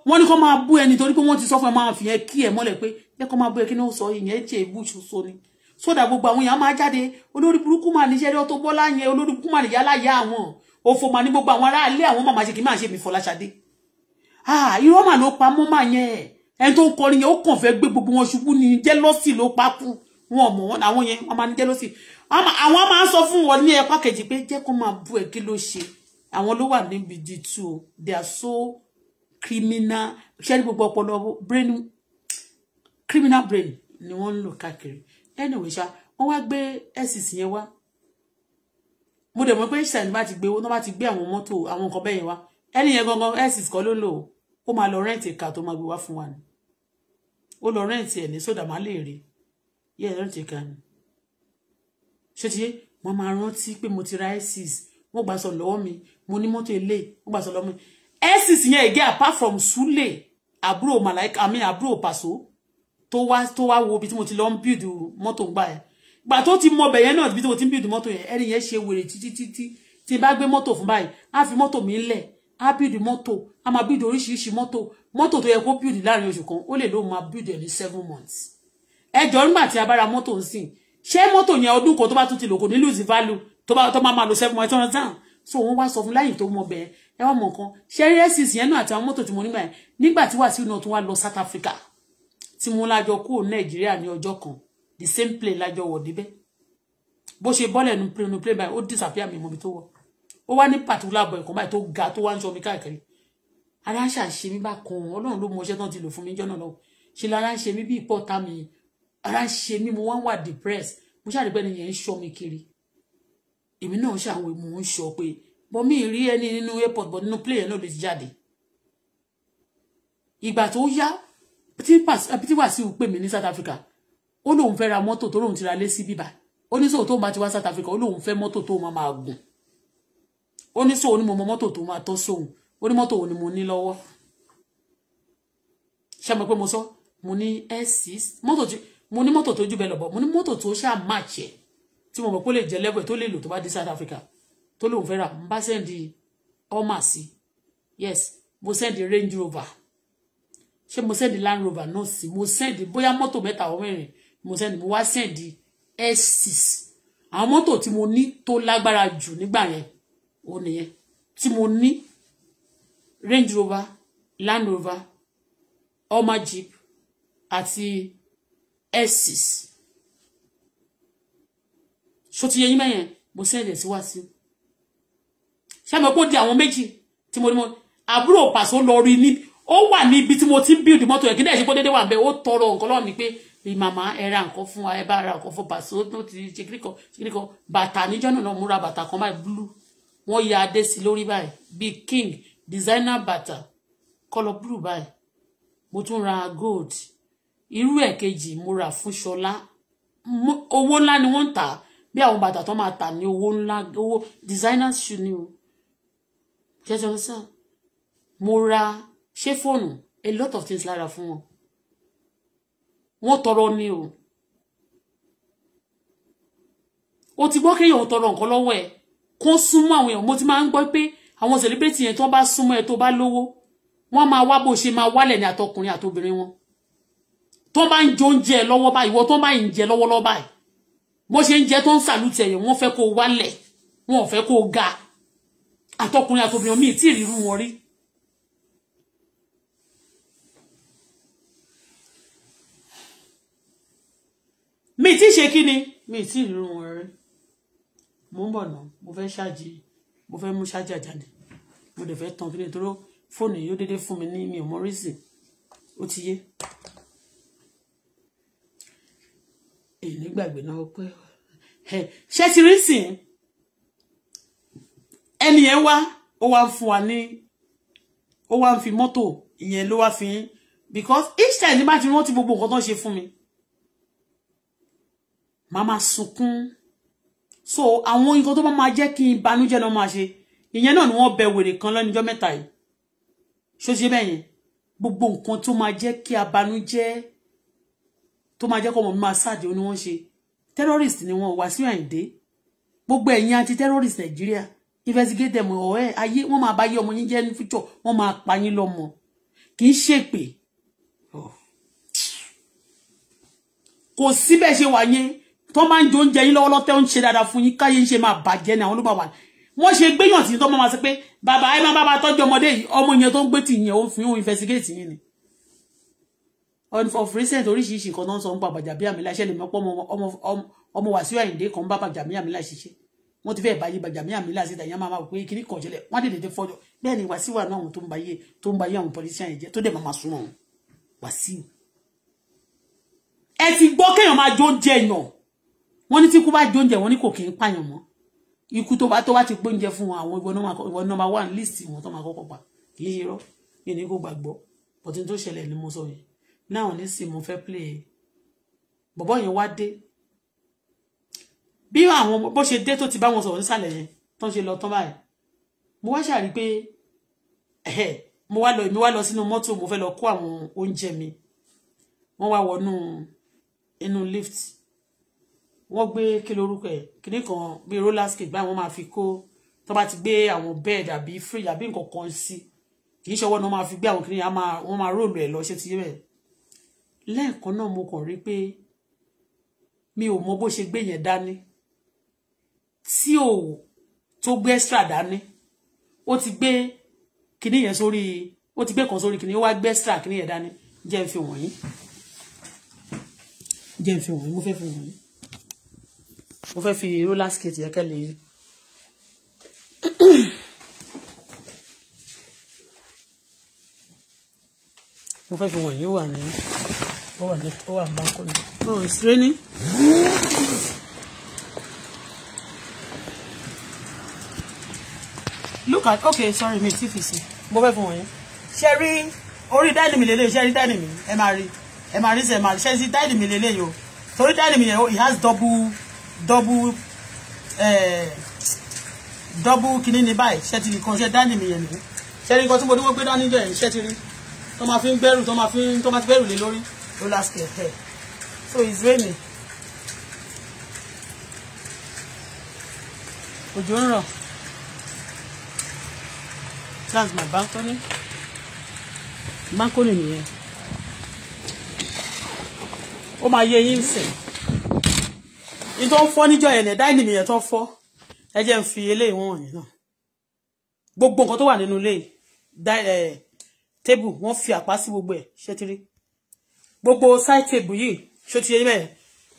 wọ́n ní kó máa bú ẹ nítorí pé wọ́n ti sọ fún ẹ máa fi ẹ kí ẹ mọ́lẹ̀ pé jẹ́ kó máa bú ẹ kí ni ó sọ ìyẹn ṣe ìbúṣu so ni so that gbogbo àwọn èèyàn máa jáde olórí burúkú máa níṣẹ́ lọ́wọ́ tó bọ́lá yẹn olórí burúkú máa níyà láyé àwọn òfò máa ní gbogbo àwọn aráàlé àwọn máa máa ṣe kí máa ṣe mí Fọláṣadé ah irọ́ mà ló pa mọ́ mà yẹn ẹni tó ń kọrin yẹn ó kàn fẹ́ gbé gbogbo wọn ṣubú ni jẹ́lọ́sì ló pa kú wọn mọ̀ wọn àwọn yẹn wọn máa ní jẹ́lọ́sì àwọn máa ń sọ fún wọn ní ẹ̀pá kejì pé jẹ́ kó máa bú ẹ kí ló ṣe àwọn ló wà níbi di tu o they are so criminal ṣẹ́ni gbogbo ọpọlọ brain criminal brain ni wọ́n ń lò káàkiri anyway ṣá wọ́n wá gbé ẹ́sìsì yẹn wá mo dẹ̀ mọ̀ pé ṣàìní bá ti gbé owó náà bá ti gbé àwọn mọ́tò àwọn nǹkan bẹ́ẹ̀ yẹn wá ẹni yẹn gangan ẹ́sìsì kọ́ ló lò ó máa lọ rẹ́ǹtì ẹ̀ka tó máa gbé wá fún wa ni ó lọ rẹ́ǹtì ẹ̀ ní sódà má lè rí yẹ rẹ́ǹtì ẹ̀ka ni ṣé ti yé máa rántí pé mo ti ra ẹ́sìsì wọ́n gbà sọ lọ́wọ́ mi mo ní mọ́tò ilé wọ́n gbà sọ lọ́wọ́ mi ẹ́sìsì yẹn again apart from Sule àbúrò màláìka àmì àbúrò pàṣọ tó wá tó wá wo ibi tí mo ti lọ ń build mọ́tò ń gbà ẹ̀ gbà tó ti mọ bẹ̀yẹn náà ibi tí mo ti ń build mọ́tò yẹn ẹni yẹn ṣe wèrè títí títí tí n bá gbé mọ́tò fún báyìí á fi mọ́tò mi lẹ̀ á build mọ́tò á máa build oríṣiríṣi mọ́tò mọ́tò tó yẹ kó build láàrin oṣù kan ó lè lóun máa build ẹ̀ ní seven months ẹjọ́ nígbà tí a bá moto mọ́tò ń moto ṣé mọ́tò yẹn ọdún kan tó bá tún ti lò kò ní lose value tó bá tó máa máa lo seven months ọ̀rọ̀ so wọ́n wá sọ fún láyìn tó mọ bẹ́ẹ̀ ẹ wá mọ̀ nǹkan ṣé rẹ́sìs yẹn náà àti àwọn mọ́tò tí mo nígbà yẹn nígbà tí wàásù náà tún wá lọ South Africa tí mo lájọ kúrò nàìjíríà ní ọjọ́ kan the same plane lájọ wọ̀ débẹ̀ bó ṣe bọ́lẹ̀ nu plane nu plane báyìí ó disappear mi mọ́bi tó wọ̀ ó wá ní particular boy kan báyìí tó ga tó wá ń sọ mi káàkiri ara ṣà ṣe mí bá kan ọlọ́run ló mọ ọṣẹ́ tán ti lò fún mi jọ́nà lọ́wọ́ ṣe lára ń ṣe mí bí ìpọ́ mi ara ń ṣe mo wá ń depressed mo ṣàdìpẹ́ nìyẹn ń ṣọ́ mi kiri èmi náà ṣàwọn èèmọ̀ ń sọ pé bọ́ mi rí ẹni nínú airport bọ́ nínú plane náà lè ti jáde ìgbà tó tí Wàsíù pè mí ní South Africa ó lóun fẹ́ ra mọ́tò tó lóun ti ra lé sí bíbá oníṣòwò tó máa ti wá South Africa ó lóun fẹ́ mọ́tò tó máa máa gùn oníṣòwò ni mo mọ mọ́tò tó máa tọ́ sóhun onímọ́tò wo ni mo ní lọ́wọ́ ṣe mọ̀ pé mo sọ mo ní S6 mọ́tò tí mo ní mọ́tò tó jù bẹ́ẹ̀ lọ́bọ̀ mo ní mọ́tò tó ṣáà máa jẹ́ tí mo mọ̀ pé ó lè jẹ́ lẹ́gbẹ̀ tó lè lò tó bá dé South Africa tó lóun fẹ́ rà ń bá sẹ́ndì ọmọ sí yes mo sẹ́ndì Range Rover ṣé mo sẹ́ndì land rover náà sí mo sẹ́ndì bóyá moto mẹ́ta ọ̀hún mẹ́rin mo sẹ́ndì mo wá sẹ́ndì s6 àwọn moto tí mo ní tó lágbára jù nígbà yẹn ó nìyẹn tí mo ní range rover land rover Hummer jeep ati s6 ṣó ti yẹ yín mẹ́yẹn mo sẹ́ndì ẹ̀ sí wá sí ṣé mo kó di àwọn méjì tí mo ní mo àbúrò pàṣẹ lọ rí ní ó wà níbi tí mo ti ń build mọ́tò yẹn kí náà ṣe pé dédé wà bẹ́ẹ̀ ó tọrọ nǹkan lọ́wọ́ mi pé màmá ẹ ra nǹkan fún wa ẹ bá ra nǹkan fún bàtà ó ti ṣe kíríkọ ṣe kíríkọ bàtà níjọ́ náà mo kan báyìí blue wọ́n ya adé sí lórí báyìí bíi king designer bata color blue báyìí mo tún ra gold irú ẹ̀ kejì mo rà fún ṣọlá owó ńlá ni wọ́n ń tà bí àwọn bàtà tó máa tà ní owó ńlá designer shoe ni o jẹjọ sàn mo ṣé fóònù a lot of things lára fún wọn wọ́n tọrọ ni o o ti gbọ́ kéèyàn tọrọ nǹkan lọ́wọ́ ẹ̀ kó súnmọ́ àwọn èèyàn mo ti máa ń gbọ́ pé àwọn celebrity yẹn tí wọ́n bá súnmọ́ ẹ tó bá lówó wọ́n máa wá bó ṣe máa wálẹ̀ ní àtọkùnrin àtobìnrin wọn tó bá ń jẹ oúnjẹ lọ́wọ́ báyìí ìwọ tó bá ń jẹ lọ́wọ́lọ́wọ́ báyìí bó ṣe ń jẹ tó ń sàlùtì ẹ̀yàn wọ́n fẹ́ kó wálẹ̀ wọ́n fẹ́ kó ga àtọkùnrin àtobìnrin mi ì tí ì wọn rí mi ti ṣe kí ni mi ti rírun wọn rẹ mo ń bọ̀ náà mo fẹ́ ṣáàjì mo fẹ́ mú ṣáàjì àjáde mo dẹ̀ fẹ́ tan kí ni dúró fóònù yóò dédé fún mi ní mi ò mọ rísì ó ti yé èyí nígbàgbé náà pé ṣé ti rí sìn ẹni yẹn wá ó wá ń fún wa ní ó wá ń fi mọ́tò ìyẹn ló wá fi because each time ní bá ti rántí gbogbo nǹkan tó ń ṣe fún mi màá máa sunkún so àwọn nǹkan tó bá máa jẹ́ kí n banújẹ́ lọ́ máa ṣe ìyẹn náà ni wọ́n bẹ wèrè kan lọ́nijọ́ mẹ́ta yìí ṣó ṣe bẹ́ẹ̀ yẹn gbogbo nǹkan tó máa jẹ́ kí abanújẹ́ tó máa jẹ́ kọ́ ọmọ mi máa ṣáàdì ni wọ́n ṣe terrorist ni wọ́n wá sí Àyìndé gbogbo ẹ̀yin anti terrorist Nàìjíríà investigate them ọ̀ẹ́ ayé wọ́n máa bá yé ọmọ yín jẹ́ ní future wọ́n máa pa yín lọ́mọ kì í ṣèpè kò síbẹ̀ ṣe wà yẹn tó máa ń jó oúnjẹ yín lọ́wọ́lọ́ tẹ́ ń ṣe dáadáa fún yín káyé ń ṣe máa bàjẹ́ ní àwọn olùmọ̀ wà wọ́n ṣe gbéyàn sí tó máa sọ pé bàbá ẹ má bàbá tọ́jú ọmọdé yìí ọmọ yẹn tó ń gbé tì yẹn òun fi òun investigate yín ni. of recent oríṣiríṣi nǹkan náà sọ ń pa Gbajabiamila ṣe lè mọ́pọ́ ọmọ Wàsíù Àyìndé kan bá Gbajabiamila ṣiṣẹ́ wọ́n ti fẹ́ẹ̀ báyé Gbajabiamila síta ìyá máa máa pé kiri kan ṣẹlẹ̀ wọ́n á dèdè fọ́jọ́ bẹ́ẹ̀ ni Wàsíù wà náà tó ń bayé tó ń bayé àwọn politician yìí jẹ́ tó dẹ̀ máa máa súnmọ́ Wàsíù. ẹ ti gbọ́ kéèyàn máa jó jẹ̀yàn wọ́n ní tí ikú bá jó oúnjẹ wọ́n ní kò kí ń pààyàn mọ́ ikú tó bá tó bá ti gbóúnjẹ fún àwọn ìwọ nọ́mbà one list wọn tó máa kọ́kọ́ pa lé irọ́ yìí ní kò gbàgbọ́ bọ̀tí tó ṣẹlẹ̀ ni mo sọ yẹn náà ní sì mo fẹ́ play bọ̀bọ́ yẹn wá dé bí àwọn bó ṣe dé tó ti bá wọn sọ̀rọ̀ nísàlẹ̀ yẹn tán ṣe lọ tán báyìí mo wá ṣàrí pé mo wá lọ èmi wá lọ sínú mọ́tò mo fẹ́ lọ kó àwọn oúnjẹ mi wọ́n wá wọnú inú lift wọ́n gbé kí lorúkọ ẹ̀ kìnnì kan bíi roller skate báyìí wọ́n máa fi kó tó bá ti gbé àwọn bed àbí fridge àbí nǹkan kan sí kì í ṣọwọ́ náà máa fi gbé àwọn kìnnì wọ́n máa róòlù ẹ̀ lọ ṣé ti yé lẹ́ẹ̀kan náà mo kàn rí pé mi ò mọ bó ṣe gbé yẹn dání tí ò tó gbé extra dání ó ti gbé kinní yẹn sórí ó ti gbé kan sórí kinní ó wá gbé extra kinní yẹn dání jẹ́ n fi wọ̀nyí jẹ́ n fi wọ̀nyí mo fẹ́ fi wọ̀nyí mo fẹ́ fi roller skate yẹ kẹ́lẹ̀ yìí mo fẹ́ fi wọ̀nyí wà ní ó wà ní ó wà ní báńkò ní. oh it's raining. look at okay sorry mi ti fi si mo fẹ́ fi wọ̀nyí ṣe rí orí dáìní mi lélẹ́yìn ṣe rí dáìní mi ẹ máa rí ẹ máa rí ṣe ẹ máa rí ṣe sí dáìní mi lélẹ́yìn o torí dáìní mi yẹn it has double double eh, double kìíní ní báyìí ṣẹ́tìrì kan ṣẹ́ dání mi yẹn nìyẹn ṣẹ́tìrì kan tí mo ní wọ́n gbé dání jẹ́ ṣẹ́tìrì tó máa fi ń gbẹ́rù tó máa fi ń tó máa ti gbẹ́rù lé lórí roller scale hair eh. so is raining Ojo ń rọ̀ that's my balcony balcony nìyẹn ó máa yẹ yín sìn ní tó ń fọ́ níjọ́ yẹn ẹ̀dá ìnìmí yẹn tó ń fọ́ ẹ jẹ́ ń fi eléyìí wọ́n wọ̀nyí náà gbogbo nǹkan tó wà nínú ilé tébù wọ́n fi àpá sí gbogbo ẹ̀ ṣé ti rí gbogbo side tébù yìí ṣé ti rí bẹ́ẹ̀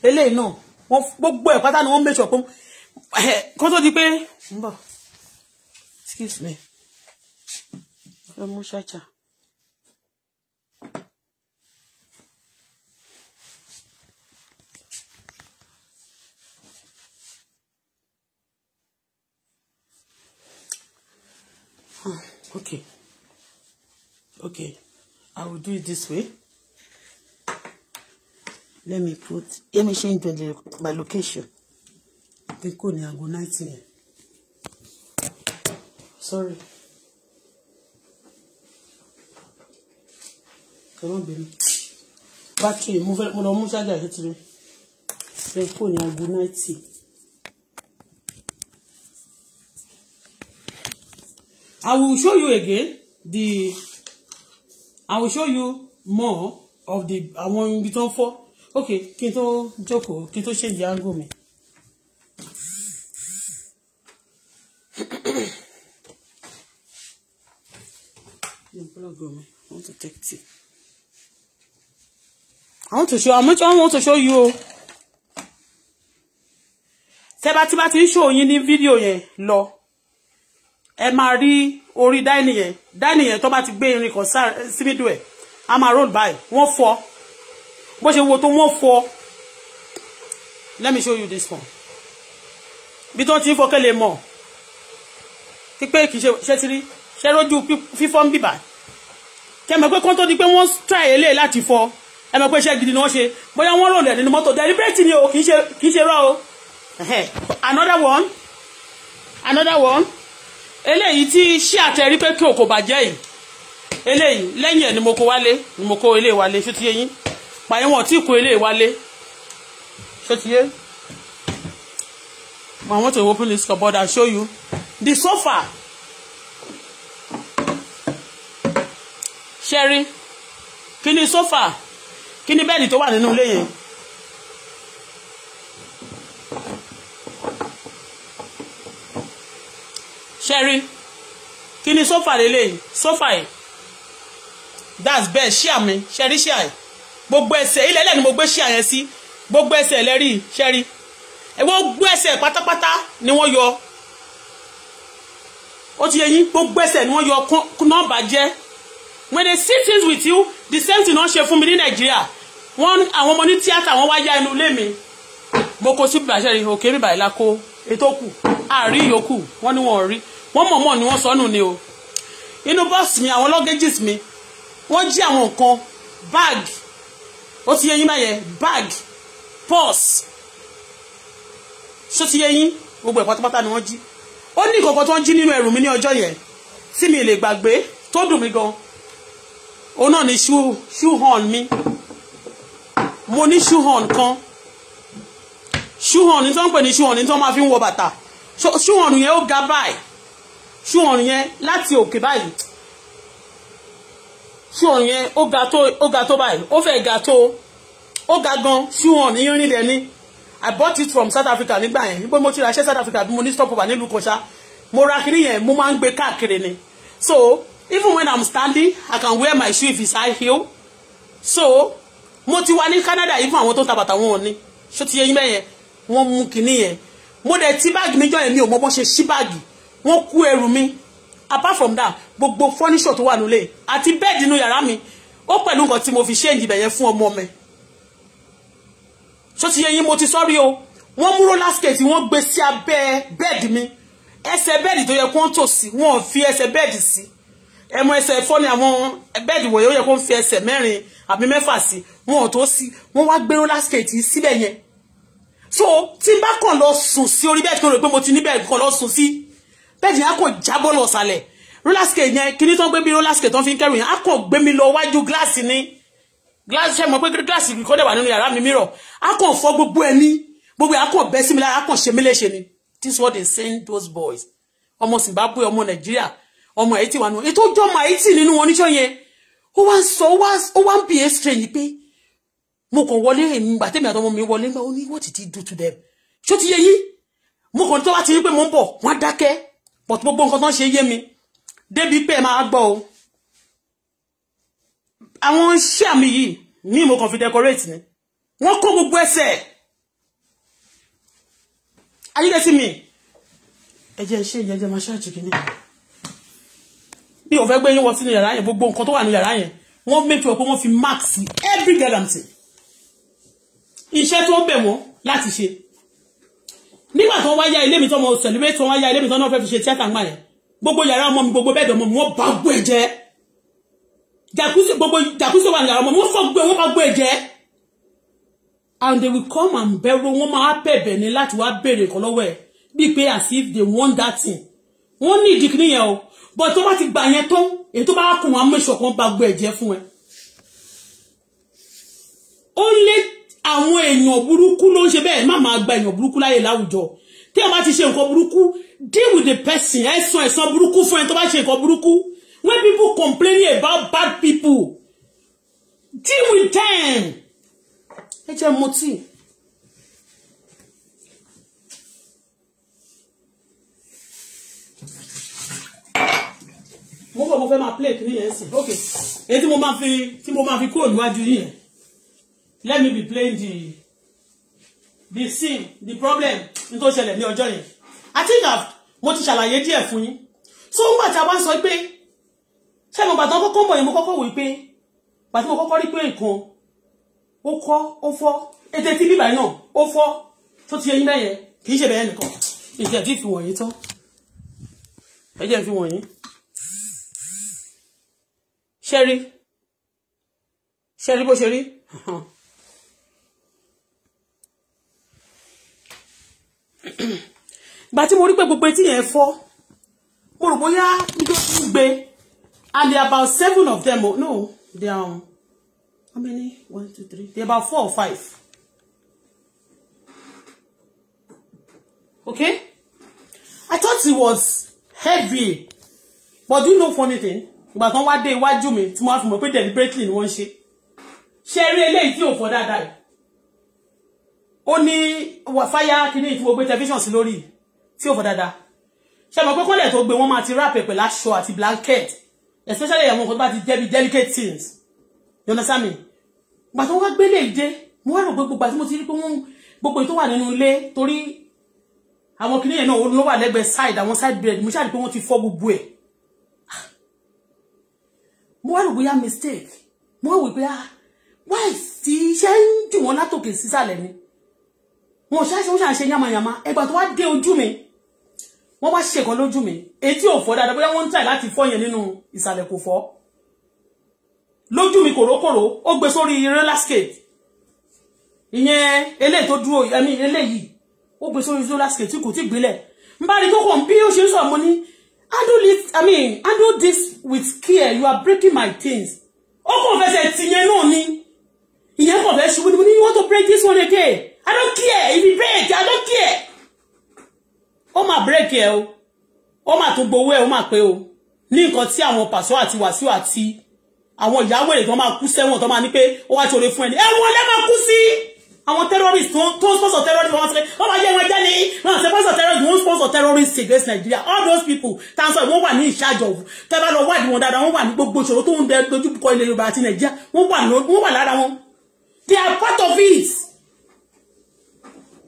eléyìí náà wọ́n gbogbo ẹ̀ pátá ni wọ́n mẹ́sọ̀ pé kó tó di pé excuse me ẹ mú ṣáṣá. okay okay i will do it this way let me put let me change the, my location kí n kò ní aago náìtì yẹn sorry ẹ má bínú bátìrì Move it. Move it. mú ṣáájà yìí ti rí kí n kò ní aago náìtì yẹn. I will show you again the I will show you more of the àwọn ibi tó ń fọ́ okay kí n tó jókòó kí n tó ṣèjì aago mi. I want to take tea. I want to show how much I want to show you. Tẹ́ bá ti bá ti ń ṣòyìn ní fídíò yẹn lọ ẹ máa rí orí dáìnì yẹn dáìnì yẹn tó bá ti gbé irin kan sí middle ẹ̀ a máa roll báyìí wọ́n fọ́ bó ṣe wo tó wọ́n fọ́ let me show you this one bí tó ti ń fọ́kẹ́ lè mọ̀ pípé kì í ṣe ṣe ti rí ṣe rójú fífọ́ ń bìbà kẹmọ̀ pé kọ́ńtò di pé wọ́n try eléyìí láti fọ́ ẹ mọ̀ pé iṣẹ́ gidi ni wọ́n ṣe bóyá wọ́n rò lẹ̀ nínú mọ́tò deliberate ni o kì í ṣe rọ́ o another one another one eléyìí tí ṣé àtẹrí pé kí òkò bàjẹ́ yìí eléyìí lẹ́yìn ẹ̀ ni mo kó wálé ni mo kó eléyìí wálé ṣó ti yé yín pààyàn wọn tí kó eléyìí wálé ṣó ti yé I want to open this cupboard and show you the sofa Sherry, kí ni sofa kí ni bẹ́ẹ̀dì tó wà nínú ilé yẹn. ṣẹ́rí kí ni sófà lélẹ̀ sófà yìí that's best. ṣíà mi ṣẹ́rí ṣíà yìí gbogbo ẹsẹ̀ ilẹ̀ ilẹ̀ ni mo gbé ṣíà yẹn sí gbogbo ẹsẹ̀ lẹ́rí ṣẹ́rí gbogbo ẹsẹ̀ pátápátá ni wọ́n yọ ó ti yẹ yín gbogbo ẹsẹ̀ ni wọ́n yọ nọ́ọ̀bà jẹ́ when they see things with you the same thing wọ́n ṣe fún mi ní nàìjíríà wọ́n àwọn ọmọ ní tíátà wọ́n wá yá inú ilé mi mo kó sí bàṣẹ́ rí òkè bíbà ìlà kó ètò kù àárí yòókù wọ́n ní wọ́n rí wọ́n mọ̀ọ́mọ̀ ni wọ́n sọnù ni o inú bọ́ọ̀sì mi àwọn lọ́gẹ́jìs mi wọ́n jí àwọn nǹkan bag ó ti yẹ yín báyẹn bag purse ṣó ti yẹ yín gbogbo ẹ̀ pátápátá ni wọ́n jí ó ní ìkọ̀kọ̀ tó ń jí nínú ẹrù mi ní ọjọ́ yẹn tí mi lè gbàgbé tó dùn mí gan òun náà ni shoehorn mi mo ní shoehorn kan shoehorn ní tó ń pè ní shoehorn ní tó máa fi ń wọ bàtà shoehorn yẹn ó ga báyìí ṣú ọrùn yẹn láti òkè báyìí ṣú ọrùn yẹn ó ga tó ó ga tó báyìí ó fẹ́ ga tó ó ga gan ṣú ọrùn yín rìn lẹ́ni I bought it from South Africa nígbà yẹn nígbà mo ti ra ṣẹ́ South Africa bí mo ní stop over nílùú kọ́ṣá mo ra kiri yẹn mo máa ń gbé káàkiri ni so even when I'm standing I can wear my shoe if it's high heel so mo ti wà ní Canada Even fún àwọn tó ń ta bàtà wọn ni ṣó ti yẹ yín bẹ́yẹn wọ́n mú kinní yẹn mo dẹ̀ tí báàgì níjọ́ yẹn mi ò mọ bọ́n ṣe ṣí báàgì wọ́n kú ẹrù mi apart from that gbogbo fọ́níṣọ̀ tó wà nílé àti bẹ́ẹ̀dì inú yàrá mi ó pẹ̀lú nǹkan tí mo fi ṣéǹjì bẹ̀yẹn fún ọmọ mi so ti yẹ yín mo ti sọ́rí o wọ́n mú roller skate wọ́n gbé sí abẹ́ bẹ́ẹ̀dì mi ẹsẹ̀ bẹ́ẹ̀dì tó yẹ kó ń tò sí wọ́n fi ẹsẹ̀ bẹ́ẹ̀dì sí ẹmọ ẹsẹ̀ ẹ̀fọ́ ni àwọn bẹ́ẹ̀dì wọ̀nyí ó yẹ kó ń fi ẹsẹ̀ mẹ́rin àbí mẹ́fà sí wọn tó sí wọ́n wá gbé roller skate síbẹ̀ yẹn so tí n bá kàn lọ sùn sí orí bẹ́ẹ̀dì kan rò pé mo ti ní bẹ́ẹ̀dì kan lọ sùn sí bẹ́ẹ̀dì yẹn á kò jábọ́ lọ sàlẹ̀ roller skate yẹn kíní tó ń gbé mi roller skate tó ń fi kẹrù yẹn á kò gbé mi lọ wájú gíláàsì ni gíláàsì ṣe mọ̀ pé gíláàsì kò dẹ̀ wà nínú yàrá mi mìíràn á kò fọ gbogbo ẹ ní gbogbo ẹ á kò bẹ́ sí mi lára á kò ṣe mí léṣe ni this is what they send those boys ọmọ Zimbabwe ọmọ Nàìjíríà ọmọ Haiti wà nù ètò ọjọ́ ọmọ Haiti nínú wọn níṣọ́ yẹn ó wá ń sọ ó wá ń bí e strange pé mo kàn wọlé èmi gbà àtọmọ mi wọlé nígbà ó ní what did he do to them ṣó ti yẹ yí mo kàn tó wá ti rí pé mo ń bọ̀ wọ́n á dákẹ́ but gbogbo nǹkan tán ṣe yé mi débi pé ẹ máa gbọ́ o àwọn iṣẹ́ mi yìí ní mo kàn fi decorate ni wọ́n kó gbogbo ẹsẹ̀ ayílẹ̀ sí mi ẹ̀jẹ̀ ṣe ìyẹ́jẹ̀ máa ṣáàjì kìíní bí òun fẹ́ gbé yín wọ sínú yàrá yẹn gbogbo nǹkan tó wà ní yàrá yẹn wọ́n make sure pé wọ́n fi mark sí every goddamn thing iṣẹ́ tó ń bẹ̀ wọ́n láti ṣe nígbà tó wá yá ilé mi tó mo celebrate tó wá yá ilé mi tó náà fẹ́ fi ṣe tíátà ńgbà yẹn gbogbo yàrá ọmọ mi gbogbo bẹ́ẹ̀dì ọmọ mi wọ́n bá gbé jẹ́ jacuzzi gbogbo jacuzzi wà ní yàrá ọmọ mi wọ́n fọ́ gbé wọ́n bá gbé jẹ́ and they will come and borrow wọ́n máa bẹ̀bẹ̀ ni láti wá béèrè kan lọ́wọ́ ẹ̀ bíi pé as if they want that thing wọ́n ní ìdí kìíní yẹn o but tó bá ti gbà yẹn tán èyí tó bá kùn wọn amẹ́sọ̀ kan bá gbé ẹ̀jẹ̀ fún ẹ. ó lé àwọn èèyàn burúkú ló ń ṣe bẹ́ẹ̀ má máa gba èèyàn burúkú láyè láwùjọ tí ẹ bá ti ṣe nǹkan burúkú deal with the person ẹ̀sán ẹ̀sán burúkú fún ẹni tó bá ṣe nǹkan burúkú when people complaining about bad people deal with them ẹ jẹ́ mọtì. mo bọ̀ mo fẹ́ máa play kìnìyẹn sí ok èyí tí mo máa fi tí mo máa fi kúrò níwájú yìí yẹn let me be playing the the sin the problem n tó ṣẹlẹ̀ ní ọjọ́ yẹn i think I've mo ti ṣàlàyé díẹ̀ fún yín so ń gbà tí a wá ń sọ pé ṣé mo bàtà kọ́kọ́ bọ̀ yẹn mo kọ́kọ́ wí pé bàtà mo kọ́kọ́ rí pé nǹkan ó kọ́ ó fọ́ ètè tí bíbà náà ó fọ́ tó ti yẹyin bẹ́yẹn kì í ṣe bẹ́yẹn nìkan ìjẹ́ tí fi wọ̀nyí tán ẹ̀jẹ̀ fi wọ̀nyí ṣẹ́rí ṣẹ́rí bó ṣe rí. ìgbà tí mo rí pé gbogbo etí yẹn fọ́ mo rò bóyá níjọ́ tí ń and there about seven of them no they are how many one two three they about four or five okay I thought it was heavy but do you know funny thing ìgbà kan wá dé iwájú mi tí mo wá fi mọ̀ pé deliberately ni wọ́n ṣe ṣe eré eléyìí tí ò fọ́ dáadáa ó ní fáyà kìíní ìtumọ̀ gbé tẹlifíṣàn sí lórí yìí tí ó fọ dáadáa ṣe mọ̀ pé kọ́lẹ̀ tó gbé wọ́n máa ti wrap pẹ̀lú aṣọ àti blanket especially àwọn nǹkan tó bá ti jẹ́ delicate things you understand me gbà tó wá gbélé ìdè mo wá rò pé gbogbo àti mo ti rí pé wọ́n gbogbo èyí tó wà nínú ilé torí àwọn kìnìyàn náà ló wà lẹ́gbẹ̀ẹ́ side àwọn side bed mo ṣáà rí pé wọ́n ti fọ́ gbogbo ẹ̀ mo wá rò bóyá mistake mo wá wò pé ah why tí iṣẹ́ ń dùn wọ́n látòkè sísàlẹ̀ ni wọn ṣáà ṣe ń ṣàṣe yamayama ẹgbà tó wá dé ojú mi wọ́n wá ṣe kan lójú mi etí ò fọ́ dáadáa bóyá wọ́n ń tà láti fọ́ yẹn nínú ìsàlẹ̀ kò fọ́ lójú mi kòrókòró ó gbé sórí irin landscape ìyẹn eléyìí tó dúró ẹ̀mí eléyìí ó gbé sórí irin landscape tí kò tí gbélẹ̀ n bá rí tó kàn bí ó ṣe ń sọ mo ní handle this i mean handle this with care you are breaking my things ó kàn fẹsẹ̀ tìyẹn náà ni ìyẹn kàn fẹ́ ṣubú ni mo ní you want to break this one again i don't care if you break i don't care ó máa bírèkì ẹ o ó máa tún gbowó ẹ ó máa pé o ní nǹkan tí àwọn pàṣọ àti wàṣíù àti àwọn ìyàwó èrè tó máa kú sẹ́wọ̀n tó máa ní pé ó wá ṣòro fún ẹni ẹ̀wọ̀n lẹ́ máa kú sí àwọn terrorist tó ń sponsor terrorist wọn sọ wọn máa jẹ wọn jẹ ní wọn ṣe sponsor terrorist wọn sponsor terrorist against Nigeria all those people tá n sọ wọn wà ní ìṣàjọ tẹbá lọ wádìí wọn dáadáa wọn wà ní gbogbo ìṣòro tó ń bẹ dojú kọ ilẹ̀ Yorùbá àti Nàìjíríà wọn wà wọn wà lára wọn they are part of it.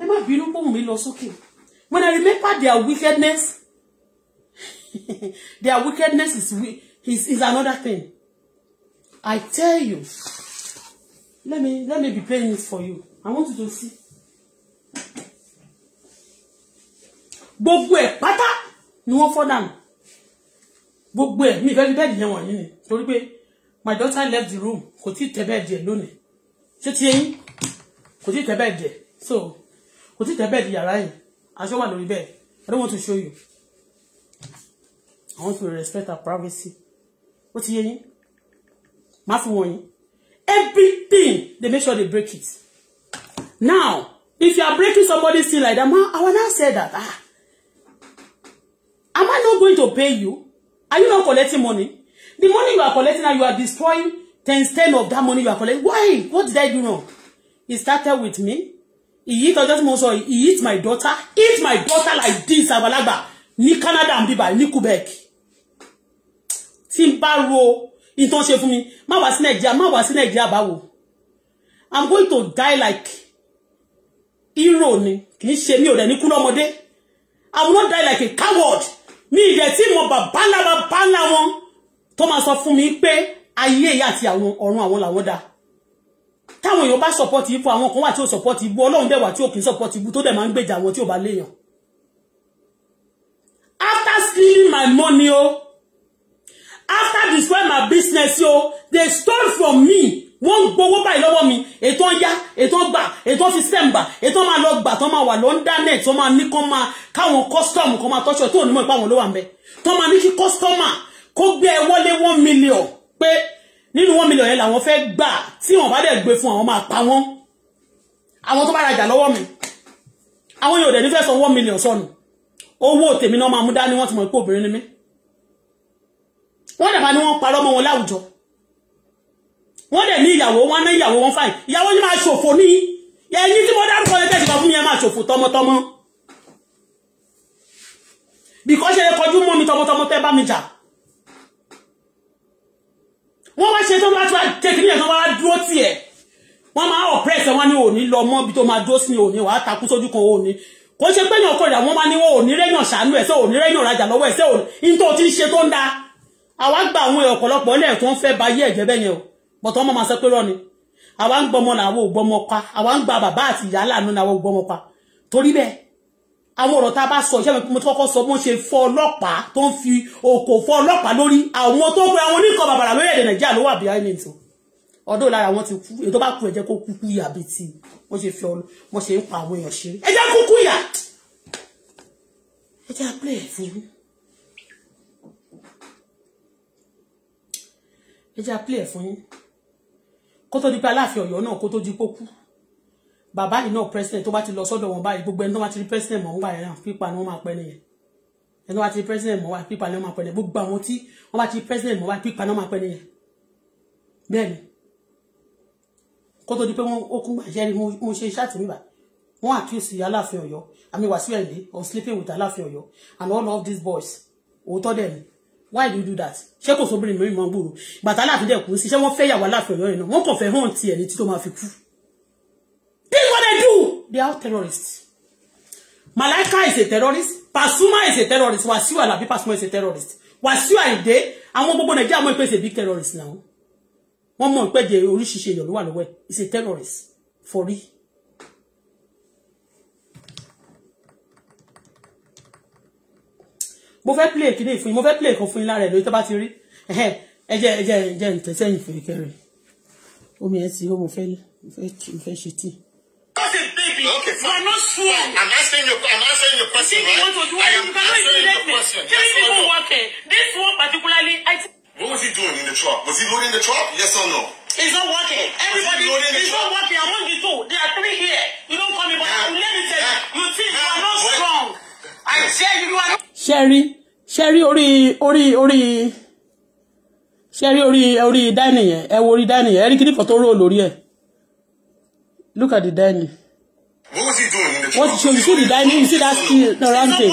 ẹ má bínú bóun mi lọ sókè. Okay. When I remember their wickedness, their wickedness is, is, is another thing. I tell you, let me, let me be playing this for you. I want you to see. Gbogbo ẹ̀ no ni wọ́n fọ́ dànù. Gbogbo ẹ̀ mi ìfẹ́ bẹ́ẹ̀dì yẹn wọ̀nyí my daughter left the room kò tí ì tẹ́ bẹ́ẹ̀dì ẹ̀ lónìí. Ṣé ti yẹn kò tí ì tẹ́ so kò tí ì tẹ́ bẹ́ẹ̀dì yàrá aṣọ wà lórí bẹ́ẹ̀ I don't want to show you I want to respect her privacy ó ti yé yín má fi wọ̀nyí everything they make sure they break it now if you are breaking somebody's thing like that ma I wanna say that ah am I not going to pay you are you not collecting money the money you are collecting now you are destroying times ten of that money you are collecting why what did I do wrong it started with me He hit tọjọ́ tí mo sọ he hit my daughter hit my daughter like this àgbàlagbà ní Canada and bíbá ní Quebec tí n bá ro ìtàn ṣe fún mi má wá sí Nàìjíríà má wá sí Nàìjíríà báwo i'm going to die like hero ni kì í ṣe mi ò dẹ̀ ní kú lọ́mọdé i will not die like a coward mi ìdẹ̀ tí mo bàbá ńlá bàbá ńlá wọn tó máa sọ fún mi pé ayé ìyá àti àwọn ọ̀run àwọn làwọn dáa táwọn èèyàn bá support ibu àwọn kan wà tí ó support ibu ọlọ́run dẹ̀ tí ó kì í support ibu tó dẹ̀ máa ń gbèjà àwọn tí ò bá léèyàn after stealing my money o after destroy my business o they stole from me wọ́n ń gbowó báyìí lọ́wọ́ mi ètò ya ètò gbà ètò system gbà ètò máa lọ gbà tó máa wà lọ́ńdánẹ̀tì tó máa ní kó máa káwọn custom kó máa tọ́ṣọ tó onímọ̀ ìpáwọn ló wà ń bẹ tó máa ní kí customer kó gbé ẹ wọlé one million pé nínú one million yẹn làwọn fẹ́ gbà tí wọ́n bá dẹ̀ gbé fún àwọn máa pa wọ́n àwọn tó bá rajà lọ́wọ́ mi àwọn yóò dẹ̀ nífẹ̀ẹ́ sọ one million sọnù owó tèmi náà máa mú dání wọ́n ti mọ̀ pé obìnrin ni mí wọ́n dẹ̀ máa ní wọ́n parọ́ mọ́ wọn láwùjọ wọ́n dẹ̀ ní ìyàwó wọn ní ìyàwó wọn fáìn ìyàwó yìí máa ṣòfò ní ẹ̀yìn tí mo dárúkọ ní tẹ̀síkọ fún mi ẹ máa ṣòfò tọmọtọmọ bìkọ́ ṣe kọjú mọ́ wọ́n wá ṣe tó wá ṣe kí ni ẹ̀sán wá dúró tiẹ̀ wọ́n máa oppress wọn ní òní lọ mọ́ bí tó máa dúró sí òní wàá takú sójú kan òní kò ṣe pé yàn kọ̀dà wọ́n máa ní wọn òní rẹ́yàn ṣàánú ẹ̀ sẹ́ òní rẹ́yàn rajà lọ́wọ́ ẹ̀ òní ní tó ti ń ṣe tó ń da àwa gba àwọn ọ̀pọ̀lọpọ̀ ilẹ̀ tó fẹ́ ba ayé ẹ̀jẹ̀ bẹ́yẹn o bọ̀tọ́ ọmọ máa sọ pé rọ́ni àwa pa àwa ń gba bàbá àti ìyá láàánú làwọn pa torí àwọn ọ̀rọ̀ tá a bá sọ iṣẹ́ mi mo ti kọ́kọ́ sọ bó ń ṣe fọ́ ọlọ́pàá tó ń fi òkò fọ́ ọlọ́pàá lórí àwọn tó pe àwọn oníkan bàbàrà lórí èdè nàìjíríà ló wà bí i nìtò ọdún lára wọn ti kú èyí tó bá kú ẹ jẹ́ kó kúkú yà bíi ti wọ́n ṣe fi ọ wọ́n ṣe ń pa àwọn èèyàn ṣeré ẹ jẹ́ kúkú yà ẹ jẹ́ àpẹẹrẹ fún mi. ẹ jẹ́ àpẹẹrẹ fún yín kó tó di pé aláàfin ọ̀yọ́ náà kó tó di pé bàbá yìí náà president tó bá ti lọ sọ́dọ̀ wọn báyìí gbogbo ẹni tó bá ti rí president mọ̀ nígbà yẹn pípa ni wọ́n máa pẹ́ nìyẹn ẹni tó bá ti rí president mọ̀ wá pípa ni wọ́n máa pẹ́ nìyẹn gbogbo àwọn tí wọ́n bá ti rí president mọ̀ wá pípa ni wọ́n máa pẹ́ nìyẹn bẹ́ẹ̀ ni kó tó di pé wọ́n ó kún gbàjẹ́ rí mo ṣe iṣẹ́ àtìmíbà wọ́n accuse aláàfin ọ̀yọ́ àmì wàsíù ẹ̀lé sleeping with aláàfin ọ̀yọ́ and all of these boys òótọ́ dẹ̀ ni why do you do that ṣé kò sóbìnrin mìíràn mọ́ gbòòrò bàtà aláàfin dẹ̀ kú sí ṣé wọ́n fẹ́ yàwó aláàfin ọ̀yọ́ yẹn náà wọ́n kàn fẹ́ hàn tiẹ̀ ní tí tó máa fi kú they are terrorists. Malaika is a terrorist. Pasuma is a terrorist. Wasiu Alabi Pasuma is a terrorist. Wasiu Ayinde, amo bobo Nàìjíríà mọ̀ pé is a big terrorist now. Wọ́n mọ̀ pé jẹ́ oríṣiríṣi èèyàn ló wà lọ́wọ́ ẹ̀. Is a terrorist for real. Mo fẹ́ play kini fún yín, mo fẹ́ play kan fun yín lára ẹ̀ lórí tó bá eh eh Ẹ jẹ́ ẹ jẹ́ ẹ jẹ́ ǹtẹ̀ sẹ́yìn fún ìkẹrin. Omi ẹ̀ sí ó mo fẹ́ ṣe tíì me. Okay, You are not strong. Fine. I'm asking your I'm asking your question. You think right? you want to do I am answering your question. Three people working. This one particularly, I. what was he doing in the truck? Was he loading the truck? Yes or no? It's not working. Everybody, it's not working. Among you two, there are three here. You don't call me, but yeah. let me tell yeah. you, you think yeah. you are not what? strong. I said you, are Sherry, Sherry, orí, orí, orí. Sherry, orí, orí, Danny, yẹn. Danny. Eric orí dining yẹn. Ẹ roll lórí Look at the Danny. What was he doing What you see the dining, you see that still the round thing.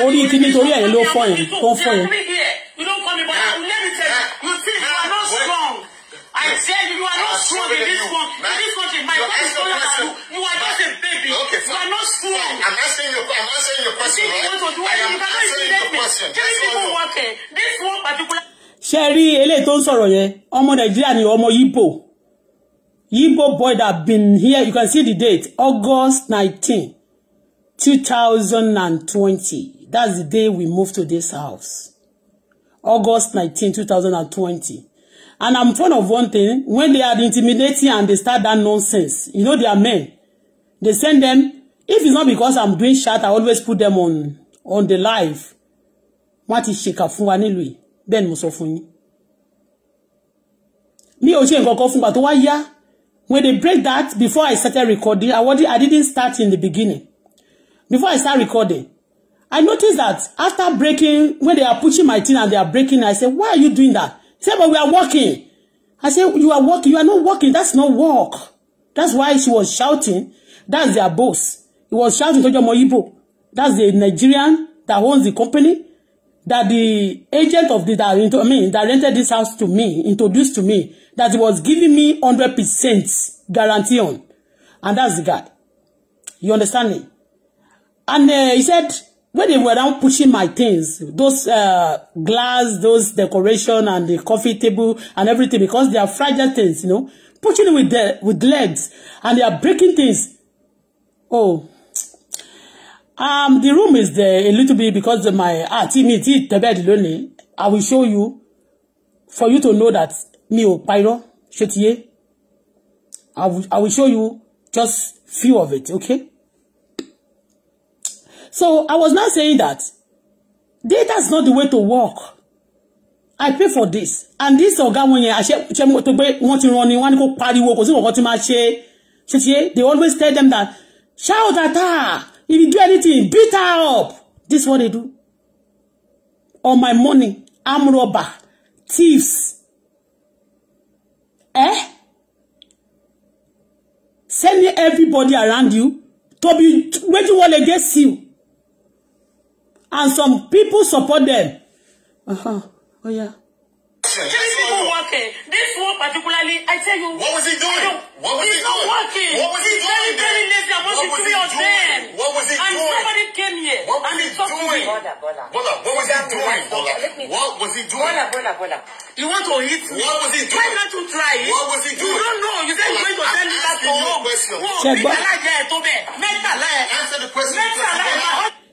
Only kí nítorí ẹ̀ ló fọ́ yẹn, tó ń fọ́ yẹn. You don't call me but I will never tell you, you think you are not strong. I tell you, you are not strong in this one. In this country, my God is taller you. You are just a baby. you are not strong. I'm asking you. I'm asking your question. Right? I am answering your question. Three people working. This one particular. Ṣé rí eléyìí tó ń sọ̀rọ̀ yẹn? Ọmọ Nàìjíríà ni ọmọ Yíbò. Yibo boy that been here, you can see the date, August 19, 2020. That's the day we moved to this house. August 19, 2020. And I'm fond of one thing, when they are intimidating and they start that nonsense, you know they are men. They send them, if it's not because I'm doing chat, I always put them on on the live. What is ṣèkà fún wa nílùú yìí, bẹ́ẹ̀ ni mo sọ fún Mi ò ṣe nǹkan kan wa ya. When they break that, before I started recording, I, I didn't start in the beginning. Before I start recording, I noticed that after breaking, when they are pushing my thing and they are breaking, I said, why are you doing that? Say, but we are working. I said, you are working. You are not working. That's not work. That's why she was shouting. That's their boss. He was shouting to Jomo That's the Nigerian that owns the company that the agent of this that into I mean that rented this house to me introduced to me that he was giving me hundred percent guarantee on and that's the guy you understand me and uh, he said when they were down pushing my things those uh, glass those decoration and the coffee table and everything because they are fragile things you know pushing with the with legs and they are breaking things oh um the room is there a little bit because my àti ah, mi ti tẹ́bẹ̀dì lónìí i will show you for you to know that mi ò parọ́ ṣe ti yé i will i will show you just few of it okay so i was not saying that data is not the way to work i pay for this and this ọ̀gá wọn yẹn àṣẹ ṣe to gbé wọn ti rán ni wọn ni kó pariwo kò sí nǹkan tí máa ṣe ṣe ti they always tell them that shout at her If you do anything, beat her up. This is what they do. On my money, I'm robber, thieves. Eh? Sending everybody around you to be waging war against you. And some people support them. Uh-huh. Oh yeah. This is not working. This one particularly, I tell you. What was he doing? What was he doing? not working. What was he he's doing? Very, very lazy. I want to three of them. What was he and doing? And somebody came here. What was and he doing? Bola, bola. Bola, what was he doing? Bola. What was he doing? Bola, bola, bola. You want to hit me? What was he doing? Why not to try it? What was he doing? You don't know. You said you're going to tell me that to home. Answer the question.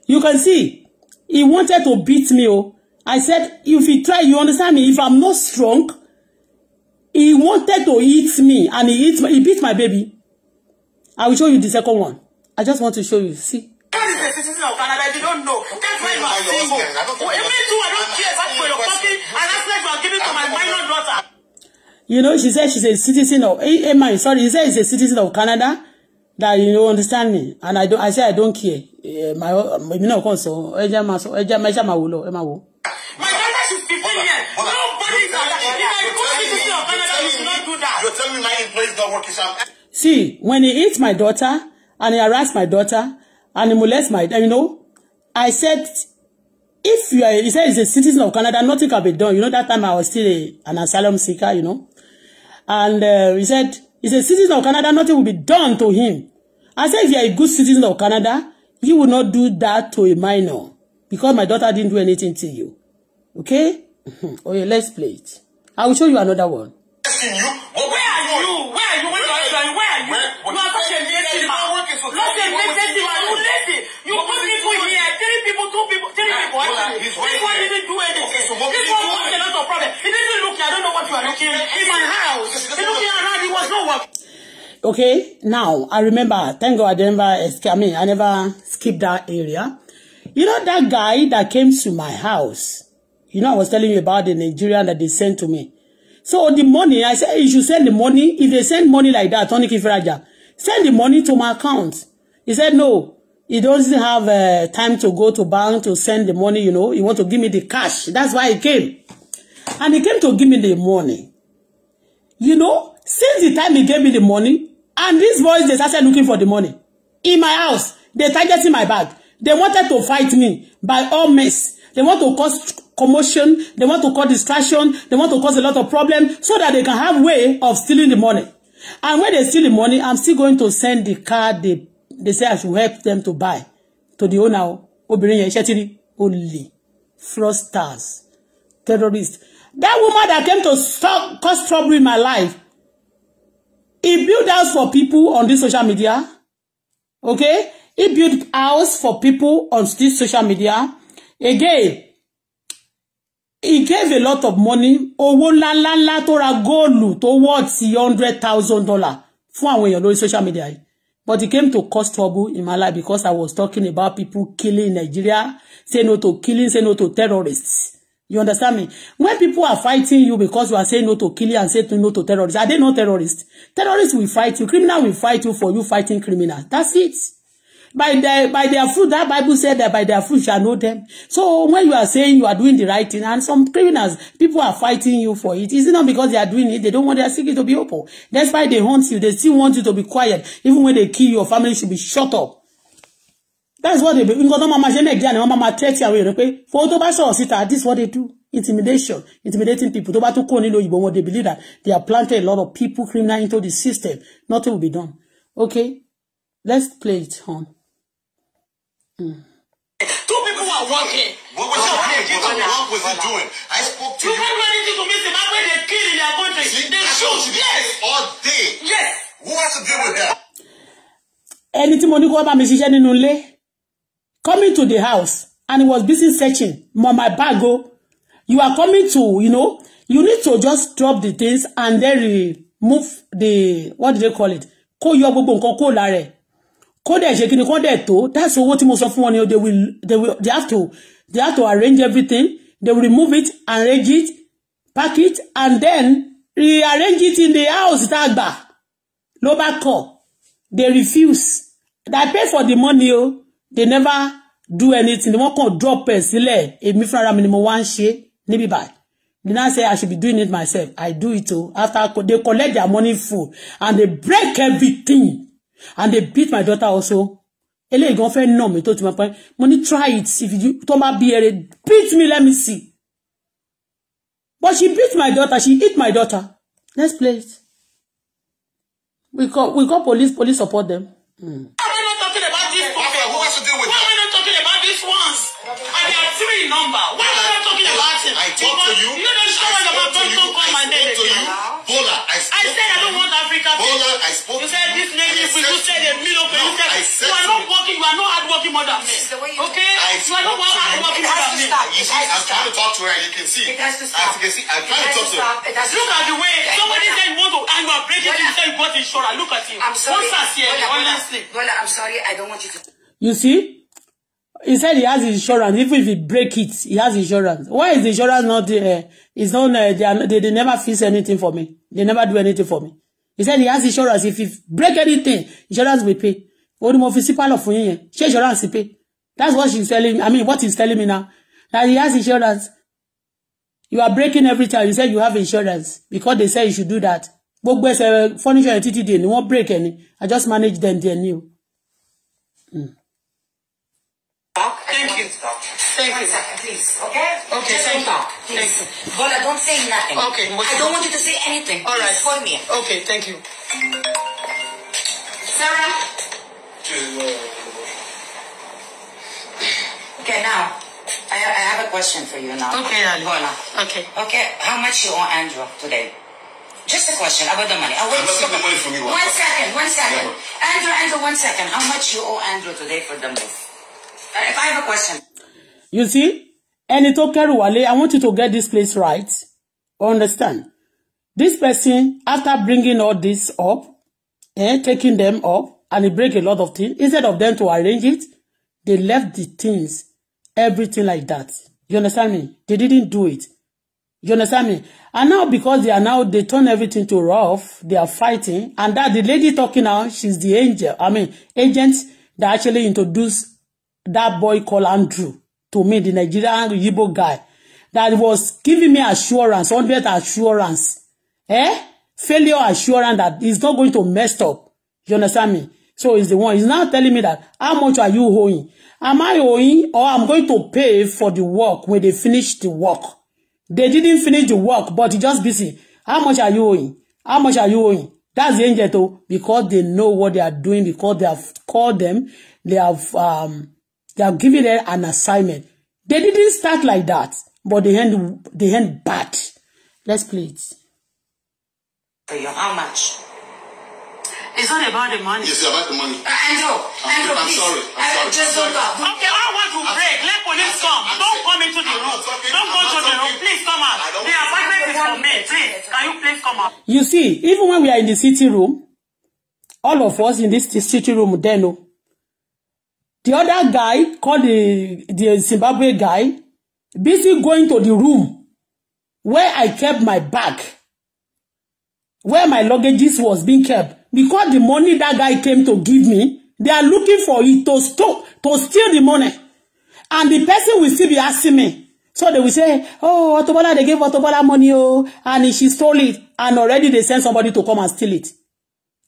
You can see, he wanted to beat me, oh. I said, if he try, you understand me? If I'm not strong, he wanted to eat me and he, eat, he beat my baby. I will show you the second one. I just want to show you. See? a citizen of Canada, they don't know. That's why you are single. Oh, me too, I don't care about your fucking harassment you are giving to my minor daughter. You know, she said she's a citizen of Emma, eh, eh, sorry, she said she's a citizen of Canada. That you know, understand me, and I don't. I say I don't care. Eh, my, my, you know, so, eja ma, so, eja ma, eja ma wo lo, ẹ ma wo. Yeah, you're telling me my employees not working. So See, when he hit my daughter and he harassed my daughter and he molests my, you know, I said, if you are, he said he's a citizen of Canada, nothing can be done. You know, that time I was still a, an asylum seeker, you know. And uh, he said, he's a citizen of Canada, nothing will be done to him. I said, if you are a good citizen of Canada, you will not do that to a minor because my daughter didn't do anything to you. Okay? okay, oh, let's play it. I will show you another one touching you. Well, where are you? Where are you? Where are you? Where are you? You are such a lazy man. Such a lazy man. You lazy. You put people here, three people, two people, three ah, people. This one didn't do anything. This one caused a lot of problem. He didn't look. I don't know what you are looking in my house. He looking around. He was not working. Okay, now I remember. Thank God I never escape. I mean, I never skipped that area. You know that guy that came to my house. You know, I was telling you about the Nigerian that they sent to me. So the money, I said you should send the money. If they send money like that, Tony Kifraja, send the money to my account. He said, no, he doesn't have uh, time to go to bank to send the money, you know. He want to give me the cash. That's why he came. And he came to give me the money. You know, since the time he gave me the money, and these boys, they started looking for the money. In my house, they targeted my bag. They wanted to fight me by all means. They want to cause commotion. They want to cause distraction. They want to cause a lot of problem so that they can have way of stealing the money. And when they steal the money, I'm still going to send the car. they, they say I should help them to buy to the owner. Obìnrin yẹn ṣẹ́tìrì fraudsters terrorists. That woman that came to stop, cause trouble in my life, he built house for people on this social media. Okay? He built house for people on this social media. Again, he gave a lot of money owó ńláńláńlá tó ra góòlù tó wọ́ ti hundred thousand dollar fún àwọn èèyàn lórí social media but it came to cost trouble in my life because I was talking about people killing Nigeria say no to killing say no to terrorists you understand me when people are fighting you because you are saying no to killing and say no to terrorists are they not terrorists terrorists will fight you criminal will fight you for you fighting criminal that's it by their by their fruit that bible said that by their fruit shall know them so when you are saying you are doing the right thing and some criminals people are fighting you for it it not because they are doing it they don't want their secret to be open that's why they hunt you they still want you to be quiet even when they kill your family should be shut up that's what they be nǹkan tó máa ma ṣe nàìjíríà ni wọ́n máa ma tẹ́tí àwọn èrò pé fowó tó bá sọ̀rọ̀ síta this is what they do intimidation intimidating people To bá tún kúrò you know they believe that they have planted a lot of people criminal into the system nothing will be done okay let's play it on. Two people are working. What was, what was, he, doing? What was he doing? I spoke to you. You do anything to me Zimbabwe, they kill in their country. See, they shoot. Yes. All day. Yes. Who has to deal with that? Anything money go ní kó bá mi ṣiṣẹ́ coming to the house and he was busy searching mọ my bag o oh. you are coming to you know you need to just drop the things and then remove the what do they call it kó yọ gbogbo nǹkan kó lára kó dẹ̀ ṣe kíni kó dẹ̀ tó that's owó tí mo sọ fún wọn ni they will they will they have to they have to arrange everything they will remove it arrange it pack it and then rearrange it in the house tá a gbà ló bá kọ̀ they refuse they pay for the money o they never do anything They wọ́n kàn drop ẹ̀ sílẹ̀ èmi fúnra mi ni mo wá ń ṣe níbí báyìí they now say I should be doing it myself I do it o after they collect their money full and they break everything and they beat my daughter also eléyìí gan fẹ́ nà mí tó ti máa pẹ́ mo ní try it if you tó máa bí ẹrẹ beat me let me see but she beat my daughter she hit my daughter Next place. we call we call police police support them. Mm. I talk to you. that day. All I spoke you said this lady, we you said a meal of You said you are not working, you are not hardworking mother. This is okay? you are not hardworking mother. It has to stop. You see, I'm trying to talk to her, you can see. It has to stop. As you can see, I'm trying to talk to her. Look at the way somebody said you want to, and you are breaking it, you said you got insurance. Look at you. I'm sorry. Honestly. Bola, I'm sorry, I don't want you to. You see? He said he has insurance. Even if he break it, he has insurance. Why is the insurance not there? Uh, it's not uh, they, are, they they never fix anything for me. They never do anything for me he said he has insurance if he break anything insurance will pay ó ní mo fi sí pálọ̀ fún insurance pay that's what she's telling me i mean what he's telling me now that he has insurance you are breaking every time you said you have insurance because they say you should do that gbogbo ẹsẹ̀ furniture yẹn títí dè ni break any. i just manage them there ni Mm. Thank One please. Okay? Okay. Just thank talk, you. Please. Thank you. Bola, don't say nothing. Okay. I don't want you to say anything. All right. Just me. Okay, thank you. Sarah? Okay, now. I, I have a question for you now. Okay, Ali. Bola. Okay. Okay, how much you owe Andrew today? Just a question about the money. Oh, wait, I'm the money from you. One second, one second. Andrew, Andrew, one second. How much you owe Andrew today for the move? Uh, if I have a question. you see ẹni tó kẹ́rù Wale. i want you to get this place right understand this person after bringing all this up eh, taking them up and he break a lot of things instead of them to arrange it they left the things everything like that you understand me they didn't do it you understand me and now because they are now they turn everything to rough they are fighting and that the lady talking now she's the angel i mean agent that actually introduced that boy called Andrew to me, the Nigerian Yibo guy, that was giving me assurance, 100 assurance, eh? Failure assurance that he's not going to mess up. You understand me? So he's the one. He's now telling me that, how much are you owing? Am I owing or I'm going to pay for the work when they finish the work? They didn't finish the work, but just busy. How much are you owing? How much are you owing? That's the angel though, because they know what they are doing, because they have called them, they have um, They are giving them an assignment. They didn't start like that, but they end they end bad. Let's play it. How much? It's not about the money. It's about the money. Uh, Andrew, I'm, Andrew, I'm please. sorry. I'm I, uh, sorry. Just don't Okay, I want to break. Let police I'm come. I'm don't come into the I'm room. Talking, don't go to the room. Please come out. The apartment is for me. Please, can you please come out? You see, even when we are in the city room, all of us in this city room, then. Oh, the other guy called the the Zimbabwe guy busy going to the room where I kept my bag where my luggages was being kept because the money that guy came to give me they are looking for it to stop to steal the money and the person will still be asking me so they will say oh Auto Bola they gave Auto Bola money oh and she stole it and already they sent somebody to come and steal it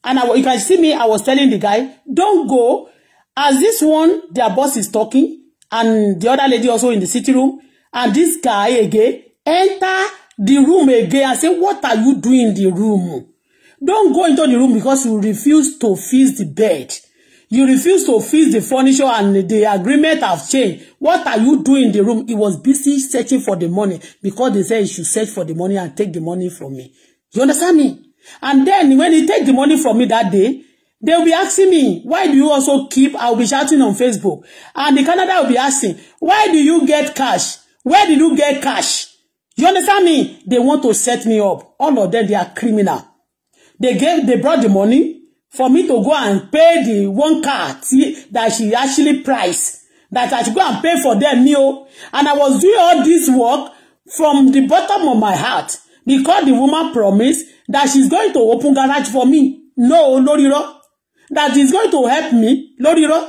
and I, you can see me I was telling the guy don't go As this one, their boss is talking, and the other lady also in the sitting room, and this guy again enter the room again and say, what are you doing in the room? Don't go into the room because you refuse to fix the bed. You refuse to fix the furniture and the agreement have changed. What are you doing in the room? He was busy searching for the money because they said he should search for the money and take the money from me. You understand me? And then when he take the money from me that day, They will be asking me, why do you also keep, I'll be shouting on Facebook. And the Canada will be asking, why do you get cash? Where did you get cash? You understand me? They want to set me up. All of them, they are criminal. They gave, they brought the money for me to go and pay the one car that she actually priced. That I should go and pay for them meal. And I was doing all this work from the bottom of my heart because the woman promised that she's going to open garage for me. No, no, you know that is going to help me lórí irọ́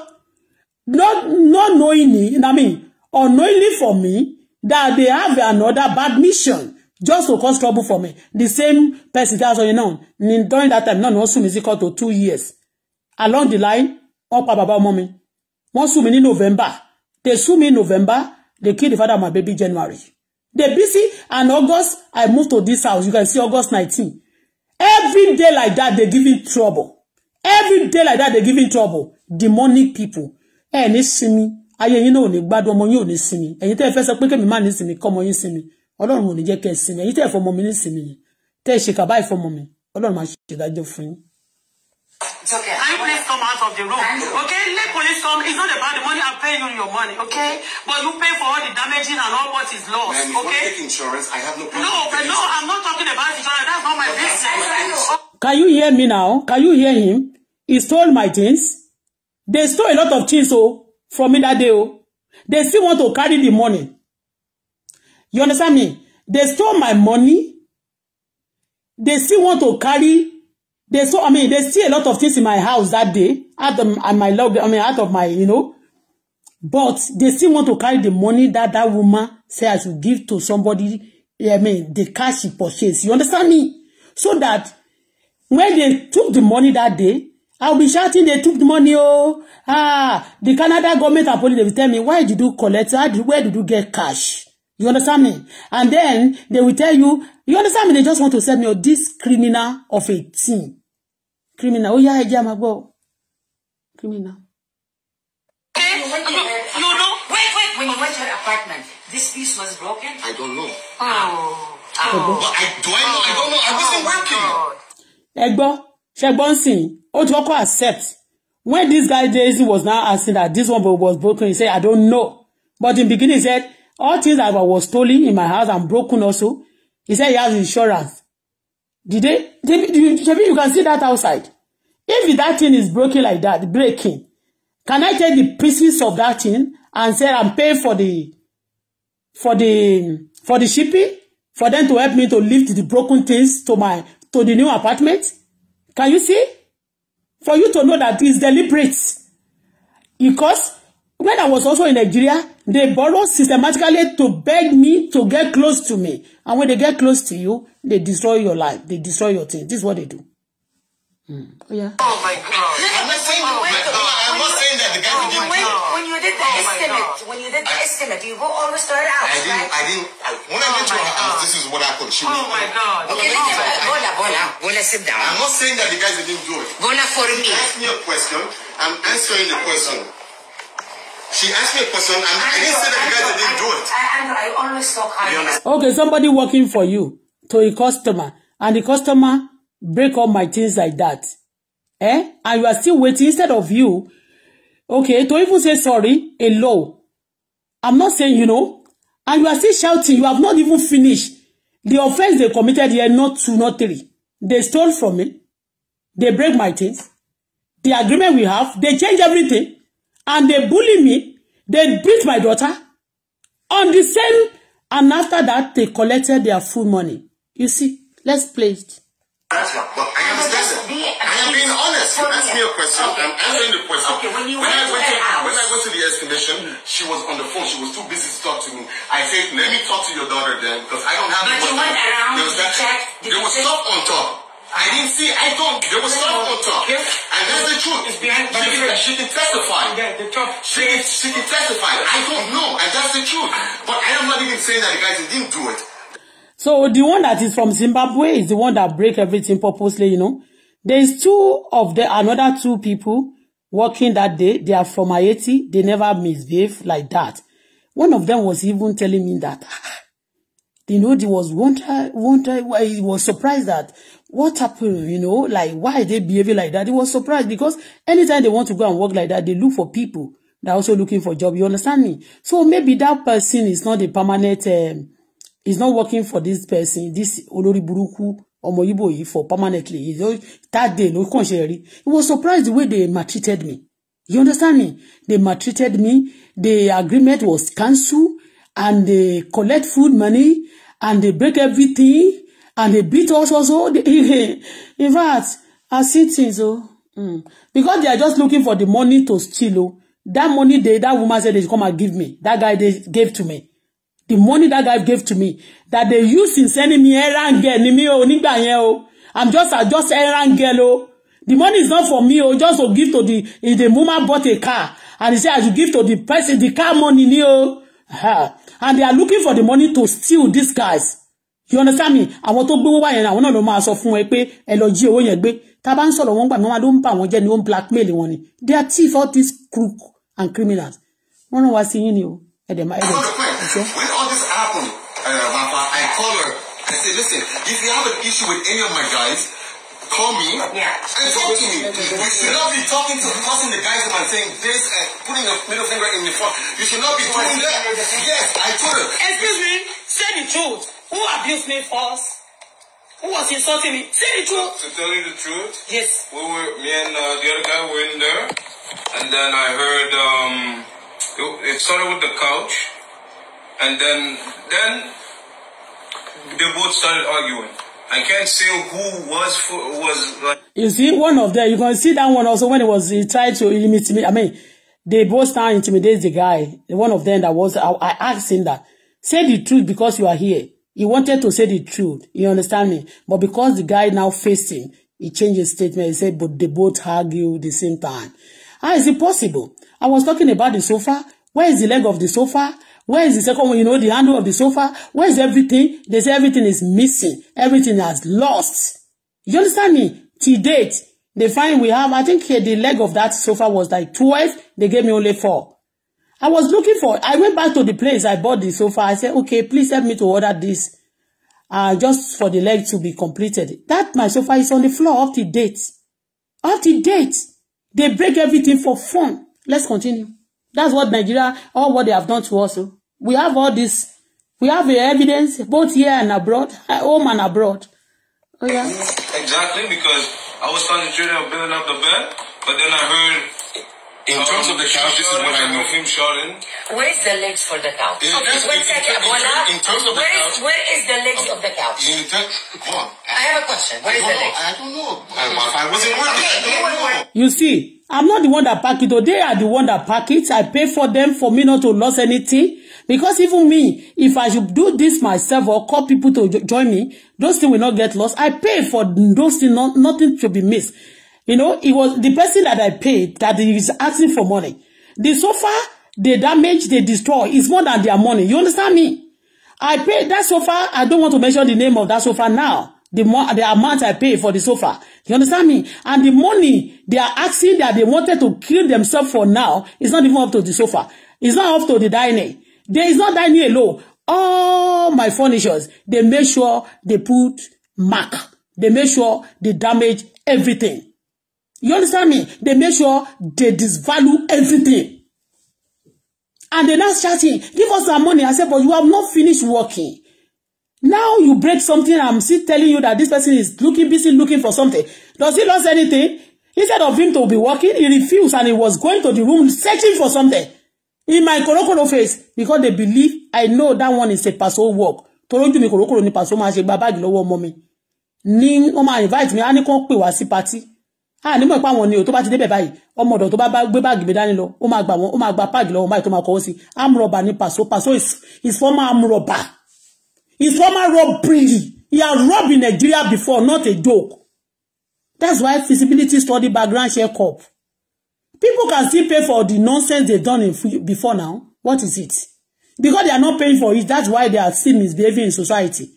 not not knowingly I mean unknowingly for me that they have another bad mission just to cause trouble for me the same person that's all you know during that time náà ni wọ́n sùn mí to two years along the line oh papa, bàbá ọmọ mi wọ́n sùn November they sue me in November they kill the father of my baby January they busy and August I moved to this house you can see August nineteen every day like that they give me trouble every day like that they giving trouble demonic people ẹ ní sinmi ayé yín náà ò ní gbádùn ọmọ yín ò ní sinmi ẹ̀yin tẹ́ ẹ fẹ́ sọ pé kẹ́mi má ní sinmi kọ́ ọmọ yín sinmi ọlọ́run ò ní jẹ́ kẹ́ ẹ sinmi ẹ̀yin tẹ́ ẹ fọmọ mi ní sinmi yẹn tẹ́ ẹ ṣe kàbá ìfọmọ mi ọlọ́run máa ṣèdájọ́ fún yín. It's okay. Can you please come out of the room? Okay, let police come. It's not about the money. I'm paying you your money, okay? But you pay for all the damages and all what is lost, Ma'am, okay? take insurance. I have no problem. No, but no, I'm not talking about insurance. That's not my business. Can you hear me now? Can you hear him? He stole my things. They stole a lot of things, oh, from me that day, oh. They still want to carry the money. You understand me? They stole my money. They still want to carry They saw, I mean, they see a lot of things in my house that day, out of my love, I mean, out of my, you know. But they still want to carry the money that that woman said I should give to somebody. I mean, the cash she purchased. You understand me? So that when they took the money that day, I'll be shouting, they took the money, oh, ah, the Canada government and police, they will tell me, why did you collect, how where did you get cash? You understand me? And then they will tell you, you understand me? They just want to send me, oh, this criminal of a team criminal ó yá ẹjẹ́ my boy? criminal. okay eh, you know wait wait when you went to her apartment this piece was broken. I don't know. Oh. Oh. Oh. do I know? I don't know. I oh, working. ẹ gbọ́ ṣe gbọ́ ń sìn ó ti kọ́kọ́ accept when this guy Daisy was now asking that this one was broken he said I don't know but in beginning he said all things that was stolen in my house and broken also he said he has insurance Did they? they you, you can see that outside. If that thing is broken like that, breaking, can I take the pieces of that thing and say I'm paying for the for the for the shipping for them to help me to lift the broken things to my to the new apartment? Can you see? For you to know that it's deliberate. Because when I was also in Nigeria, they borrow systematically to beg me to get close to me. And when they get close to you, they destroy your life. They destroy your thing. This is what they do. Mm. Oh, yeah. Oh, my God. I'm not saying, oh, my God. I'm not saying that the guy oh, didn't when, when you did the oh, estimate, when you did the I, estimate, you will always the story out, I didn't, I didn't, I, when I went oh, to her house, this is what I contributed. Oh, my God. Okay, listen, Bona, Bona, Bona, sit down. I'm not saying that the guys didn't do it. Bona, for me. Ask me a question. I'm answering the question. She asked me a question, and I, I didn't say that you guys didn't do it. I, I, I always talk kindness. Okay, somebody working for you to a customer, and the customer break all my things like that. Eh? And you are still waiting instead of you. Okay, to even say sorry, hello. I'm not saying you know. And you are still shouting. You have not even finished. The offense they committed here, not two, not three. They stole from me. They break my things. The agreement we have, they change everything and they bully me. They beat my daughter. On the same, and after that, they collected their full money. You see, let's play it. I understand that. I am being honest. You me a question. Okay. I'm answering the question. when, I went to, the air she was on the phone. She was too busy to talk to me. I said, let me talk to your daughter then because I don't have but the you went around, you understand? There was stuff on top. I didn't see. I don't. There was someone no talk. And that's the truth. It's behind. She, can, she can testify. Yeah, the top. She can, she can testify. I don't know, and that's the truth. But I am not even saying that the guys didn't do it. So the one that is from Zimbabwe is the one that break everything purposely, you know. there's two of the another two people working that day. They are from Haiti. They never misbehave like that. One of them was even telling me that, you know, he was wonder, wonder, he was surprised that what happened, you know, like why they behaving like that? It was surprised because anytime they want to go and work like that, they look for people that also looking for job. You understand me? So maybe that person is not a permanent, um, is not working for this person, this Olori Buruku ọmọ Igbo for permanently. You know, that day, no contrary. It was surprised the way they maltreated me. You understand me? They maltreated me. The agreement was cancelled and they collect food money and they break everything and they beat us also. in fact, I see things, oh, mm. because they are just looking for the money to steal. Oh. That money they, that woman said they come and give me. That guy they gave to me. The money that guy gave to me that they used in sending me errand girl ni mi o oh, nígbà yẹn oh. I'm just a just errand girl oh. The money is not for me oh. Just to give to the if the woman bought a car and he said I should give to the person the car money ni oh. And they are looking for the money to steal these guys you understand me àwọn tó gbówó wá yẹn àwọn náà ló máa sọ fún ẹ pé ẹ lọ jí owó yẹn gbé tá a bá ń sọ̀rọ̀ wọn gbà mí wọn ló ń bà wọn jẹ́ ni ó ń blackmail wọn ni they are thief all these crook and criminals wọ́n rán wa sí yín ni o ẹ̀dẹ̀ máa ẹ̀dẹ̀ ẹ̀sẹ̀. when all this happened uh, i call her i say listen if you have an issue with any of my guys call me yeah. and talk to me You should not be talking to forcing the guys and saying this and uh, putting a middle finger in the front you should not be doing that yes i told her excuse me say the truth. Who abused me first? Who was insulting me? Say the truth. To tell you the truth? Yes. We were, me and uh, the other guy were in there. And then I heard, um, it, started with the couch. And then, then they both started arguing. I can't say who was for, was like. You see, one of them, you can see that one also when it was, he tried to intimidate, I mean, they both started intimidate the guy. One of them that was, I, I asked him that, say the truth because you are here. He wanted to say the truth. You understand me? But because the guy now faced him, he changed his statement. He said, but they both argue the same time. How is it possible? I was talking about the sofa. Where is the leg of the sofa? Where is the second one? You know, the handle of the sofa? Where is everything? They say everything is missing. Everything has lost. You understand me? To date, they find we have, I think the leg of that sofa was like 12. They gave me only four. I was looking for, I went back to the place I bought the sofa. I said, okay, please help me to order this uh, just for the leg to be completed. That my sofa is on the floor up to date. Up to date. They break everything for fun. Let's continue. That's what Nigeria, all what they have done to us. Oh. We have all this. We have the evidence both here and abroad, home and abroad. Oh, yeah. Exactly, because I was concentrating on building up the bed, but then I heard In um, terms of the couch, this is what I know. him shouting. Where's the legs for the couch? In okay, one second, Bola. In terms of the where couch, is, where is the legs okay. of the couch? In ter- God, I, I have a question. Where I is the legs? I don't know. I, I wasn't working. Okay, I don't you know. You see. I'm not the one that pack it. Oh, they are the one that pack it. I pay for them for me not to lose anything. Because even me, if I should do this myself or call people to join me, those things will not get lost. I pay for those things, not, nothing to be missed. You know, it was the person that I paid that is asking for money. The sofa the damage, they destroy is more than their money. You understand me? I paid that sofa. I don't want to mention the name of that sofa now. The more the amount I pay for the sofa. You understand me? And the money they are asking that they wanted to kill themselves for now is not even up to the sofa. It's not up to the dining. There is not dining alone. All my furnitures, they make sure they put mark. They make sure they damage everything. You understand me? They make sure they disvalue everything. And they not chatting. give us our money. I said, but you have not finished working. Now you break something, I'm still telling you that this person is looking busy, looking for something. Does he lose anything? Instead of him to be working, he refused and he was going to the room searching for something. In my korokoro face, because they believe, I know that one is a paso work. Toroju mi korokoro ni paso ma ṣe gba bag lọ́wọ́ ọmọ Ni wọ́n invite mi, ani ní kàn pè wá party a ah, ni mo pé àwọn ni o tó bá ti debe báyìí ọmọ ọ̀dọ̀ tó bá gbé báàgì mi dání lọ ó máa gbà wọn ó máa gba páàgì lọ́wọ́ báyìí tó máa kọ́wọ́ sí amrọ̀bà ni paso paso. is former amrọ̀bà is former robbery he has robbed in Nigeria before not a joke that's why feasibility study background check up people can still pay for the nonsense they done in before now what is it because they are not paying for it that's why they are still misbehaving in society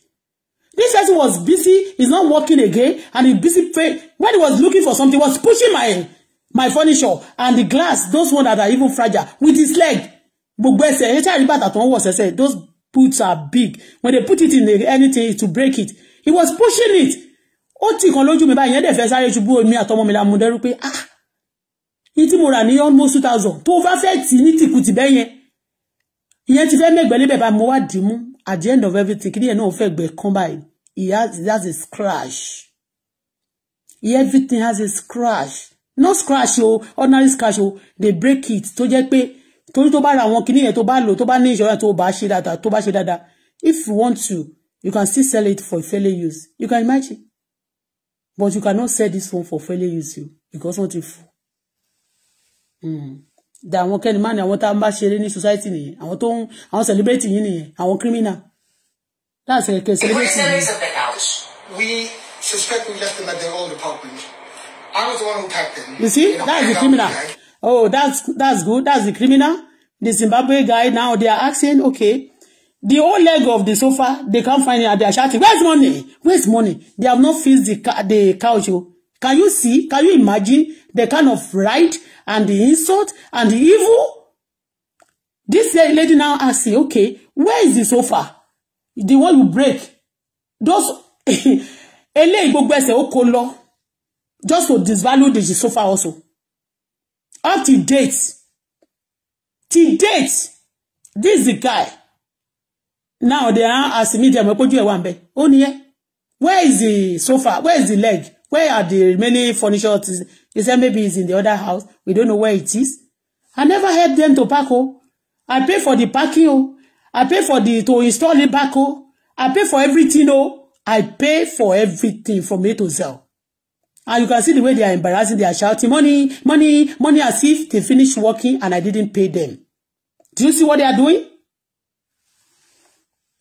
This person was busy, he's not working again, and he busy pay. When he was looking for something, was pushing my my furniture and the glass, those ones that are even fragile, with his leg. Gbogbo ẹsẹ̀ ẹ̀yẹ́ tí àríbá àtàtàn wọ̀ ṣẹ̀ṣẹ̀ those boots are big when they put it in the, anything to break it he was pushing it ó tì kan lójú mi báyìí yẹn dẹ̀ fẹ́ sáré ṣubú omi àtọmọ mi la mú dẹ́rú pé ah ní tí mo rà ní almost two thousand tó bá fẹ́ tì ní tìkùtì bẹ́yẹn ìyẹn ti fẹ́ mẹ́gbẹ̀ẹ́ níbẹ̀ bá mo wá dì í mú at the end of everything kìnìún yẹn náà fẹ́ gbẹ kán báyìí he has he has a scratch everything has a scratch no scratch o ordinary scratch o they break it tó jẹ́ pé to tó bá ra àwọn kìnìún yẹn tó bá lò tó bá ní insurance tó bá ṣe dáadáa tó bá ṣe dáadáa if you want to you can still sell it for failure use you can imagine but you cannot sell this one for failure use you because wọ́n ti fún. Hmm da àwọn kẹ́ni má ní àwọn tá a bá ṣeré ní society nìyẹn àwọn tó ń àwọn celebrate yín nìyẹn àwọn criminal that's a celebrate yín. we suspect we left them at their I was the one who packed them. you see that's the criminal oh that's that's good that's the criminal the Zimbabwe guy now they are asking okay the whole leg of the sofa they can't find it and they are shouting where's money where's money they have not fixed the, the couch oh Can you see? Can you imagine the kind of right and the insult and the evil? This lady now asks, okay, where is the sofa? The one you break. Those just to disvalue the sofa also. Up to date. Till date, this is the guy. Now they are asking me, Where is the sofa? Where is the leg? Where are the remaining furniture? He said, maybe it's in the other house. We don't know where it is. I never help them to pack. Oh. I pay for the parking. Oh. I pay for the to install the back. Oh. I pay for everything. Oh. I pay for everything from A to Z. And you can see the way they are embarrassing. They are shouting, money, money, money, as if they finished working and I didn't pay them. Do you see what they are doing?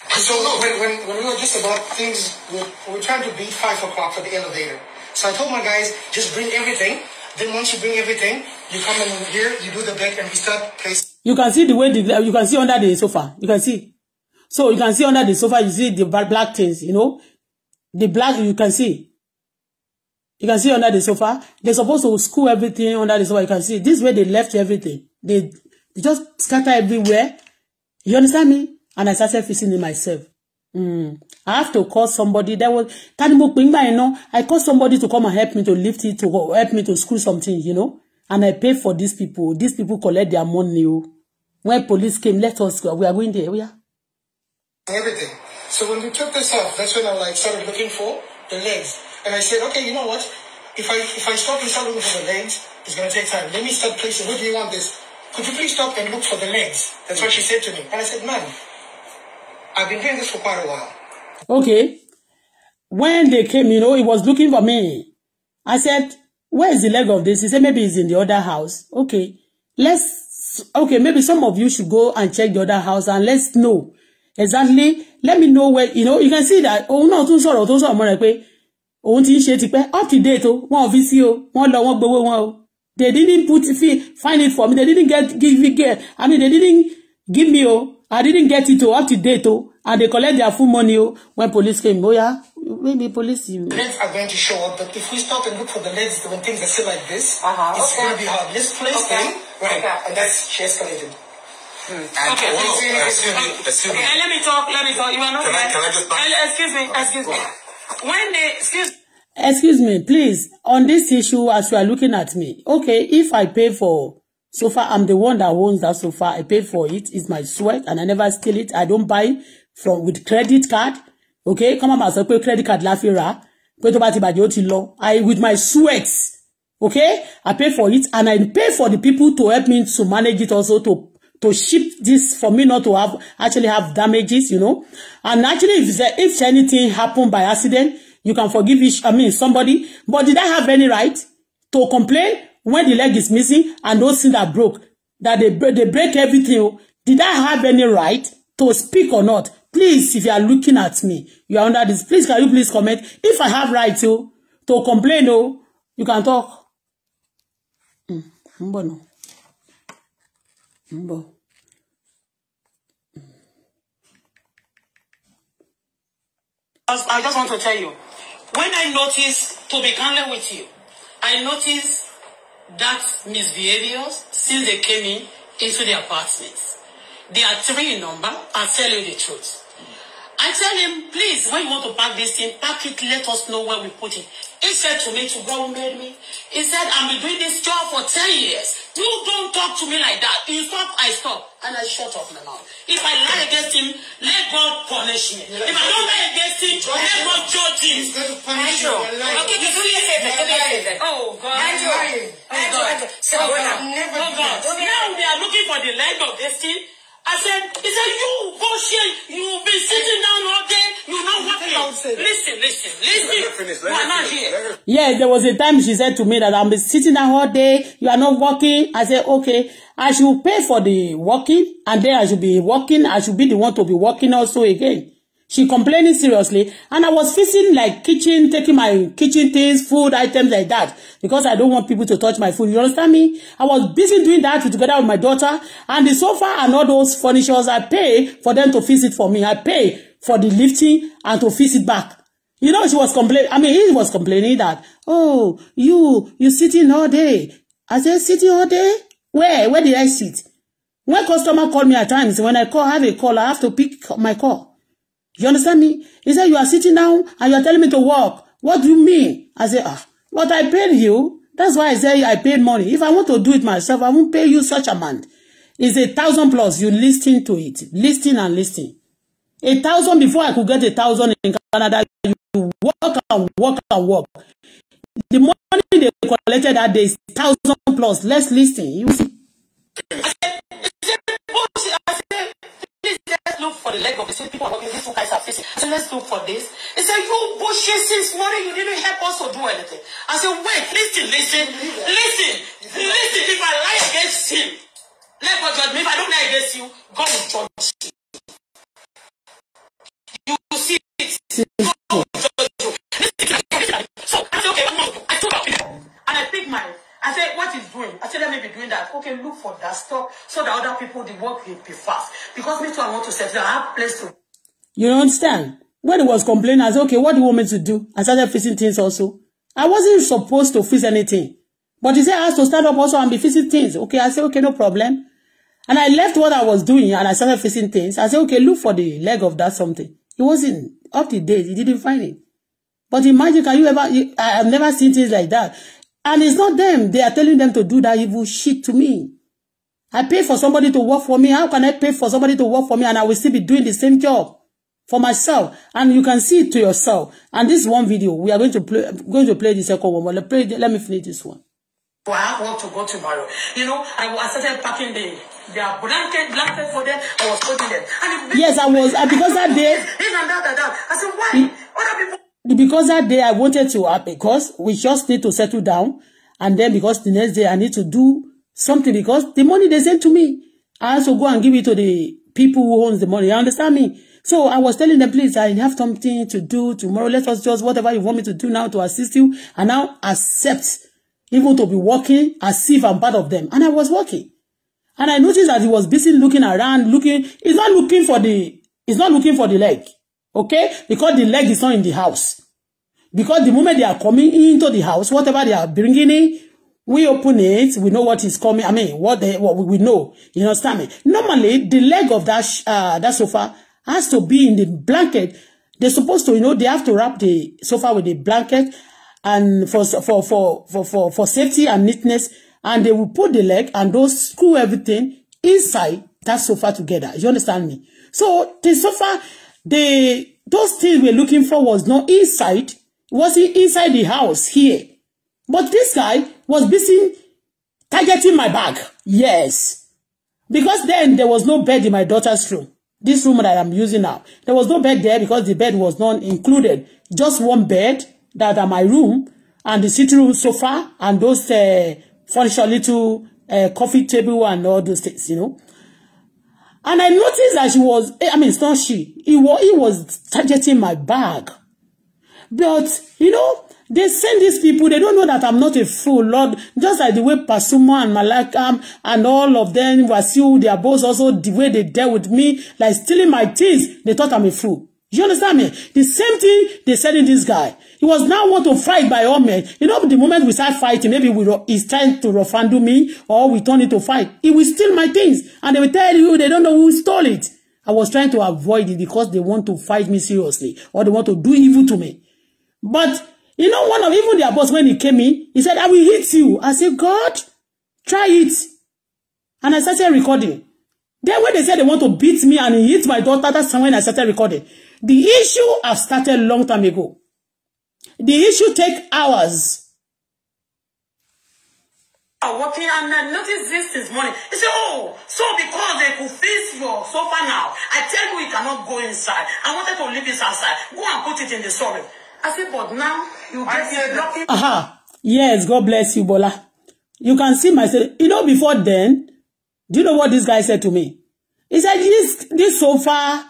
So no, when, when, when we were just about things, we're, we're trying to beat 5 o'clock for the elevator. So I told my guys, just bring everything. Then once you bring everything, you come in here, you do the back, and we start placing. You can see the way the you can see under the sofa. You can see. So you can see under the sofa, you see the black things, you know. The black you can see. You can see under the sofa. They're supposed to screw everything under the sofa. You can see this way they left everything. They, they just scatter everywhere. You understand me? And I started fixing it myself. Mm. I have to call somebody. That was Tanimo Pingba, you know. I call somebody to come and help me to lift it, to help me to screw something, you know. And I pay for these people. These people collect their money. Oh. When police came, let us go. We are going there. We are. Everything. So when we took this off, that's when I like started looking for the legs. And I said, okay, you know what? If I if I stop and start looking for the legs, it's gonna take time. Let me start placing. Where do you want this? Could you please stop and look for the legs? That's what she said to me. And I said, man, I've been doing this for quite a while. Okay. When they came, you know, he was looking for me. I said, where is the leg of this? He said, maybe it's in the other house. Okay. Let's, okay, maybe some of you should go and check the other house and let's know exactly. Let me know where, you know, you can see that, òun náà too sọ̀rọ̀ tó sọ̀rọ̀ mọ́ rẹ̀ pé òun ti ń ṣe tipẹ́ up to date Oh, one of sí o, wọ́n lọ one gbowó wọn They didn't put, find it for me. They didn't get, give me, get, I mean, they didn't give me Oh. I didn't get it to oh, up to date oh, and they collect their full money oh, when police came. Oh yeah, maybe police. You know. Leads are going to show up, but if we stop and look for the leads when things are still like this, uh-huh. it's okay. going to be hard. Let's place okay. them right, okay. and that's she escalated. Mm. Okay. Well, excuse me. Excuse me. Okay, let me talk. Let me talk. You are not. Can I, can I just? Uh, excuse me. Excuse me. When they excuse. Excuse me, please. On this issue, as you are looking at me, okay, if I pay for So far, i'm the one that owns that So far, i paid for it it's my sweat and i never steal it i don't buy from with credit card okay kọ́mọ́ máa sọ pé credit card la fi rà á pé tó bá i with my sweat okay i pay for it and i pay for the people to help me to manage it also to to ship this for me not to have actually have damages you know and actually if there, if anything happened by accident you can forgive each i mean somebody but did i have any right to complain when the leg is missing and those things that broke, that they, they break everything. Oh. Did I have any right to speak or not? Please, if you are looking at me, you are under this. Please, can you please comment? If I have right to, oh, to complain, oh, you can talk. Mm, mbo no. Mbo. I just want to tell you, when I notice, to be candid with you, I notice that misbehaviors since they came in into the apartment. They are three in number. I'll tell you the truth. I tell him, please, when you want to pack this thing, pack it, let us know where we put it. He said to me, to God who made me, he said, I've been doing this job for 10 years. You don't talk to me like that. You stop, I stop. And I shut up my mouth. If I lie against him, let God punish me. If I don't lie against him, let God judge him. He's going to punish Andrew. you. Okay, do me a favor. Do me Oh, God. Andrew. Oh, Andrew. Andrew. Andrew. Andrew. Andrew. Andrew. Andrew. Andrew. Andrew. Andrew. Andrew. Now they are looking for the leg of this thing. I said, he said, you bullshit! share, you've been sitting down all day, you're not working. Listen, listen, listen. You are not here. Yeah, there was a time she said to me that I'm been sitting down all day, you are not working. I said, okay, I should pay for the working, and then I should be working. I should be the one to be working also again. She complaining seriously. And I was fixing like kitchen, taking my kitchen things, food items like that. Because I don't want people to touch my food. You understand me? I was busy doing that together with my daughter. And the sofa and all those furnitures, I pay for them to fix it for me. I pay for the lifting and to fix it back. You know, she was complaining. I mean, he was complaining that, oh, you, you sitting all day. I said, sitting all day? Where? Where did I sit? When customer called me at times, when I call, have a call, I have to pick my call. You understand me? He said, you are sitting down and you are telling me to walk. What do you mean? I said, ah, but I paid you. That's why I said I paid money. If I want to do it myself, I won't pay you such amount. It's a thousand plus. You listen to it. Listen and listen. A thousand before I could get a thousand in Canada, you walk and walk and walk. The money they collected that day is thousand plus. Let's listen. You see. for the leg of the same people what beautiful guys are facing. I said, let's look for this. He said, you bullshit since morning, you didn't help us to do anything. I said, wait, listen, listen, listen, listen. If I lie against him, let God judge me. If I don't lie against you, God will judge you. You see it. So I said, okay, come on. I took up and I picked my I said, what is doing? I said, let me be doing that. Okay, look for that stock so that other people, the work will be fast. Because me too, I want to settle. I have place to. You don't understand? When he was complaining, I said, okay, what do you want me to do? I started fixing things also. I wasn't supposed to fix anything. But he said, I have to stand up also and be fixing things. Okay, I said, okay, no problem. And I left what I was doing and I started fixing things. I said, okay, look for the leg of that something. It wasn't up to date. He didn't find it. But imagine, can you ever, I, have never seen things like that. And it's not them. They are telling them to do that evil shit to me. I pay for somebody to work for me. How can I pay for somebody to work for me and I will still be doing the same job for myself? And you can see it to yourself. And this one video, we are going to play going to play the second one. But let, play, let me finish this one. Well, I want to go tomorrow. You know, I, I started packing the their blanket, blanket for them. I was putting them. And yes, I was. Uh, because I did This and that, and that. I said, why? Other people because that day I wanted to, uh, because we just need to settle down. And then because the next day I need to do something because the money they sent to me, I also go and give it to the people who owns the money. You understand me? So I was telling them, please, I have something to do tomorrow. Let us just whatever you want me to do now to assist you. And now accept even to be working as if I'm part of them. And I was working. And I noticed that he was busy looking around, looking. He's not looking for the, he's not looking for the leg. Okay? Because the leg is not in the house. Because the moment they are coming into the house, whatever they are bringing in, we open it, we know what is coming. I mean, what they, what we know. You understand me? Normally, the leg of that uh, that sofa has to be in the blanket. They're supposed to, you know, they have to wrap the sofa with the blanket, and for for for for for for safety and neatness. And they will put the leg and those screw everything inside that sofa together. You understand me? So the sofa the those things we're looking for was not inside. Was he inside the house here. But this guy was busy targeting my bag. Yes. Because then there was no bed in my daughter's room. This room that I'm using now. There was no bed there because the bed was not included. Just one bed that are my room and the sitting room sofa and those uh, furniture little uh, coffee table and all those things, you know. And I noticed that she was, I mean, it's not she, he was, he was targeting my bag. But, you know, they send these people, they don't know that I'm not a fool, Lord. Just like the way Pasuma and Malakam and all of them, were Wasiu, their boss also, the way they dealt with me, like stealing my things, they thought I'm a fool. You understand me? The same thing they said in this guy. He was now want to fight by all men. You know, the moment we start fighting, maybe we he's trying to refund me or we turn it to fight. He will steal my things and they will tell you they don't know who stole it. I was trying to avoid it because they want to fight me seriously or they want to do evil to me. But you know, one of even their boss when he came in, he said, I will hit you. I said, God, try it. And I started recording. Then when they said they want to beat me and hit my daughter, that's when I started recording. The issue has started long time ago. The issue take hours. Are working and I noticed this this morning. He said, oh, so because they could fix your sofa now, I tell you, you cannot go inside. I wanted to leave this outside. Go and put it in the sorry. I said, but now you get it blocking. Aha. Yes, God bless you, Bola. You can see myself. You know, before then, do you know what this guy said to me? He said, this, this sofa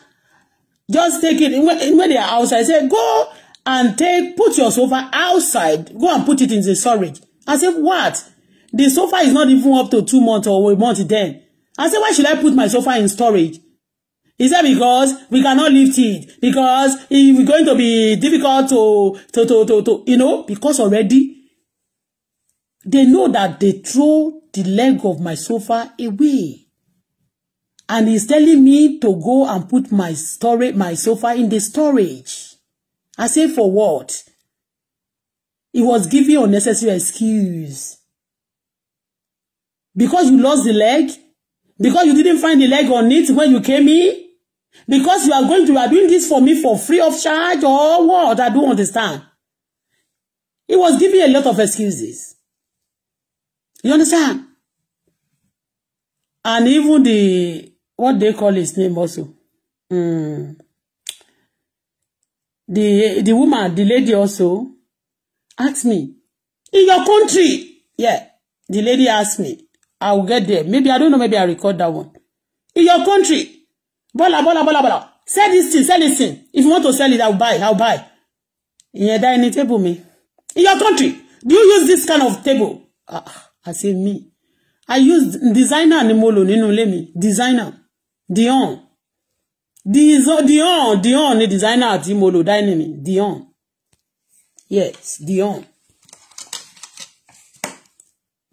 just take it when, when they are outside say go and take put your sofa outside go and put it in the storage I said what the sofa is not even up to two months or a month then I said why should I put my sofa in storage Is that because we cannot lift it because it's going to be difficult to to to to, to you know because already they know that they throw the leg of my sofa away and he's telling me to go and put my storage, my sofa in the storage. I say for what? He was giving unnecessary excuse. Because you lost the leg? Because you didn't find the leg on it when you came in? Because you are going to, be doing this for me for free of charge or what? I don't understand. He was giving a lot of excuses. You understand? And even the What they call his name also. Mm. The the woman, the lady also asked me, in your country, yeah. The lady asked me, I will get there. Maybe I don't know, maybe I record that one. In your country, bola bola bola bola. Sell this thing, sell this thing. If you want to sell it, I'll buy, I'll buy. Yeah, that any table me. In your country, do you use this kind of table? Ah, I say me. I use designer ni mo lò nínú ilé mi, designer. Dion Dion Dion Dion ni designer tí mo lò dining ni Dion yes Dion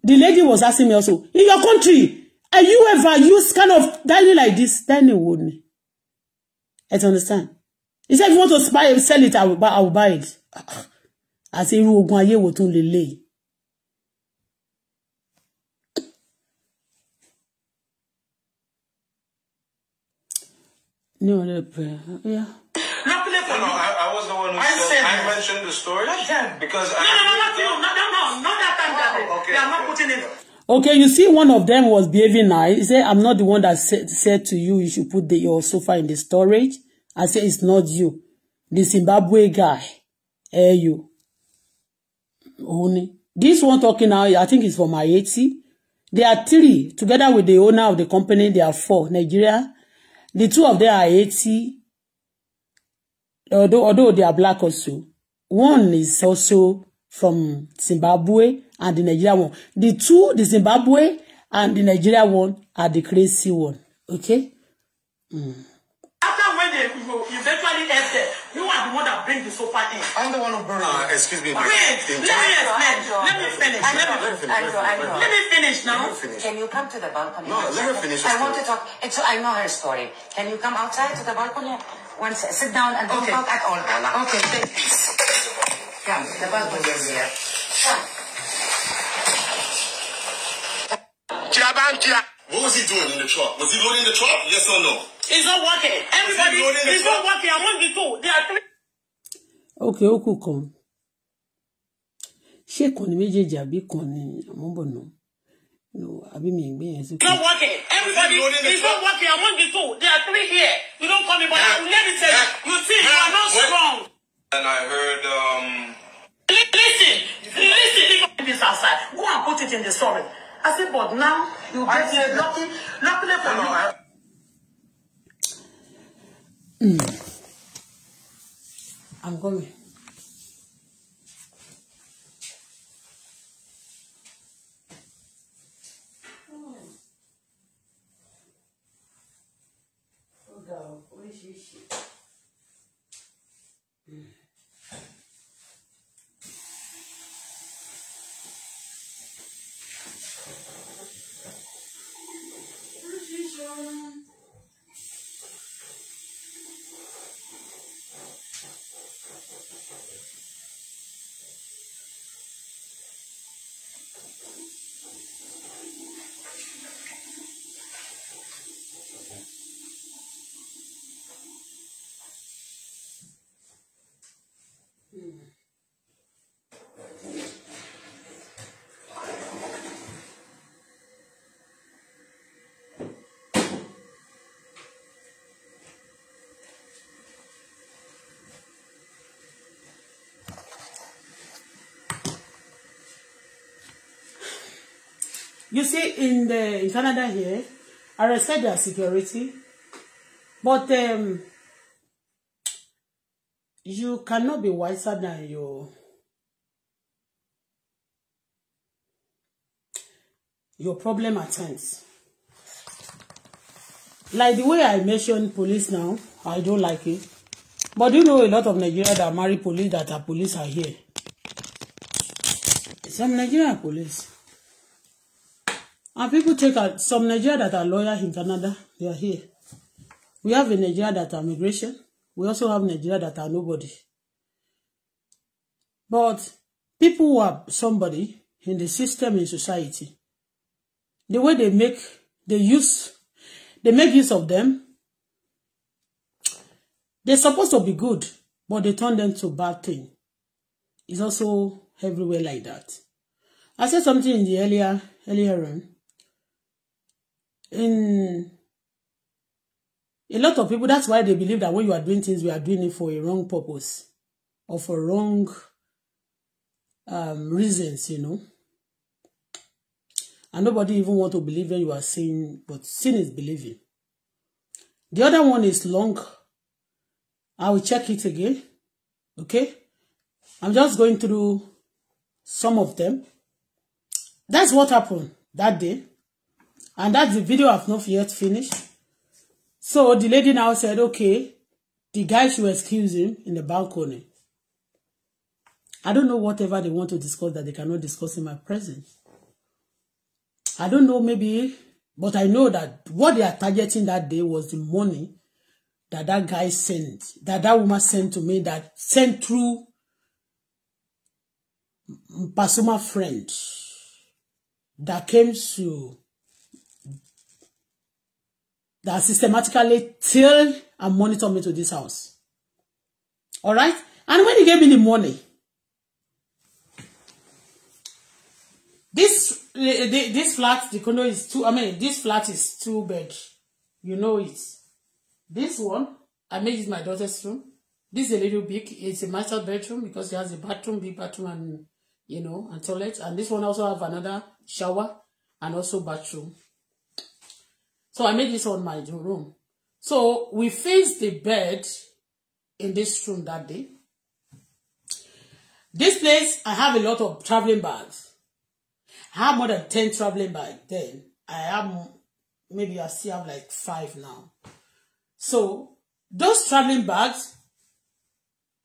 the lady was asking me also in your country are you ever use kind of dining like this dining wood ni I understand he said if you want to buy sell it I will buy, I will buy it ah, àti irú ogun ayé wo tún lè léyìí No, no, prayer. Yeah. Not play for no, no, I, I was the one who I, said, I mentioned the story because no, I no, no, not you, no, no, no, not that time, wow, oh, okay, they are not putting it. Okay, you see, one of them was behaving nice. He said, "I'm not the one that said, said to you you should put the, your sofa in the storage." I said, "It's not you, the Zimbabwe guy, eh, you." Only this one talking now, I think it's for my eighty. They are three together with the owner of the company. They are four Nigeria. The two of them are 80, although, although they are black also. One is also from Zimbabwe and the Nigeria one. The two, the Zimbabwe and the Nigeria one, are the crazy one. Okay? Mm. Super League. I'm the one who burned uh, ah, Excuse me. Wait, let me, finish. let me finish. Let me finish now. Can you come to the balcony? No, let me finish. I want to talk. So I know her story. Can you come outside to the balcony? One, sit down and don't okay. talk at all. Okay, thanks. Come, the balcony is here. Come. What was he doing in the truck? Was he loading the truck? Yes or no? It's not working. Everybody, it's not working. I want the two. There are three. ókè ó kan ṣé kan ní méjèèjì àbí kan ní àmúbọ̀nà àbí mi ìgbé yẹn sí. no working everybody is not working among the two there are three here you don't call me but yeah. let me tell you you see you are not strong. and i heard. Um... listen listen if you this outside go and put it in the sorry i say but now you get here lucky luckily for you. Mm. I'm coming. You see, in the in Canada here, I respect their security, but um, you cannot be wiser than your your problem at times. Like the way I mention police now, I don't like it. But you know a lot of Nigerians that marry police that are police are here. Some Nigerian police. And people take uh, some Nigeria that are lawyer in Canada, they are here. We have a Nigeria that are migration. We also have Nigeria that are nobody. But people who are somebody in the system in society, the way they make, they use, they make use of them, they're supposed to be good, but they turn them to bad thing. It's also everywhere like that. I said something in the earlier, earlier on in a lot of people that's why they believe that when you are doing things you are doing it for a wrong purpose or for wrong um, reasons you know and nobody even want to believe when you are saying but sin is believing the other one is long I will check it again okay I'm just going through some of them that's what happened that day And that's the video I've not yet finished. So the lady now said, okay, the guy should excuse him in the balcony. I don't know whatever they want to discuss that they cannot discuss in my presence. I don't know maybe, but I know that what they are targeting that day was the money that that guy sent, that that woman sent to me, that sent through Pasuma friend that came to that systematically till and monitor me to this house. All right? And when he gave me the money, this this flat, the condo is two, I mean, this flat is two bed. You know it. This one, I made it my daughter's room. This is a little big. It's a master bedroom because it has a bathroom, big bathroom, and, you know, and toilet. And this one also have another shower and also bathroom. So I made this on my room. So we fixed the bed in this room that day. This place, I have a lot of traveling bags. I have more than 10 traveling bags then. I have, maybe I still have like five now. So those traveling bags,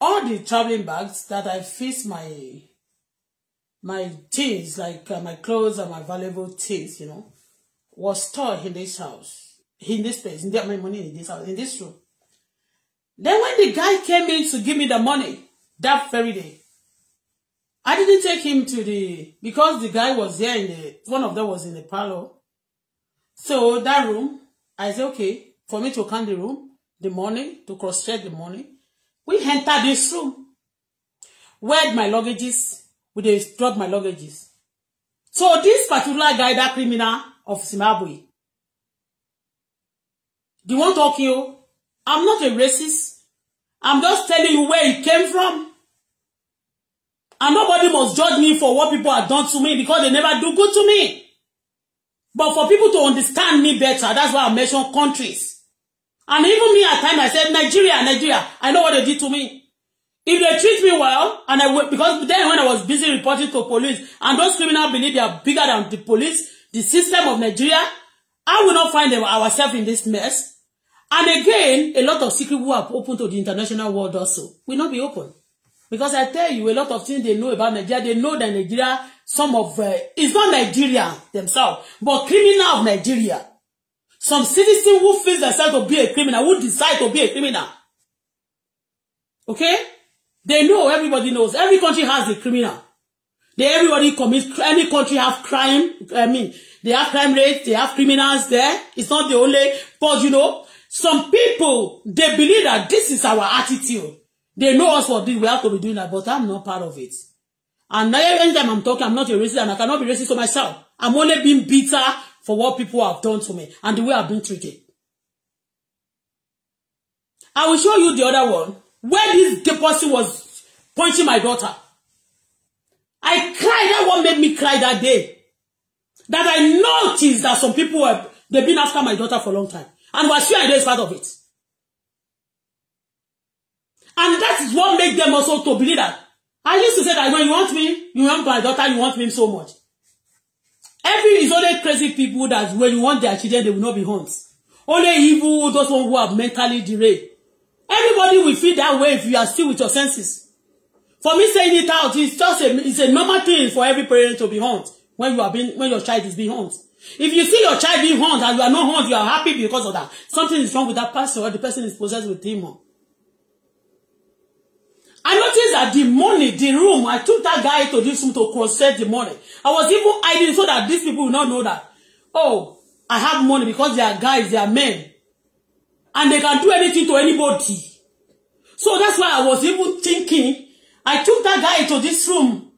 all the traveling bags that I fix my my things, like uh, my clothes and my valuable things, you know, was stored in this house, in this place, in that my money in this house, in this room. Then when the guy came in to give me the money that very day, I didn't take him to the because the guy was there in the one of them was in the parlor. So that room, I said, okay, for me to count the room, the money, to cross-check the money. We entered this room. where my luggages? We they dropped my luggages. So this particular guy, that criminal, of Zimbabwe. The one talking you, oh, I'm not a racist. I'm just telling you where it came from. And nobody must judge me for what people have done to me because they never do good to me. But for people to understand me better, that's why I mention countries. And even me at times, I said, Nigeria, Nigeria, I know what they did to me. If they treat me well, and I because then when I was busy reporting to police, and those criminals believe they are bigger than the police, the system of Nigeria, I will not find ourselves in this mess. And again, a lot of secret will are open to the international world also will not be open. Because I tell you, a lot of things they know about Nigeria, they know that Nigeria, some of, uh, it's not Nigeria themselves, but criminal of Nigeria. Some citizen who feels themselves to be a criminal, who decide to be a criminal. Okay? They know, everybody knows. Every country has a criminal. They, everybody commit. any country have crime, I mean, they have crime rates, they have criminals there. It's not the only, but you know, some people, they believe that this is our attitude. They know us for this. we have to be doing that, but I'm not part of it. And now, anytime I'm talking, I'm not a racist and I cannot be racist to myself. I'm only being bitter for what people have done to me and the way I've been treated. I will show you the other one where this the was punching my daughter. I cried. That what made me cry that day. That I noticed that some people have they've been after my daughter for a long time. And was sure I is part of it. And that is what made them also to believe that. I used to say that when you want me, you want my daughter, you want me so much. Every is only crazy people that when you want their children, they will not be homes. Only evil, those who are mentally derailed. Everybody will feel that way if you are still with your senses. For me saying it out is just a it's a normal thing for every parent to be haunted when you are being when your child is being haunted. If you see your child being haunted and you are not haunted, you are happy because of that. Something is wrong with that person or the person is possessed with demon. I noticed that the money, the room, I took that guy to this room to cross-check the money. I was even hiding so that these people will not know that, oh, I have money because they are guys, they are men. And they can do anything to anybody. So that's why I was even thinking I took that guy into this room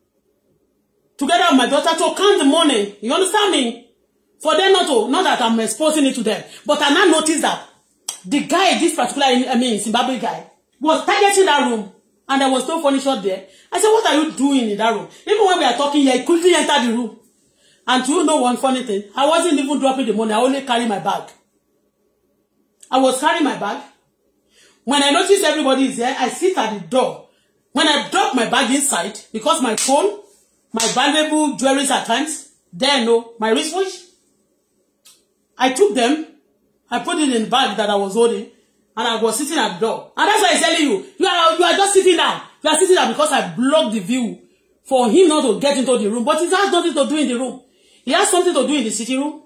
together with my daughter to count the money. You understand me? For them not to, not that I'm exposing it to them. But I now noticed that the guy, this particular, I mean, Zimbabwe guy, was targeting that room. And there was no furniture there. I said, what are you doing in that room? Even when we are talking here, he couldn't enter the room. And you know one funny thing? I wasn't even dropping the money. I only carried my bag. I was carrying my bag. When I noticed everybody is there, I sit at the door. When I drop my bag inside, because my phone, my valuable jewelry at times, there no, my wristwatch, I took them, I put it in the bag that I was holding, and I was sitting at the door. And that's why I'm telling you, you are, you are just sitting down. You are sitting down because I blocked the view for him not to get into the room. But he has nothing to do in the room. He has something to do in the sitting room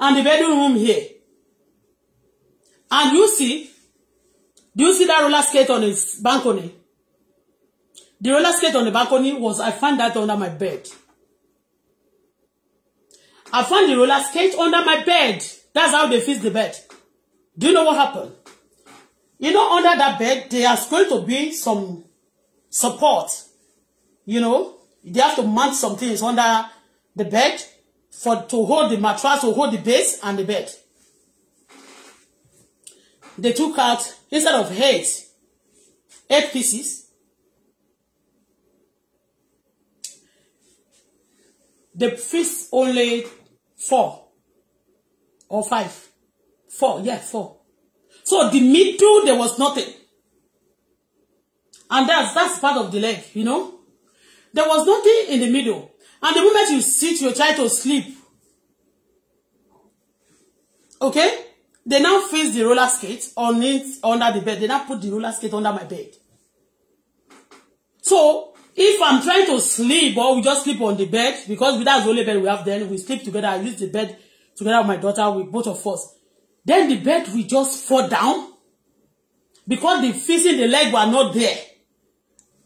and the bedroom room here. And you see, do you see that roller skate on his balcony? The roller skate on the balcony was, I found that under my bed. I found the roller skate under my bed. That's how they fix the bed. Do you know what happened? You know, under that bed, there is going to be some support. You know, they have to mount some things under the bed for to hold the mattress, to hold the base and the bed. They took out, instead of eight, eight pieces, The fist only four or five. Four, yeah, four. So the middle, there was nothing. And that's, that's part of the leg, you know. There was nothing in the middle. And the moment you sit, you try to sleep. Okay? They now face the roller skate on it, under the bed. They now put the roller skate under my bed. So, if i'm trying to sleep or we just sleep on the bed because that's the only bed we have then we sleep together i use the bed together with my daughter with both of us then the bed will just fall down because the feet and the leg were not there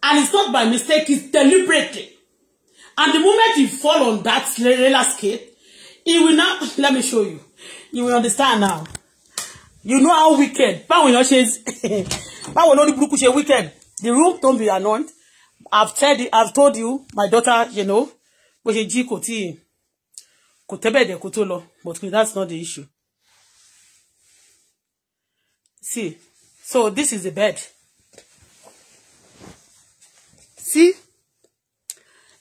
and it's not by mistake it's deliberately and the moment you fall on that roller skate it will now let me show you you will understand now you know how wicked báwo yan ṣe báwo lórí burúkú ṣe wicked the room don't be annoyed I've told you, I've told you, my daughter, you know, bó ṣe jí kò tí kò tẹ́bẹ̀dẹ̀ kó tó lọ, but that's not the issue. See, so this is the bed. See,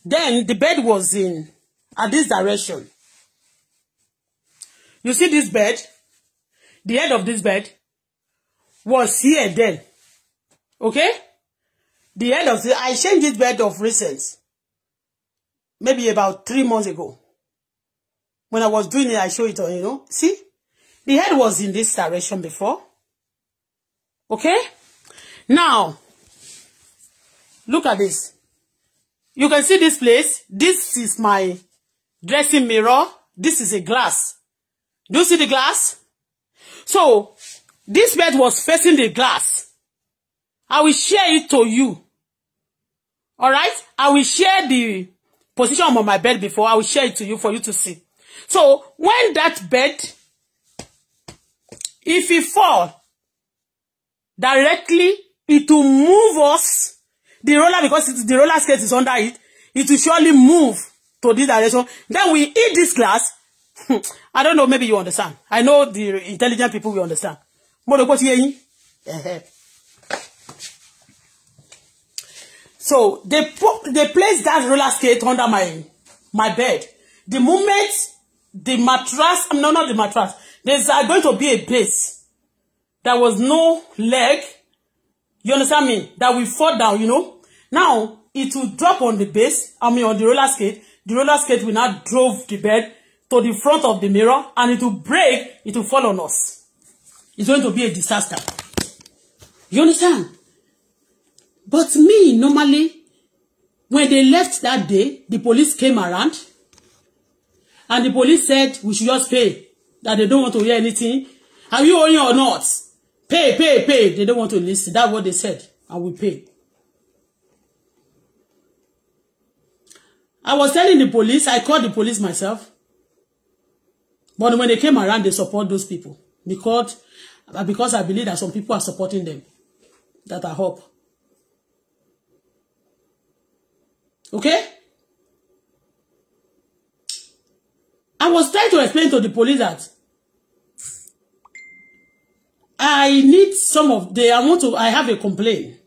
then the bed was in at this direction. You see this bed? The head of this bed was here then. Okay? the end of the I changed this bed of recent, maybe about three months ago. When I was doing it, I show it on, you know. See, the head was in this direction before. Okay, now look at this. You can see this place. This is my dressing mirror. This is a glass. Do you see the glass? So this bed was facing the glass. I will share it to you. All right? I will share the position I'm on my bed before. I will share it to you for you to see. So, when that bed, if it fall directly, it will move us. The roller, because it, the roller skate is under it, it will surely move to this direction. Then we eat this glass. I don't know, maybe you understand. I know the intelligent people will understand. Mo rò pé ó So they put, they placed that roller skate under my my bed. The moment the mattress, no, not the mattress, there's uh, going to be a base. There was no leg. You understand me? That we fall down, you know. Now, it will drop on the base, I mean on the roller skate. The roller skate will now drove the bed to the front of the mirror and it will break, it will fall on us. It's going to be a disaster. You understand? But me, normally, when they left that day, the police came around and the police said we should just pay, that they don't want to hear anything. Are you owing or not? Pay, pay, pay. They don't want to listen. That's what they said, and we pay. I was telling the police, I called the police myself. But when they came around, they support those people because, because I believe that some people are supporting them that I hope. Okay? I was trying to explain to the police that I need some of they I want to I have a complaint.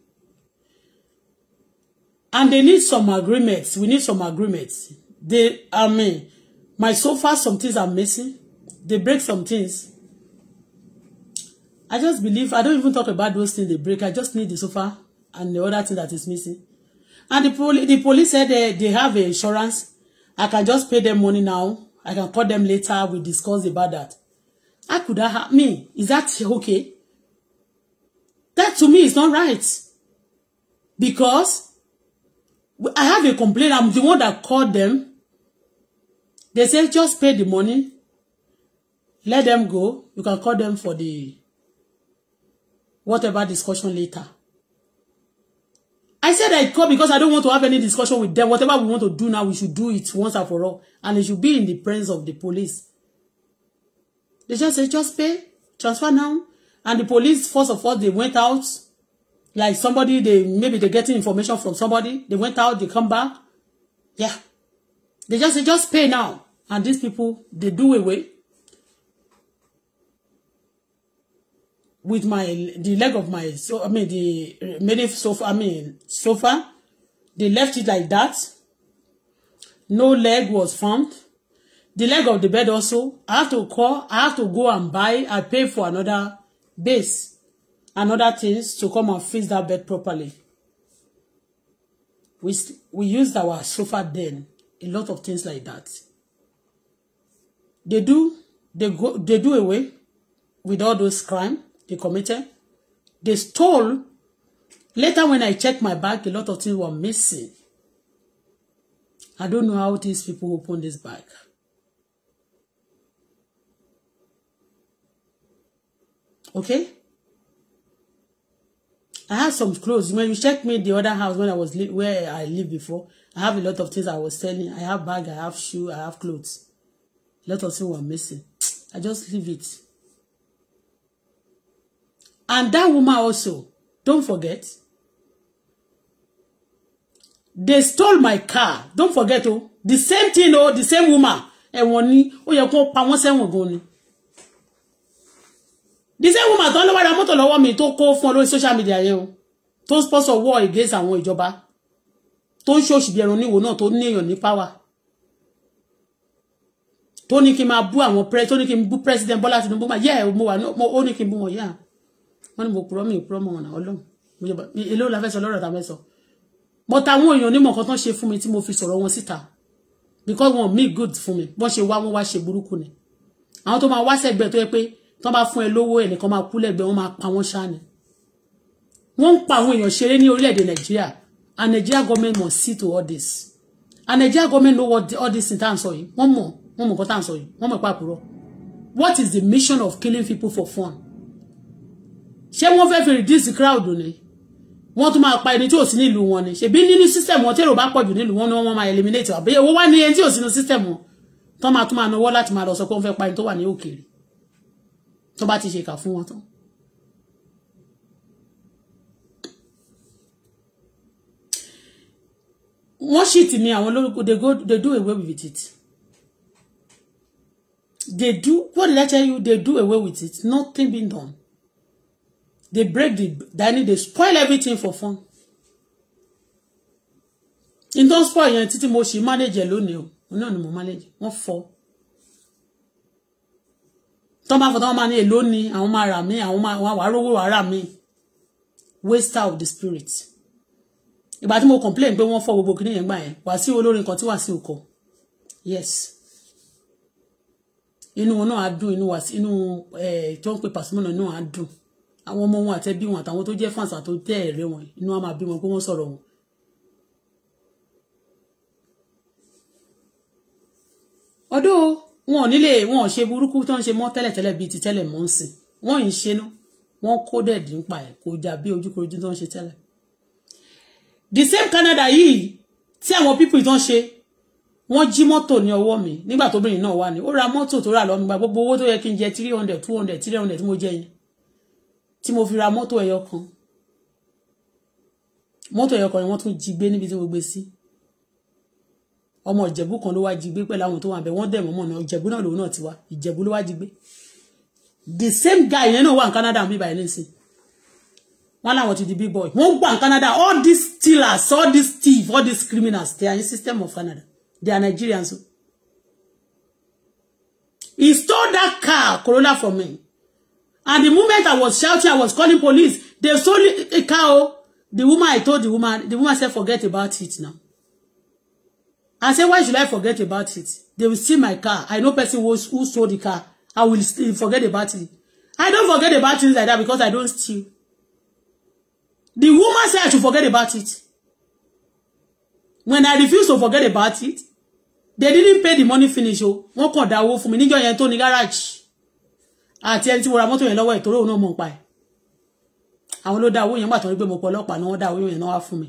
And they need some agreements. We need some agreements. They I mean my sofa some things are missing. They break some things. I just believe I don't even talk about those things they break. I just need the sofa and the other thing that is missing. And the, poli the police said they, they have insurance. I can just pay them money now. I can call them later. We discuss about that. How could that help me? Is that okay? That to me is not right. Because I have a complaint. I'm the one that called them. They say just pay the money. Let them go. You can call them for the whatever discussion later. I said I call because I don't want to have any discussion with them. Whatever we want to do now, we should do it once and for all. And it should be in the presence of the police. They just said, just pay, transfer now. And the police, first of all, they went out. Like somebody, they maybe they're getting information from somebody. They went out, they come back. Yeah. They just say, just pay now. And these people, they do away. with my the leg of my so I mean the many sofa I mean sofa. They left it like that. No leg was found. The leg of the bed also. I have to call. I have to go and buy. I pay for another base and other things to come and fix that bed properly. We we used our sofa then. A lot of things like that. They do they go they do away with all those crime they committed. They stole. Later when I checked my bag, a lot of things were missing. I don't know how these people opened this bag. Okay? I had some clothes. When you checked me the other house when I was where I lived before, I have a lot of things I was selling. I have bag, I have shoe, I have clothes. A lot of things were missing. I just leave it. And that woman also, don't forget, they stole my car. Don't forget, oh, the same thing, oh, the same woman. Ẹ̀wọ̀n ni, oh, you kó pa wọ́n sẹ́wọ̀n gan The same woman tó ń lọ́wọ́ ra mọ́tò lọ́wọ́ mi tó kó fún ọ social media yo. o. Tó ń sponsor war against our ìjọba. Tó ń ṣòṣì bí ẹran níwò náà tó ní èèyàn ní power. Tó ní kí n máa bú àwọn pẹ́ tó ní kí n bú president Bọ́lá Tinubu máa yẹ́ Yeah, mo wà ó ní kí n bú wọ́n ní mo purọ́ mi purọ́ mọ̀ ọ̀nà ọlọ́run èló la fẹ́ sọ lọ́rọ̀ ta fẹ́ sọ but àwọn èèyàn onímọ̀ kan tán ṣe fún mi tí mo fi sọ̀rọ̀ wọn síta because wọn mí good fún mi bọ́n ṣe wá wọn wá ṣe burúkú ni àwọn tó máa wá sẹ́gbẹ̀ẹ́ tó yẹ pé tán bá fún ẹ lówó ẹnìkan máa kú lẹ́gbẹ̀ẹ́ wọ́n máa pa wọ́n ṣáà ni wọ́n ń pa àwọn èèyàn ṣeré ní orílẹ̀-èdè nàìjíríà and nigeria government must see to all this and nigeria government know what the, all this thing tá à ń sọ yìí wọ́n mọ̀ wọ́n mọ̀ nǹkan tá à ń sọ yìí wọ́n mọ̀ pàpùrọ̀ what is the mission of killing people for fun ṣé wọ́n fẹ́ fi reduce crowd ni wọ́n tún máa pa ẹni tí ò sí nílùú wọn ni ṣèbí nínú system wọn tèrò bá pọ̀ jù nílùú wọn ni wọ́n máa eliminate àbí owó wá ní ẹni tí ò sínú system wọn tán máa tún máa náwó láti máa lọ sọ pé wọ́n fẹ́ pa ẹni tó wà ní òkèèrè tó bá ti ṣèkà fún wọn tán. wọ́n ṣì tì ní àwọn olórúkọ they go they do away with it they do what did I tell you they do away with it nothing being done. They break the dining, they spoil everything for fun. In don't spoil your entity, mo ṣì manage ẹ̀ lónìí o, náà ni mo manage, wọ́n fọ́. Tọ́ bá fọ́ tọ́ máa ní èlò ni àwọn máa rà mí, àwọn máa wà rówó wà rà mí. Waster of the spirit. Ìgbà tí mo complain pé wọ́n fọ́ gbogbo kìnìyàn gbà yẹn, wà sí olórin kan tí wà sí òkò. Yes inú wọn náà you know. inú wa inú ẹ eh, tó ń pè pàṣímọ́nà náà á do àwọn ọmọ wọn àtẹbí wọn àtàwọn tó jẹ́ fàǹsà tó tẹ́ ẹ̀rẹ́ wọn inú wa máa bí wọn pé wọ́n sọ̀rọ̀ wọn. ọ̀dọ̀ wọn ò nílé wọn ò ṣe burúkú tó ń ṣe mọ́ tẹ́lẹ̀tẹ́lẹ̀ bíi ti tẹ́lẹ̀ mọ́ ń sìn wọ́n ń ṣe náà wọ́n kó dẹ̀dí ń pa kó jà bí ojúkorojú tó ń ṣe tẹ́lẹ̀. the same Canada yìí tí àwọn pípì tó ń ṣe wọ́n jí mọ́tò ní ọwọ́ mi nígbà tóbìnrin náà wà ní ó ra mọ́tò tó rà lọ́mìgbà gbogbo owó tó yẹ kí n jẹ three hundred two hundred three hundred tí mo jẹ yẹn tí mo fi ra mọ́tò ẹyọ kan mọ́tò ẹyọ kan ni wọ́n tún jí gbé níbi tí mo gbé sí ọmọ ìjẹ̀bú kan ló wá jí gbé pẹ̀lú àwọn tó wà bẹ̀ wọ́n dẹ̀ mọ́mọ́ náà ìjẹ̀bú náà lòun náà ti wá ìjẹ̀bú ló wá jí gbé the same guy yẹn náà wà ní Canada bí báyìí nísìn wọn làwọn ti di big boy wọn gbà ní Canada all these stealers all these thieves all these criminals they are in system of Canada they are Nigerians he stole that car Corona, for me And the moment I was shouting, I was calling police. They stole a cow. Oh. The woman, I told the woman, the woman said, forget about it now. I said, why should I forget about it? They will steal my car. I know person who, who stole the car. I will uh, forget about it. I don't forget about things like that because I don't steal. The woman said I should forget about it. When I refused to forget about it, they didn't pay the money finish. Oh, what dá that fún mi níjọ́ yẹn garage àti ẹni tí mo ra mọ́tò yẹn lọ́wọ́ ẹ̀ òun náà mọ̀ pa ẹ̀ àwọn ló dá owó yẹn gbàtọ́ wípé mo pọ̀ ọlọ́pàá náà wọ́n dá owó yẹn náà wá fún mi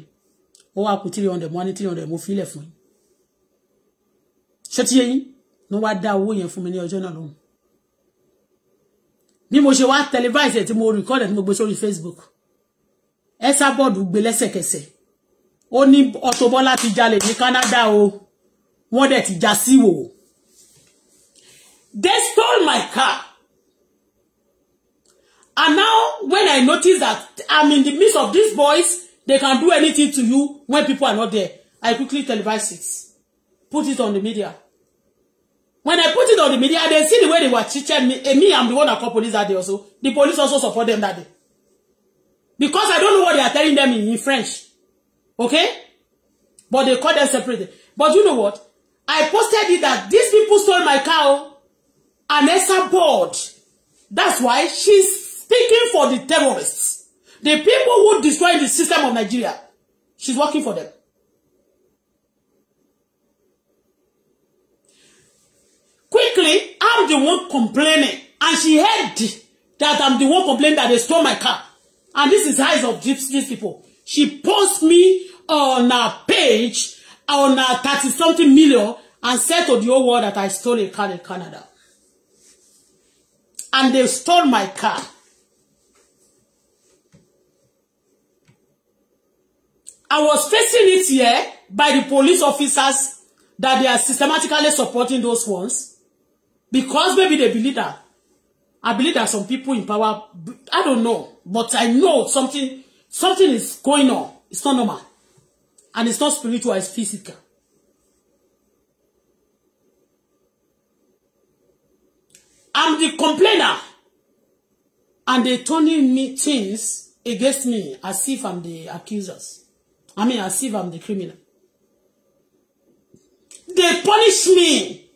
ó wá kù three hundred mo ní three hundred mo fílẹ̀ fún yín ṣé tí yẹn ló wá dá owó yẹn fún mi ní ọjọ́ náà lọ́hùn bí mo ṣe wá televise tí mo record tí mo gbé sórí Facebook ẹ sábọ́ọ̀dù gbé lẹ́sẹ̀kẹsẹ̀ ó ní Auto ti jalè ní Canada o wọ́n dẹ̀ ti já síwò they stole my car And now, when I notice that I'm in the midst of these boys, they can do anything to you when people are not there. I quickly televise it. Put it on the media. When I put it on the media, they see the way they were teaching me. And eh, me, I'm the one that called police that day also. The police also support them that day. Because I don't know what they are telling them in, in French. Okay? But they call them separately. But you know what? I posted it that these people stole my cow. Oh, and Esther board. That's why she's speaking for the terrorists, the people who destroy the system of Nigeria. She's working for them. Quickly, I'm the one complaining, and she heard that I'm the one complaining that they stole my car. And this is eyes of these, people. She posts me on her page on her 30 something million and said to the whole world that I stole a car in Canada. And they stole my car. I was facing it here by the police officers that they are systematically supporting those ones because maybe they believe that. I believe that some people in power, I don't know, but I know something, something is going on. It's not normal. And it's not spiritual, it's physical. I'm the complainer. And they're turning me things against me as if I'm the accusers. I mean, as if I'm the criminal. They punish me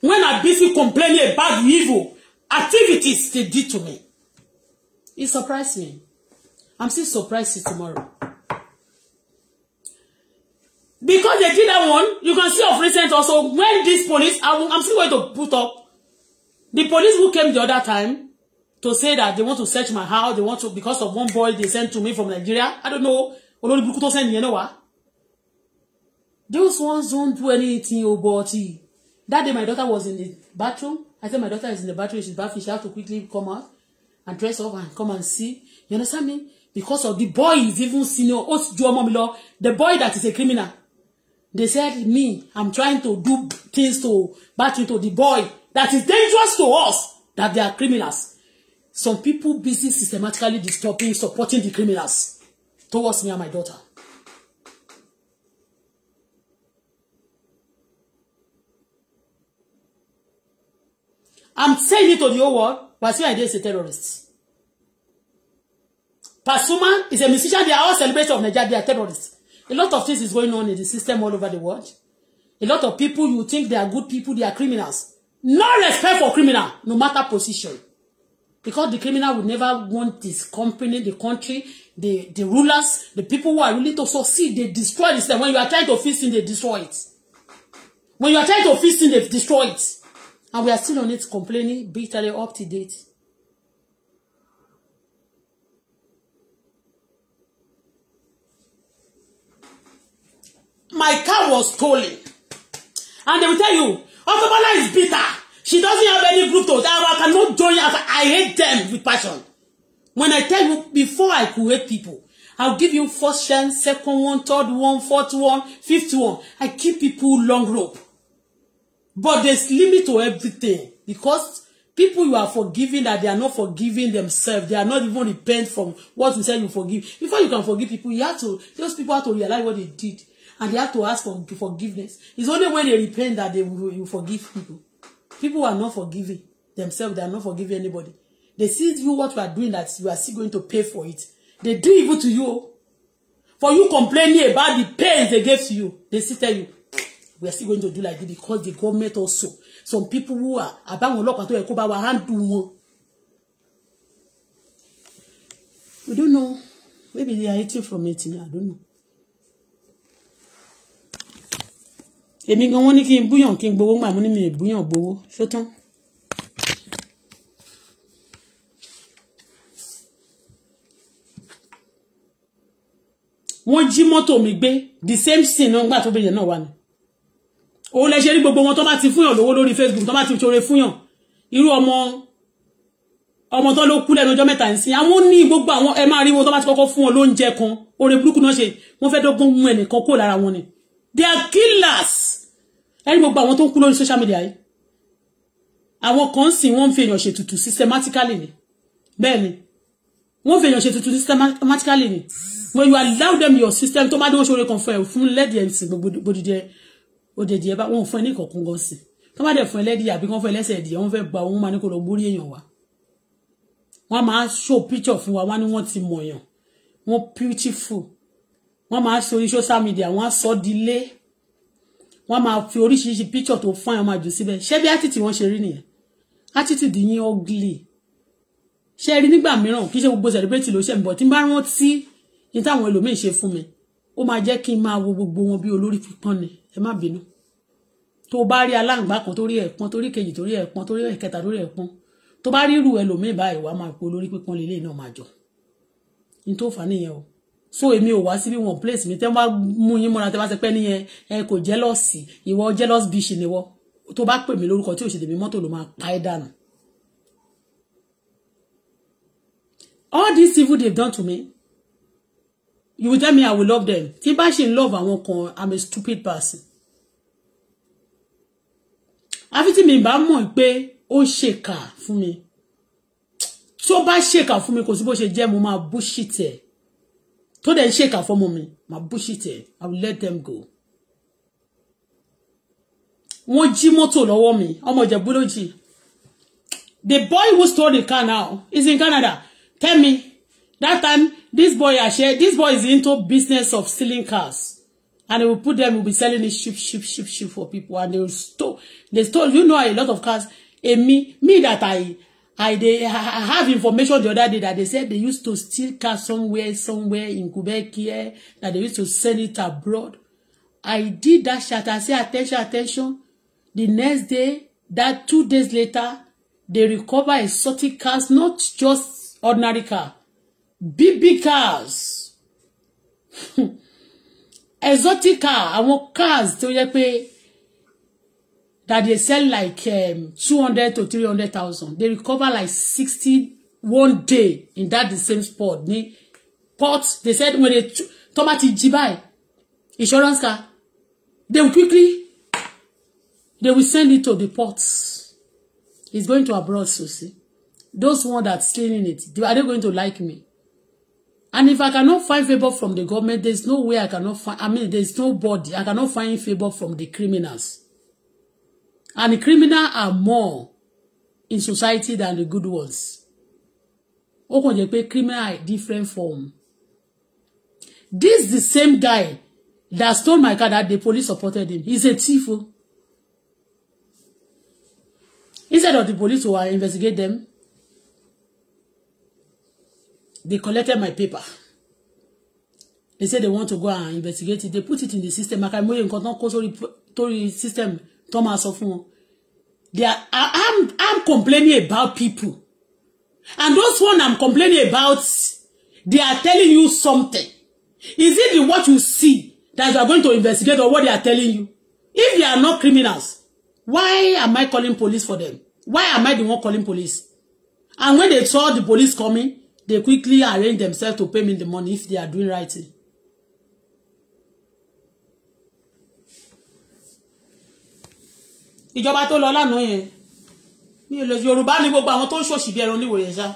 when I busy complaining about the evil activities they did to me. It surprised me. I'm still surprised tomorrow. Because they did that one, you can see of recent also, when this police, I'm, I'm still going to put up, the police who came the other time to say that they want to search my house, they want to, because of one boy they sent to me from Nigeria, I don't know, olórí burúkú tó sẹ́ni náà wá those ones don't do anything o oh, but eh, that day my daughter was in the bathroom I said my daughter is in the bathroom she's bathing she have to quickly come out and dress up and come and see you understand me because of the boy is even senior oh, ó oh, ju ọmọ mi lọ the boy that is a criminal they said me I'm trying to do things to battery to the boy that is dangerous to us that they are criminals some people busy systematically disturbing supporting the criminals towards me and my daughter. I'm saying it to the whole world. Pasuma is a terrorist. Pasuma is a musician. They are all celebrating of Nigeria. They are terrorists. A lot of things is going on in the system all over the world. A lot of people, you think they are good people, they are criminals. No respect for criminal, no matter position because the criminal will never want this company, the country, the, the rulers, the people who are willing to succeed, they destroy this. When you are trying to fix it, they destroy it. When you are trying to fix it, they destroy it. And we are still on it complaining bitterly up to date. My car was stolen. And they will tell you, Auto is bitter. She doesn't have any group to that I cannot join her. I hate them with passion. When I tell you, before I could hate people, I'll give you first chance, second one, third one, fourth one, fifth one. I keep people long rope. But there's limit to everything because people you are forgiving that they are not forgiving themselves. They are not even repent from what you said you forgive. Before you can forgive people, you have to, those people have to realize what they did and they have to ask for forgiveness. It's only when they repent that they will, will forgive people. People are not forgiving themselves. They are not forgiving anybody. They see you what you are doing that you are still going to pay for it. They do evil to you. For you complaining about the pains they gave to you. They still tell you, we are still going to do like this because the government also. Some people who are àbáwọn ọlọ́pàá tó yẹ kó bá wa handle wọn. We don't know. Maybe they are eating from eating. I don't know. èmi gan wọ́n ní kí n búyàn kí n gbowó gbà mú ní mi ìbúyàn gbowó ṣótán. wọ́n jí mọ́tò mi gbé the same thing náà gbà tó bẹ̀rẹ̀ náà wà ní. òun lẹ ṣe rí gbogbo wọn tó bá ti fúnyàn lówó lórí Facebook tó bá ti ṣoore fúnyàn irú ọmọ ọmọ tó ló kú lẹ́nu ọjọ́ mẹ́ta ń sin àwọn ní gbogbo àwọn ẹ máa rí wọn tó bá ti kọ́kọ́ fún wọn lóúnjẹ kan oore burúkú náà ṣe wọ́n fẹ́ dọ́gbọ́n mú ẹnìkan kó lára wọn ni they are killers ẹni gbogbo àwọn tó ń kú lórí social media yìí àwọn kan sì wọ́n ń fi èèyàn ṣètùtù systematically ni bẹ́ẹ̀ ni wọ́n fi èèyàn ṣètùtù systematically ni when you allow them your system tó bá dé oṣù orin kan fún ẹ fún lẹ́dìí ẹ̀ ń sìn gbogbo dídẹ òdèdì ẹ bá wọn fún ẹ ní ìkọ̀kún gan sí tó bá dẹ̀ fún ẹ lẹ́dìí àbí wọ́n fún ẹ lẹ́sẹ̀ ẹ̀dìyẹ wọ́n fẹ́ gba òun máa ní kó lọ gbórí èèyàn wa wọ́n máa show picture fún wa wọ́n ní wọ́n ti mọ̀yàn wọ́n beautiful wọ́n máa ṣe orí social media wọ́n á sọ di ilé wọ́n máa fi oríṣiríṣi picture tó fún àwọn àjò síbẹ̀ ṣé bí attitude wọn ṣe rí nìyẹn attitude yín ugly ṣe rí nígbà mìíràn kì í ṣe gbogbo celebrate ló ṣe ń bọ̀ tí n bá rántí ní táwọn ẹlòmíín ṣe fún mi ó máa jẹ́ kí n máa wo gbogbo wọn bí olórí pípọ́n ni ẹ má bínú tó bá rí aláǹgbá kan torí ẹ̀pọ́n torí kejì torí ẹ̀pọ́n torí ẹ̀kẹta torí ẹ̀pọ́n tó bá rí irú ẹlòmíín báyìí wàá máa pe olórí pípọ́n lélẹ́yìn náà máa jọ ní tó fà á nìyẹn o so èmi ò wá síbí wọn place mi tẹ́ wọ́n bá mú yín mọ́ra tẹ́ bá ṣe pẹ́ nìyẹn ẹ kò jẹ́lọ́sì ìwọ jealous bitch níwọ tó bá pè mí lórúkọ tí ò ṣe tèmi mọ́tò ló máa pa ẹ́ dànù. all this evil they've done to me you will tell me i will love them tí bá ṣe ń love àwọn kan i'm a stupid person. àfi tí mi bá mọ̀ pé ó ṣèkà fún mi tó bá ṣèkà fún mi kò sí bó ṣe jẹ́ mo máa bullshit ẹ̀ tó dẹ̀ ń ṣèkà fọ́mọ My bush it ẹ̀ i will let them go. wọ́n jí mọ́tò lọ́wọ́ mi ọmọ ìjẹ̀bú ló the boy who stole the car now is in Canada tell me that time this boy share. this boy is into business of stealing cars and he will put them he will be selling it cheap cheap cheap cheap for people and they will stole they stole you know a lot of cars emi me that i I they I have information the other day that they said they used to steal cars somewhere, somewhere in Quebec here, that they used to send it abroad. I did that shut. I say attention, attention. The next day, that two days later, they recover exotic cars, not just ordinary car, BB cars, exotic car, I want cars tó yẹ pé that they sell like um, 200 to 300,000. They recover like 60 one day in that the same spot. The pot, they said when they tomato jibai, insurance car, they will quickly, they will send it to the ports. It's going to abroad, so see. Those one that's stealing it, are they going to like me? And if I cannot find favor from the government, there's no way I cannot find, I mean, there's nobody, I cannot find favor from the criminals. And the criminal are more in society than the good ones. Ó kàn jẹ́ pé criminal different form. This the same guy that stole my car that the police supported him. He's a thief. Oh. Instead of the police to investigate them, they collected my paper. They said they want to go and investigate it. They put it in the system. Àkàìmọye nǹkan tán kó sórí system tó máa sọ fún wọn they are i'm i'm complaining about people and those one i'm complaining about they are telling you something is it the what you see that you are going to investigate or what they are telling you if they are not criminals why am i calling police for them why am i the one calling police and when they saw the police coming they quickly arrange themselves to pay me the money if they are doing right thing ìjọba tó lọ lánàá yẹn ní ilẹ̀ yorùbá ni gbogbo àwọn tó ń ṣòṣì bí ẹran níwòye ṣá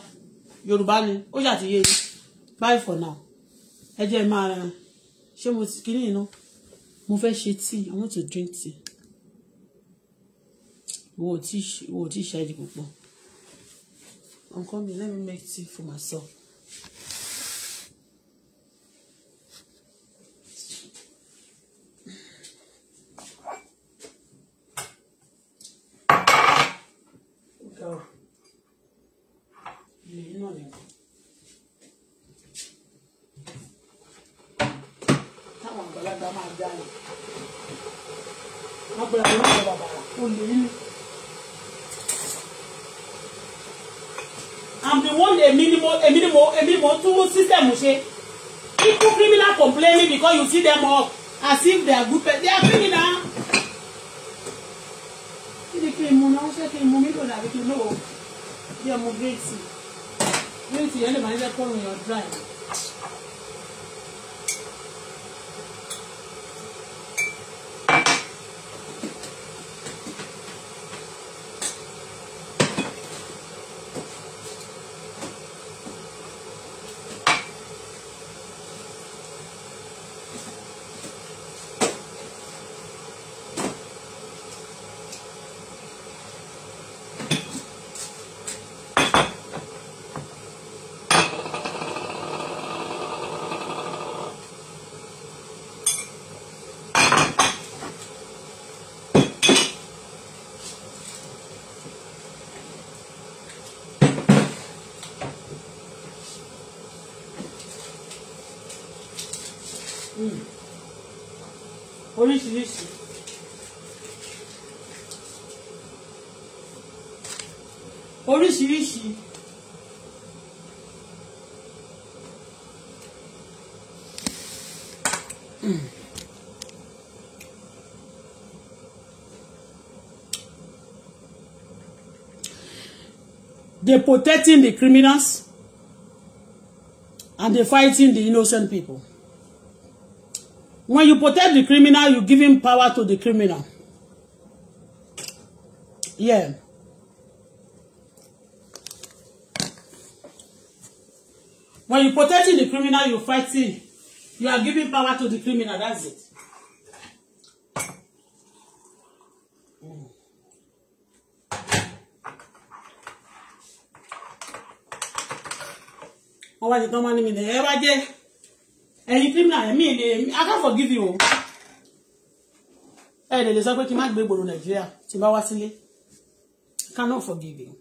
yorùbá ni ó ṣàtìyé yìí bye for now ẹ jẹ́ máa ra ṣé mo ti kíní iná mo fẹ́ ṣe tea i want to drink tea wo ò tí ṣe àìdí púpọ̀ nǹkan mi let me make tea for myself. yìí náà táwọn àgbàlagbà máa dá yìí wọn gbọ́dọ̀ àwọn ọmọ bàbá kò lè ní. I'm the one èmi ni mo èmi ni mo èmi mo tún system ṣe people criminal complaining because you see them all as if they are good people they are criminal. kí ni kí n mu náà ṣé kí n mu mílò dàbí kí n lò ó bí ọmọ gẹ̀ẹ́sì ní ti ẹni máa ń jẹ́ kó They're protecting the criminals and they're fighting the innocent people. When you protect the criminal, you give him power to the criminal. Yeah. When you're protecting the criminal, you're fighting. You are giving power to the criminal. That's it. wá ṣe tán máa ní mi lẹ ẹ bá jẹ ẹ̀yin criminal ẹmí èlé I can't forgive you o ẹ lè lè sọ pé kí n má gbé gbòòrò Nàìjíríà tí n I cannot forgive you.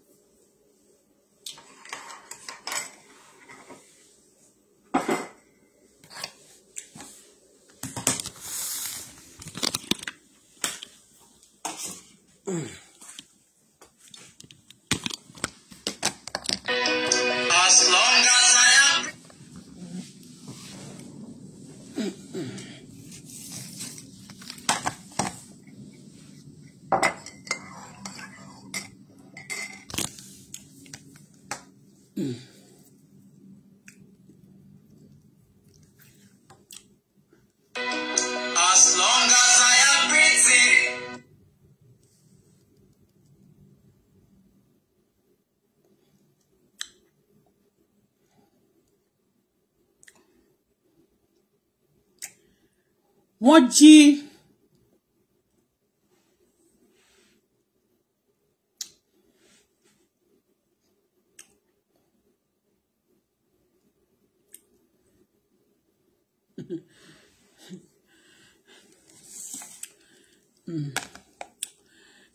wọ́n jí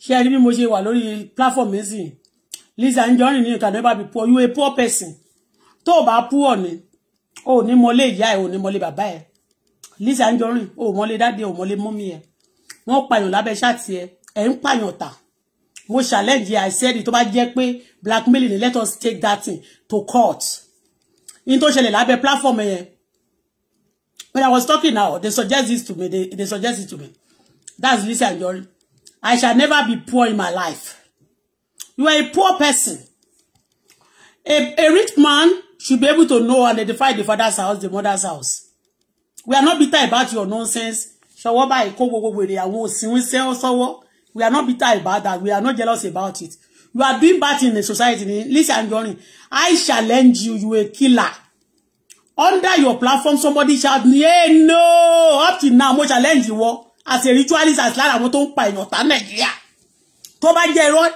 ṣé ẹ rí bí mo ṣe wà lórí platform méjì Lizzy Anjorin ni you can never be poor you a poor person tó o bá poor ni o ò ní mọlé ìyá ẹ o ò ní mọlé bàbá ẹ Lisa Anjorin o mọlé dáde o mọlé mọ́mí ẹ wọ́n pààyàn lábẹ́ ṣáàtì ẹ ẹ̀ ń pààyàn tà mo challenge I said tó bá jẹ́ pé blackmailing ni let us take that thing to court in tó ṣẹlẹ̀ lábẹ́ platform yẹn when I was talking now they suggest this to me they, they suggest it to me that's Lizzy Anjorin I shall never be poor in my life you are a poor person a, a rich man should be able to know and identify the father's house the mother's house we are not bitter about your nonsense ṣọwọ́ báyìí kó gbogbo wèrè àwọn òsínwín sẹ́wọ́ sọ́wọ́ we are not bitter about that we are not jealous about it you are doing bad in the society Listen, Lizzy I challenge you you a killer under your platform somebody shout hey no up till now mo challenge you. as a ritualist as lára àwọn tó ń pa èèyàn ta Nàìjíríà tó bá jẹ́ irọ́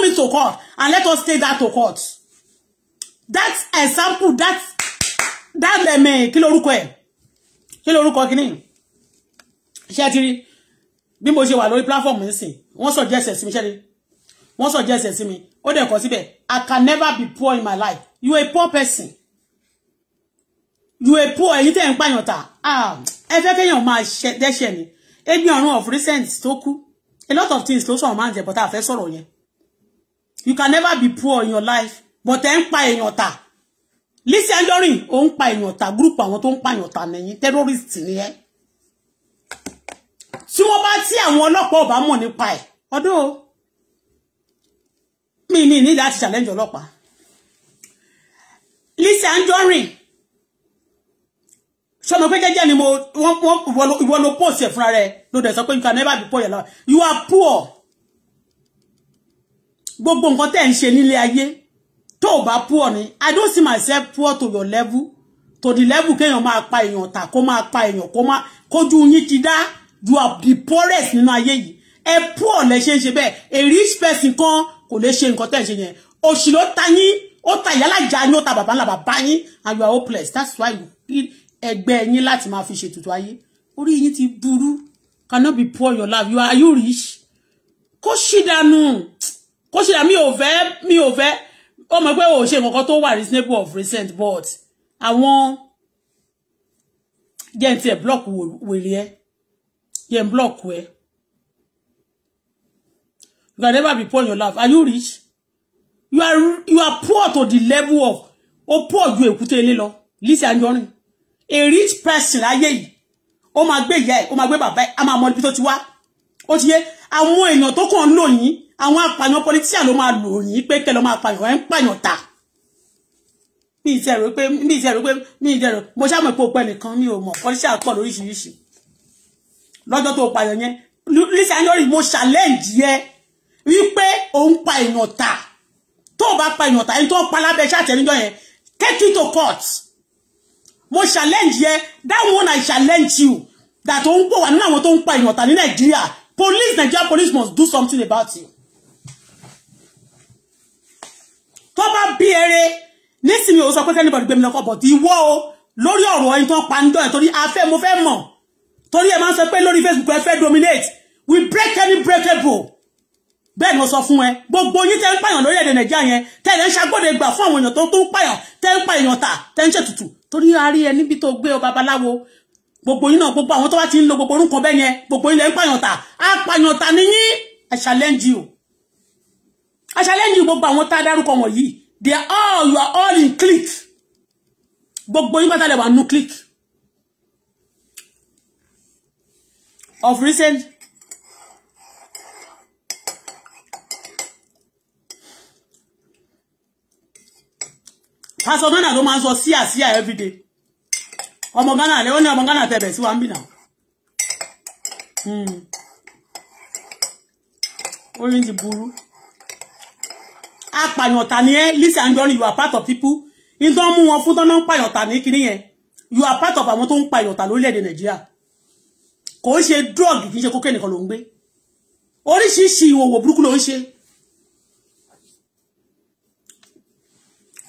me to court and let us take that to court that example that that lemme eh, kí lorúkọ kill kí lorúkọ kíní ṣé ẹ ti rí bí mo ṣe wà lórí platform nísìn wọ́n sọ jẹ́sẹ̀ sí mi ṣẹ́ni wọ́n sọ jẹ́sẹ̀ sí mi ó dẹ̀ kọ́ síbẹ̀ I can never be poor in my life you a poor person you a poor ẹ̀yin tẹ̀ ń pààyàn ta ah, ẹ fẹ́ kéèyàn máa dẹ́ṣẹ̀ ni ebi ọ̀run of recent tó kú a lot of things ló sọ̀rọ̀ máa ń but I àfẹ́ sọ̀rọ̀ yẹn you can never be poor in your life but ẹ̀ ń pa èèyàn ta Lizzy Anjorin ò ń pa èèyàn ta gúrùpù àwọn tó ń pa èèyàn ta nìyẹn terrorist nìyẹn tí wọ́n bá tí àwọn ọlọ́pàá ò bá mọ̀ nípa ẹ̀ ọdún mi mi ní láti challenge ọlọ́pàá Lizzy Anjorin sọmọ pé jẹ́jẹ́ ni mo wọ́n ìwọ ló post ẹ̀ fúnra rẹ̀ ló dẹ̀ sọ pé you can never be poor you are poor gbogbo nǹkan tẹ́ ń ṣe nílé ayé tó o poor ni i don't see myself poor to your level to the level kéèyàn máa pa èèyàn ta kó máa pa èèyàn kó máa kójú yín ti dá you are the poorest nínú ayé yìí ẹ poor le ṣe ń ṣe a rich person kan kò lè ṣe nǹkan tẹ́ ẹ̀ ṣe yẹn òṣì ló ta yín ó ta ìyálàjà yín ó ta bàbá ńlá bàbá yín and you are hopeless that's why you need ẹgbẹ́ yín láti máa fi ṣètùtù ayé orí yín ti burú cannot be poor your life you are you rich kó ṣì dànù kó ṣì da mi ò fẹ́ mi ò fẹ́ ó mọ̀ pé ò ṣe nǹkan tó wà reasonable of recent but àwọn jẹ́ n tiẹ̀ block wèrè ẹ jẹ́ n block We you can never be poor in your life are you rich you are you are poor to the level of ó poor ju èkúté ilé lọ Lizzy Anjorin a rich person ayé yìí ó máa gbé ìyá ẹ̀ ó máa gbé bàbá ẹ̀ á máa mọ ibi tó ti wá ó ti yé àwọn èèyàn tó kàn ń lò àwọn apàyàn politician ló máa lò yín pé kẹ́ lọ máa pàyàn ẹ̀ ń pàyàn ta mi ì tẹ̀rọ pé mi ì tẹ̀rọ pé mi ì tẹ̀rọ mo ṣàmọ̀ pé òpẹ́ nìkan mi ò mọ̀ politician pọ̀ lóríṣiríṣi lọ́jọ́ tó pàyàn yẹn Lizzy Anjorin mo challenge yẹ wípé òun pa èèyàn ta tó o bá pa èèyàn ta ẹni tó pa lábẹ́ iṣẹ́ àtẹnudọ́ yẹn take it to court mo challenge yẹ that one I challenge you that òun pò wà nínú àwọn tó ń pa èèyàn ta ní Nàìjíríà police Nigeria police must do something about you tó bá bí eré nísìnyí ò sọ pé kẹ́ni bọ̀dù gbé mi lọ́kọ̀ bọ̀ tí wọ́ o lórí ọ̀rọ̀ ẹni tó pa ń dọ̀ ẹ̀ torí afẹ́ mo fẹ́ mọ̀ torí ẹ̀ máa ń sọ pé lórí Facebook ẹ fẹ́ dominate we break any breakable bẹ́ẹ̀ ni mo sọ fún ẹ gbogbo yín tẹ́ ń pààyàn lórí èdè nàìjíríà yẹn tẹ́ ẹ̀ ń ṣàgbọ́dẹ gbà fún àwọn èèyàn tó tó ń pààyàn tẹ́ ń pààyàn tà tẹ́ ń ṣètùtù torí arí ẹ níbi tó gbé ọ babaláwo gbogbo yín náà gbogbo àwọn tó bá ti ń lo gbogbo orúkọ bẹ́ẹ̀ yẹn gbogbo yín lẹ́ ń pààyàn tà á pààyàn tà ni yín I challenge you. I challenge you gbogbo àwọn tá a dárúkọ wọ̀nyí they are all you are all in clique gbogbo yín bàtà lè wà nù clique of recent pastor ghana ló máa ń sọ síà síà everyday ọmọ ghana lè ó ní ọmọ ghana tẹ̀bẹ̀ sí wa ń bì náà hmm. orin ti burú apàyàn tà ní ẹ Lizzy Anjorin you are part of people in tó ń mú wọn fún tó ń pàyàn ní kinní yẹn you are part of àwọn tó ń pàyàn tà lórílẹ̀-èdè Nàìjíríà kò ń ṣe drug kì í ṣe kókè nìkan ló ń gbé oríṣiríṣi ìwòwò burúkú ló ń ṣe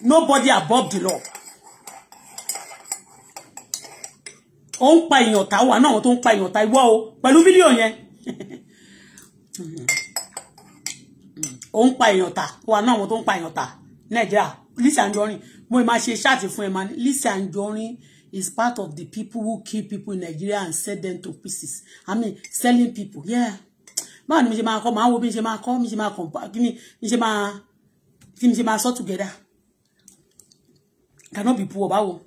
nobody above the law ó ń pa èèyàn tá wà náà tó ń pa èèyàn ìwọ o pẹ̀lú fídíò yẹn. ó ń pa èèyàn ta ó wà náà àwọn tó ń pa èèyàn ta nàìjíríà Lizzy Anjorin mo máa ṣe ṣáàtì fún ẹ máa Lizzy Anjorin is part of the people who kill people in Nigeria and sell them to pieces I mean selling people yeah báwo ni mi ṣe máa kọ́ máa wo bí mi ṣe máa kọ́ mi ṣe máa kọ̀ǹpá kí ni mi ṣe máa kí mi ṣe máa sọ together cannot be poor báwo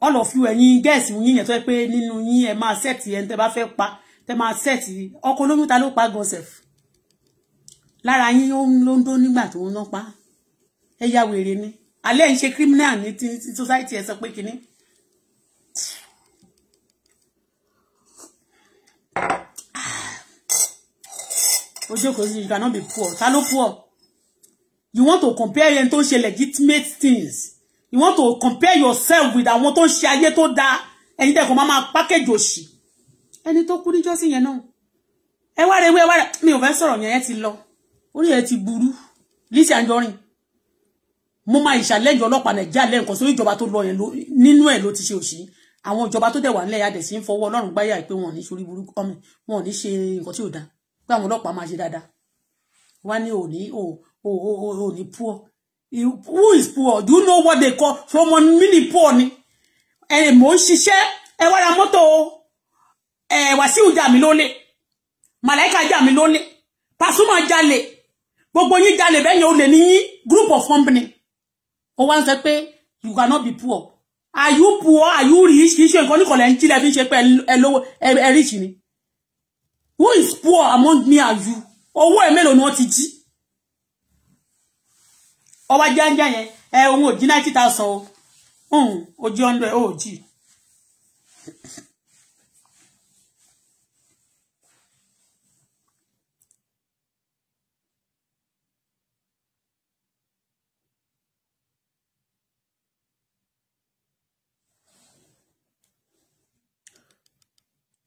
all of you ẹ̀yin gẹ́ẹ̀sì yín yẹn tó yẹ pé nínú yín ẹ máa sẹ́ẹ̀tì ẹni tẹ́ bá fẹ́ pa tẹ́ máa sẹ́ẹ̀tì ọkọ̀ olóyún ta ló pa gọ́sẹ̀fù lára yín ló ń dó nígbà tó ń pa ẹ ya wèrè ni alẹ́ ń ṣe criminal ní ti society ẹ sọ pé kínní. ojú ah. kò sí you cannot be poor ta ló poor you want to compare ẹni tó ń ṣe legitimate things you want to compare yourself with àwọn tó ń ṣe ayé tó dáa ẹ̀yin tẹ̀kọ́ máa máa package òṣì ẹni tó kú níjọ́sí yẹn náà ẹ wá rẹ wí ẹ wá rẹ mi ò fẹ́ sọ̀rọ̀ yẹn ti lọ orí ẹ ti burú Lizzy Anjorin mo máa ìṣàlẹ́yìn ọlọ́pàá nàìjíríà lẹ́ǹkan sórí ìjọba tó lọ yẹn nínú ẹ̀ ló ti ṣe òṣì àwọn ìjọba tó dẹ̀ wà nílẹ̀ yàtẹ̀ sí ń fọwọ́ ọlọ́run gbáyà pé wọn ò ní ṣorí burúkú ọmọ wọn ò ní ṣe nǹkan tí ò dáa pé àwọn ọlọ́pàá máa ṣe dáadáa wá ní òní òní poor who is poor do you know what they call from one mini poor ni ẹ mò ń ṣiṣẹ́ ẹ wá ra mọ́tò ẹ Wàsíù jà mí lólè Màláìka jà mí lólè Pasuma jalè gbogbo yín jalè bẹ́yìn olè ní yín group of company ó wá ń sọ you cannot be poor are you poor are you rich kì í ṣe nǹkan oníkọ̀lẹ̀ ń jílẹ̀ fi ń ṣe pé ẹ lówó ẹ rich ni who is poor among me and you owó ẹ mélòó ni wọ́n ti jí ọwọ́ jẹ́ńjẹ́ yẹn ẹ òun ò jí ninety thousand o òun ò jí hundred ó ò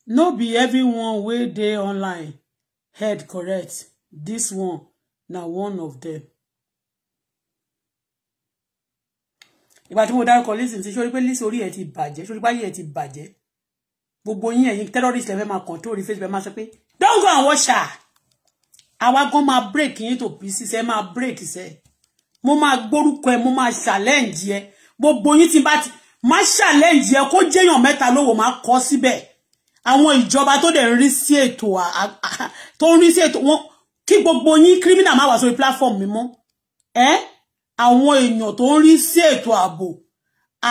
no be everyone wey dey online head correct this one na one of dem ìgbà tí mo dárúkọ Lizzy ti sórí pé Lizzy orí ẹ ti bàjẹ́ sórí báyìí ẹ ti bàjẹ́ gbogbo yín ẹ̀yin terrorist lẹfẹ máa kàn tó orí Facebook máa sọ pé don't go and wash her àwa gan máa break yín tó bí sísẹ máa break sẹ mo máa gbórúkọ ẹ mo máa challenge ẹ gbogbo yín ti bá ti máa challenge ẹ kó jẹyàn mẹ́ta lówó máa kọ síbẹ̀ àwọn ìjọba tó dẹ̀ ń rí sí ètò tó ń rí sí ètò wọn kí gbogbo yín criminal má wà sórí platform mi mọ́ ẹ́ àwọn èèyàn tó ń rí sí ètò ààbò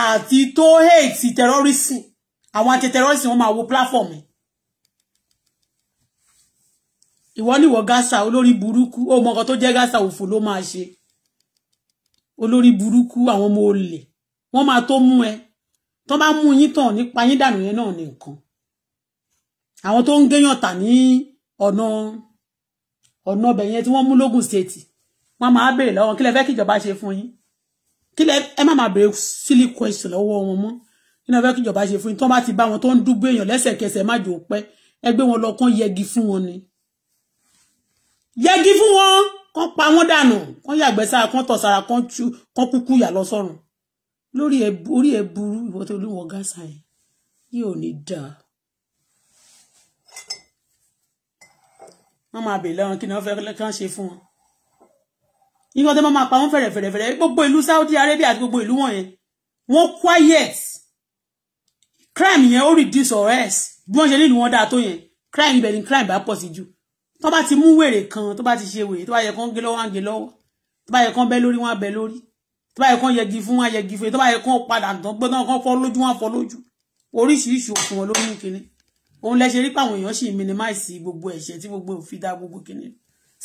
àti tó hate terrorism àwọn àti terrorism wọn máa wo platform ẹ̀ ìwọ níwọ̀ gásà olórí burúkú ó mọ nǹkan tó jẹ́ gásà òfò ló máa ṣe olórí burúkú àwọn ọmọ olè wọ́n máa tó mú ẹ tán bá mú yín tàn nípa yín dànù yẹn náà ní nǹkan àwọn tó ń géyàn tà ní ọ̀nà ọ̀nà ọbẹ̀ yẹn tí wọ́n mú lógùn state wọ́n máa béèrè lọ́wọ́ kí lẹ fẹ́ kíjọba ṣe fún yín kí lẹ ẹ má máa béèrè silly question lọ́wọ́ wọn mọ́ kí lẹ fẹ́ kíjọba ṣe fún yín tó bá ti bá wọn tó ń dúgbò èèyàn lẹ́sẹ̀kẹsẹ̀ má jò pẹ́ ẹ wọn lọ kán yẹgi fún wọn ni yẹgi fún wọn kán pa wọn dànù kán yàgbẹ́ sára kán tọ̀ sára kán kúkú yà lọ sọ́run lórí ẹ orí ẹ burú ìwọ́n tó lóun ọ̀gá sáyẹn yóò ní dáa. wọ́n máa bèèrè lọ́wọ́ kí ni wọ́n fẹ́ kán ṣe fún wọn nígbà tó máa pa wọ́n fẹ̀rẹ̀ fẹ̀rẹ̀ fẹ̀rẹ̀ gbogbo ìlú Saudi Arabia àti gbogbo ìlú wọ̀nyẹn wọ́n quiet crime yẹn ó reduce or else bí wọ́n ṣe nílùú wọn dáa tó yẹn crime ibẹ̀ ni crime bá pọ̀ sí jù tó bá ti mú wèrè kan tó bá ti ṣe wèrè tó bá yẹ kán gé lọ́wọ́ á gé lọ́wọ́ tó bá yẹ kán bẹ́ lórí wọn á bẹ́ lórí tó bá yẹ kán yẹgi fún wọn á yẹgi fún tó bá yẹ kán padà gbọ́dọ̀ kán fọ́ lójú wọn á fọ́ lójú oríṣiríṣi òkun wọn ló mú kinní òun lẹ ṣe rí pàwọn èèyàn sì minimize gbogbo ẹ̀ṣẹ̀ tí gbogbo òfin dá gbogbo kìíní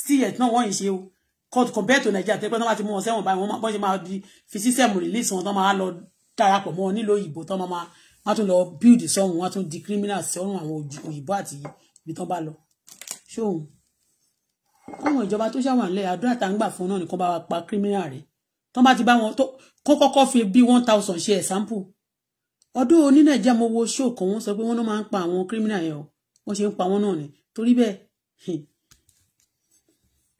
still yet náà wọ́n yìí ṣe o court compared to Nigeria tẹ́pẹ́ tó bá ti mú wọn sẹ́wọ̀n báyìí wọ́n máa bọ́n ṣe máa di fi sísẹ́mù release wọn tó máa lọ darapọ̀ mọ́ nílò òyìnbó tó máa wọ́n tún lọ build sọ́run wọ́n tún di criminal sọ́run àwọn òyìnbó àti ibi tó bá lọ ṣóun àwọn ìjọba tó ṣàwọn àlẹ́ àdúrà tá ń gbà fún náà nìkan bá wa pa criminal rẹ̀ tó bá ti bá wọn tó kọ́kọ́ fi bí one thousand ṣe example ọdún oní nàìjíríà mo wo ṣó kan wọ́n sọ pé wọ́n ló máa ń pa àwọn kírímìnà yẹn o wọ́n ṣe ń pa wọ́n náà ni torí bẹ́ẹ̀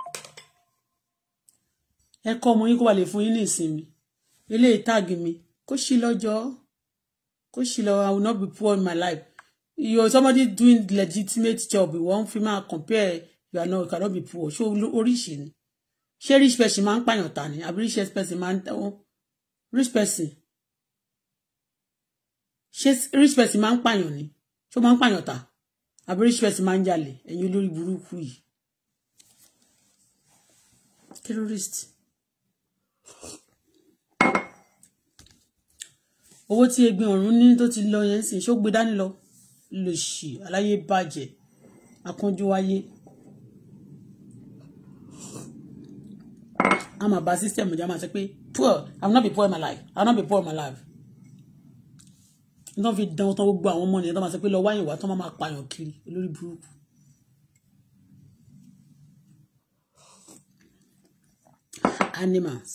ẹ kọ́ ọmọ yín kó wà lè fún yín ní ìsinmi eléyìí táàgì mi kó ṣì lọ́jọ́ kó ṣì lọ I will not be poor in my life you somebody doing legitimate job wọ́n fi máa compare you are not you cannot be poor So oríṣi ni ṣé rich person máa ń pààyàn ta ni àbí rich person máa ń tẹ́wọ́ rich person ṣé rich person máa ń pààyàn ni ṣó máa ń pààyàn ta àbí rich person máa ń jalè ẹ̀yin olórí burúkú yìí terrorist owó tí egbin ọ̀run ní tó ti lọ yẹn sì ṣó gbé dání lọ lòṣì aláyé bàjẹ́ akánjú wáyé a máa ba system I'm a máa sọ pé poor i not be poor in my life I'm not be poor in my life ní wọ́n fi dán tán gbogbo àwọn ọmọ nìyẹn tó máa sọ pé lọ wáyìn wá tán máa máa pààyàn kiri olórí burúkú. animals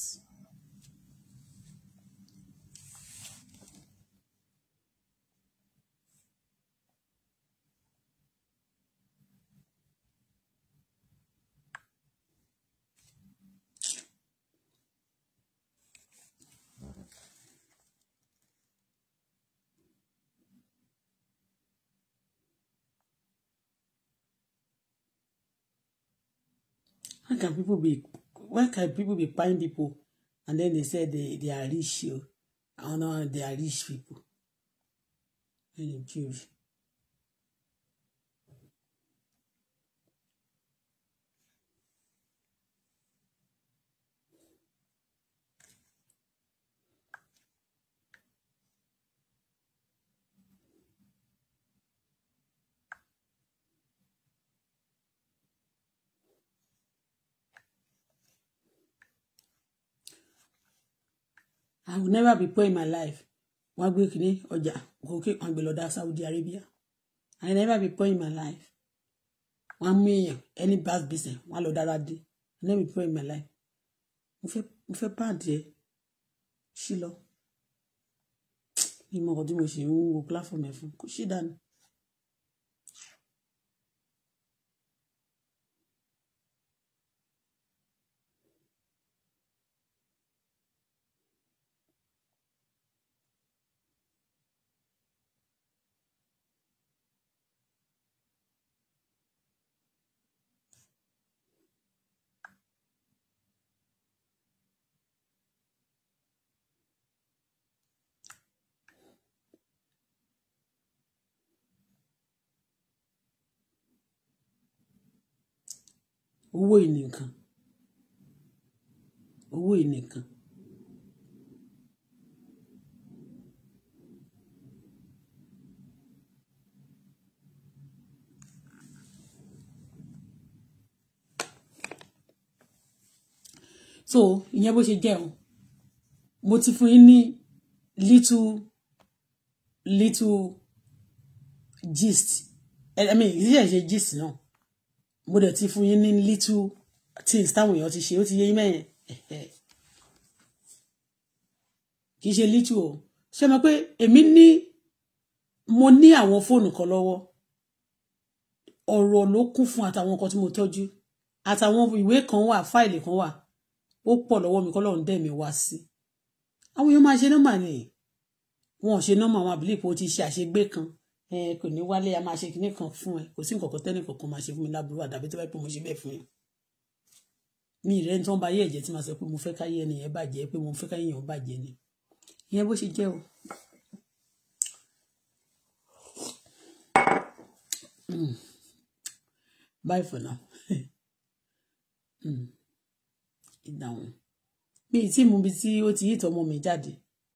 Why can people be why can people be buying people and then they say they they are rich Oh, I don't know, they are rich people. Anyway, I will never be poor in my life. Wọ́n gbé kìíní ọjà òkè wọ́n gbé lọ́dá Saudi Arabia. I will never be poor in my life. Wọ́n mú any bad business wọ́n lọ that. I will never be poor in my life. Mo fẹ́ mo fẹ́ pàdé ẹ sí lọ. Ìmọ̀ ọ̀dí mo clap for me. platform ẹ̀ fún owó ìnìkan owó ìnìkan. so ìyẹn bó ṣe jẹ́ o mo ti fún yín ní little little gist i mean ìdíjẹ́ ṣe gist náà. No? mo dẹ̀ ti fún yín ní little things táwọn èèyàn ti ṣe ó ti yé yín mẹ́yìn kì í ṣe little o ṣe mọ̀ pé èmi ní mo ní àwọn fóònù kan lọ́wọ́ ọ̀rọ̀ ló kún fún àtàwọn nǹkan tí mo tọ́jú àtàwọn ìwé kan wà fáìlì kan wà ó pọ̀ lọ́wọ́ mi kọ́lọ́run dẹ̀ mi wá sí àwọn èèyàn máa ṣe nọ́mbà ni wọn ò ṣe nọ́mbà wọn àbílẹ̀ pé ti ṣe àṣegbé kan kò ní wálé a máa ṣe kinní kan fún ẹ kò sí nǹkan kan tẹ́nì kankan máa ṣe fún mi láburú àdàbí tó bá pé mo ṣe bẹ́ẹ̀ fún yẹn mi ìrẹ́ ní tó ń ba ayé ẹ̀jẹ̀ tí màá sọ pé mo fẹ́ káyé ẹnìyẹn bàjẹ́ pé mo fẹ́ káyé èèyàn bàjẹ́ ni ìyẹn bó ṣe jẹ́ o. Hmm. bye for now hmm. ìdáhùn mi ì tí mo bi tí ó ti yí ìtọ́mọ mi jáde.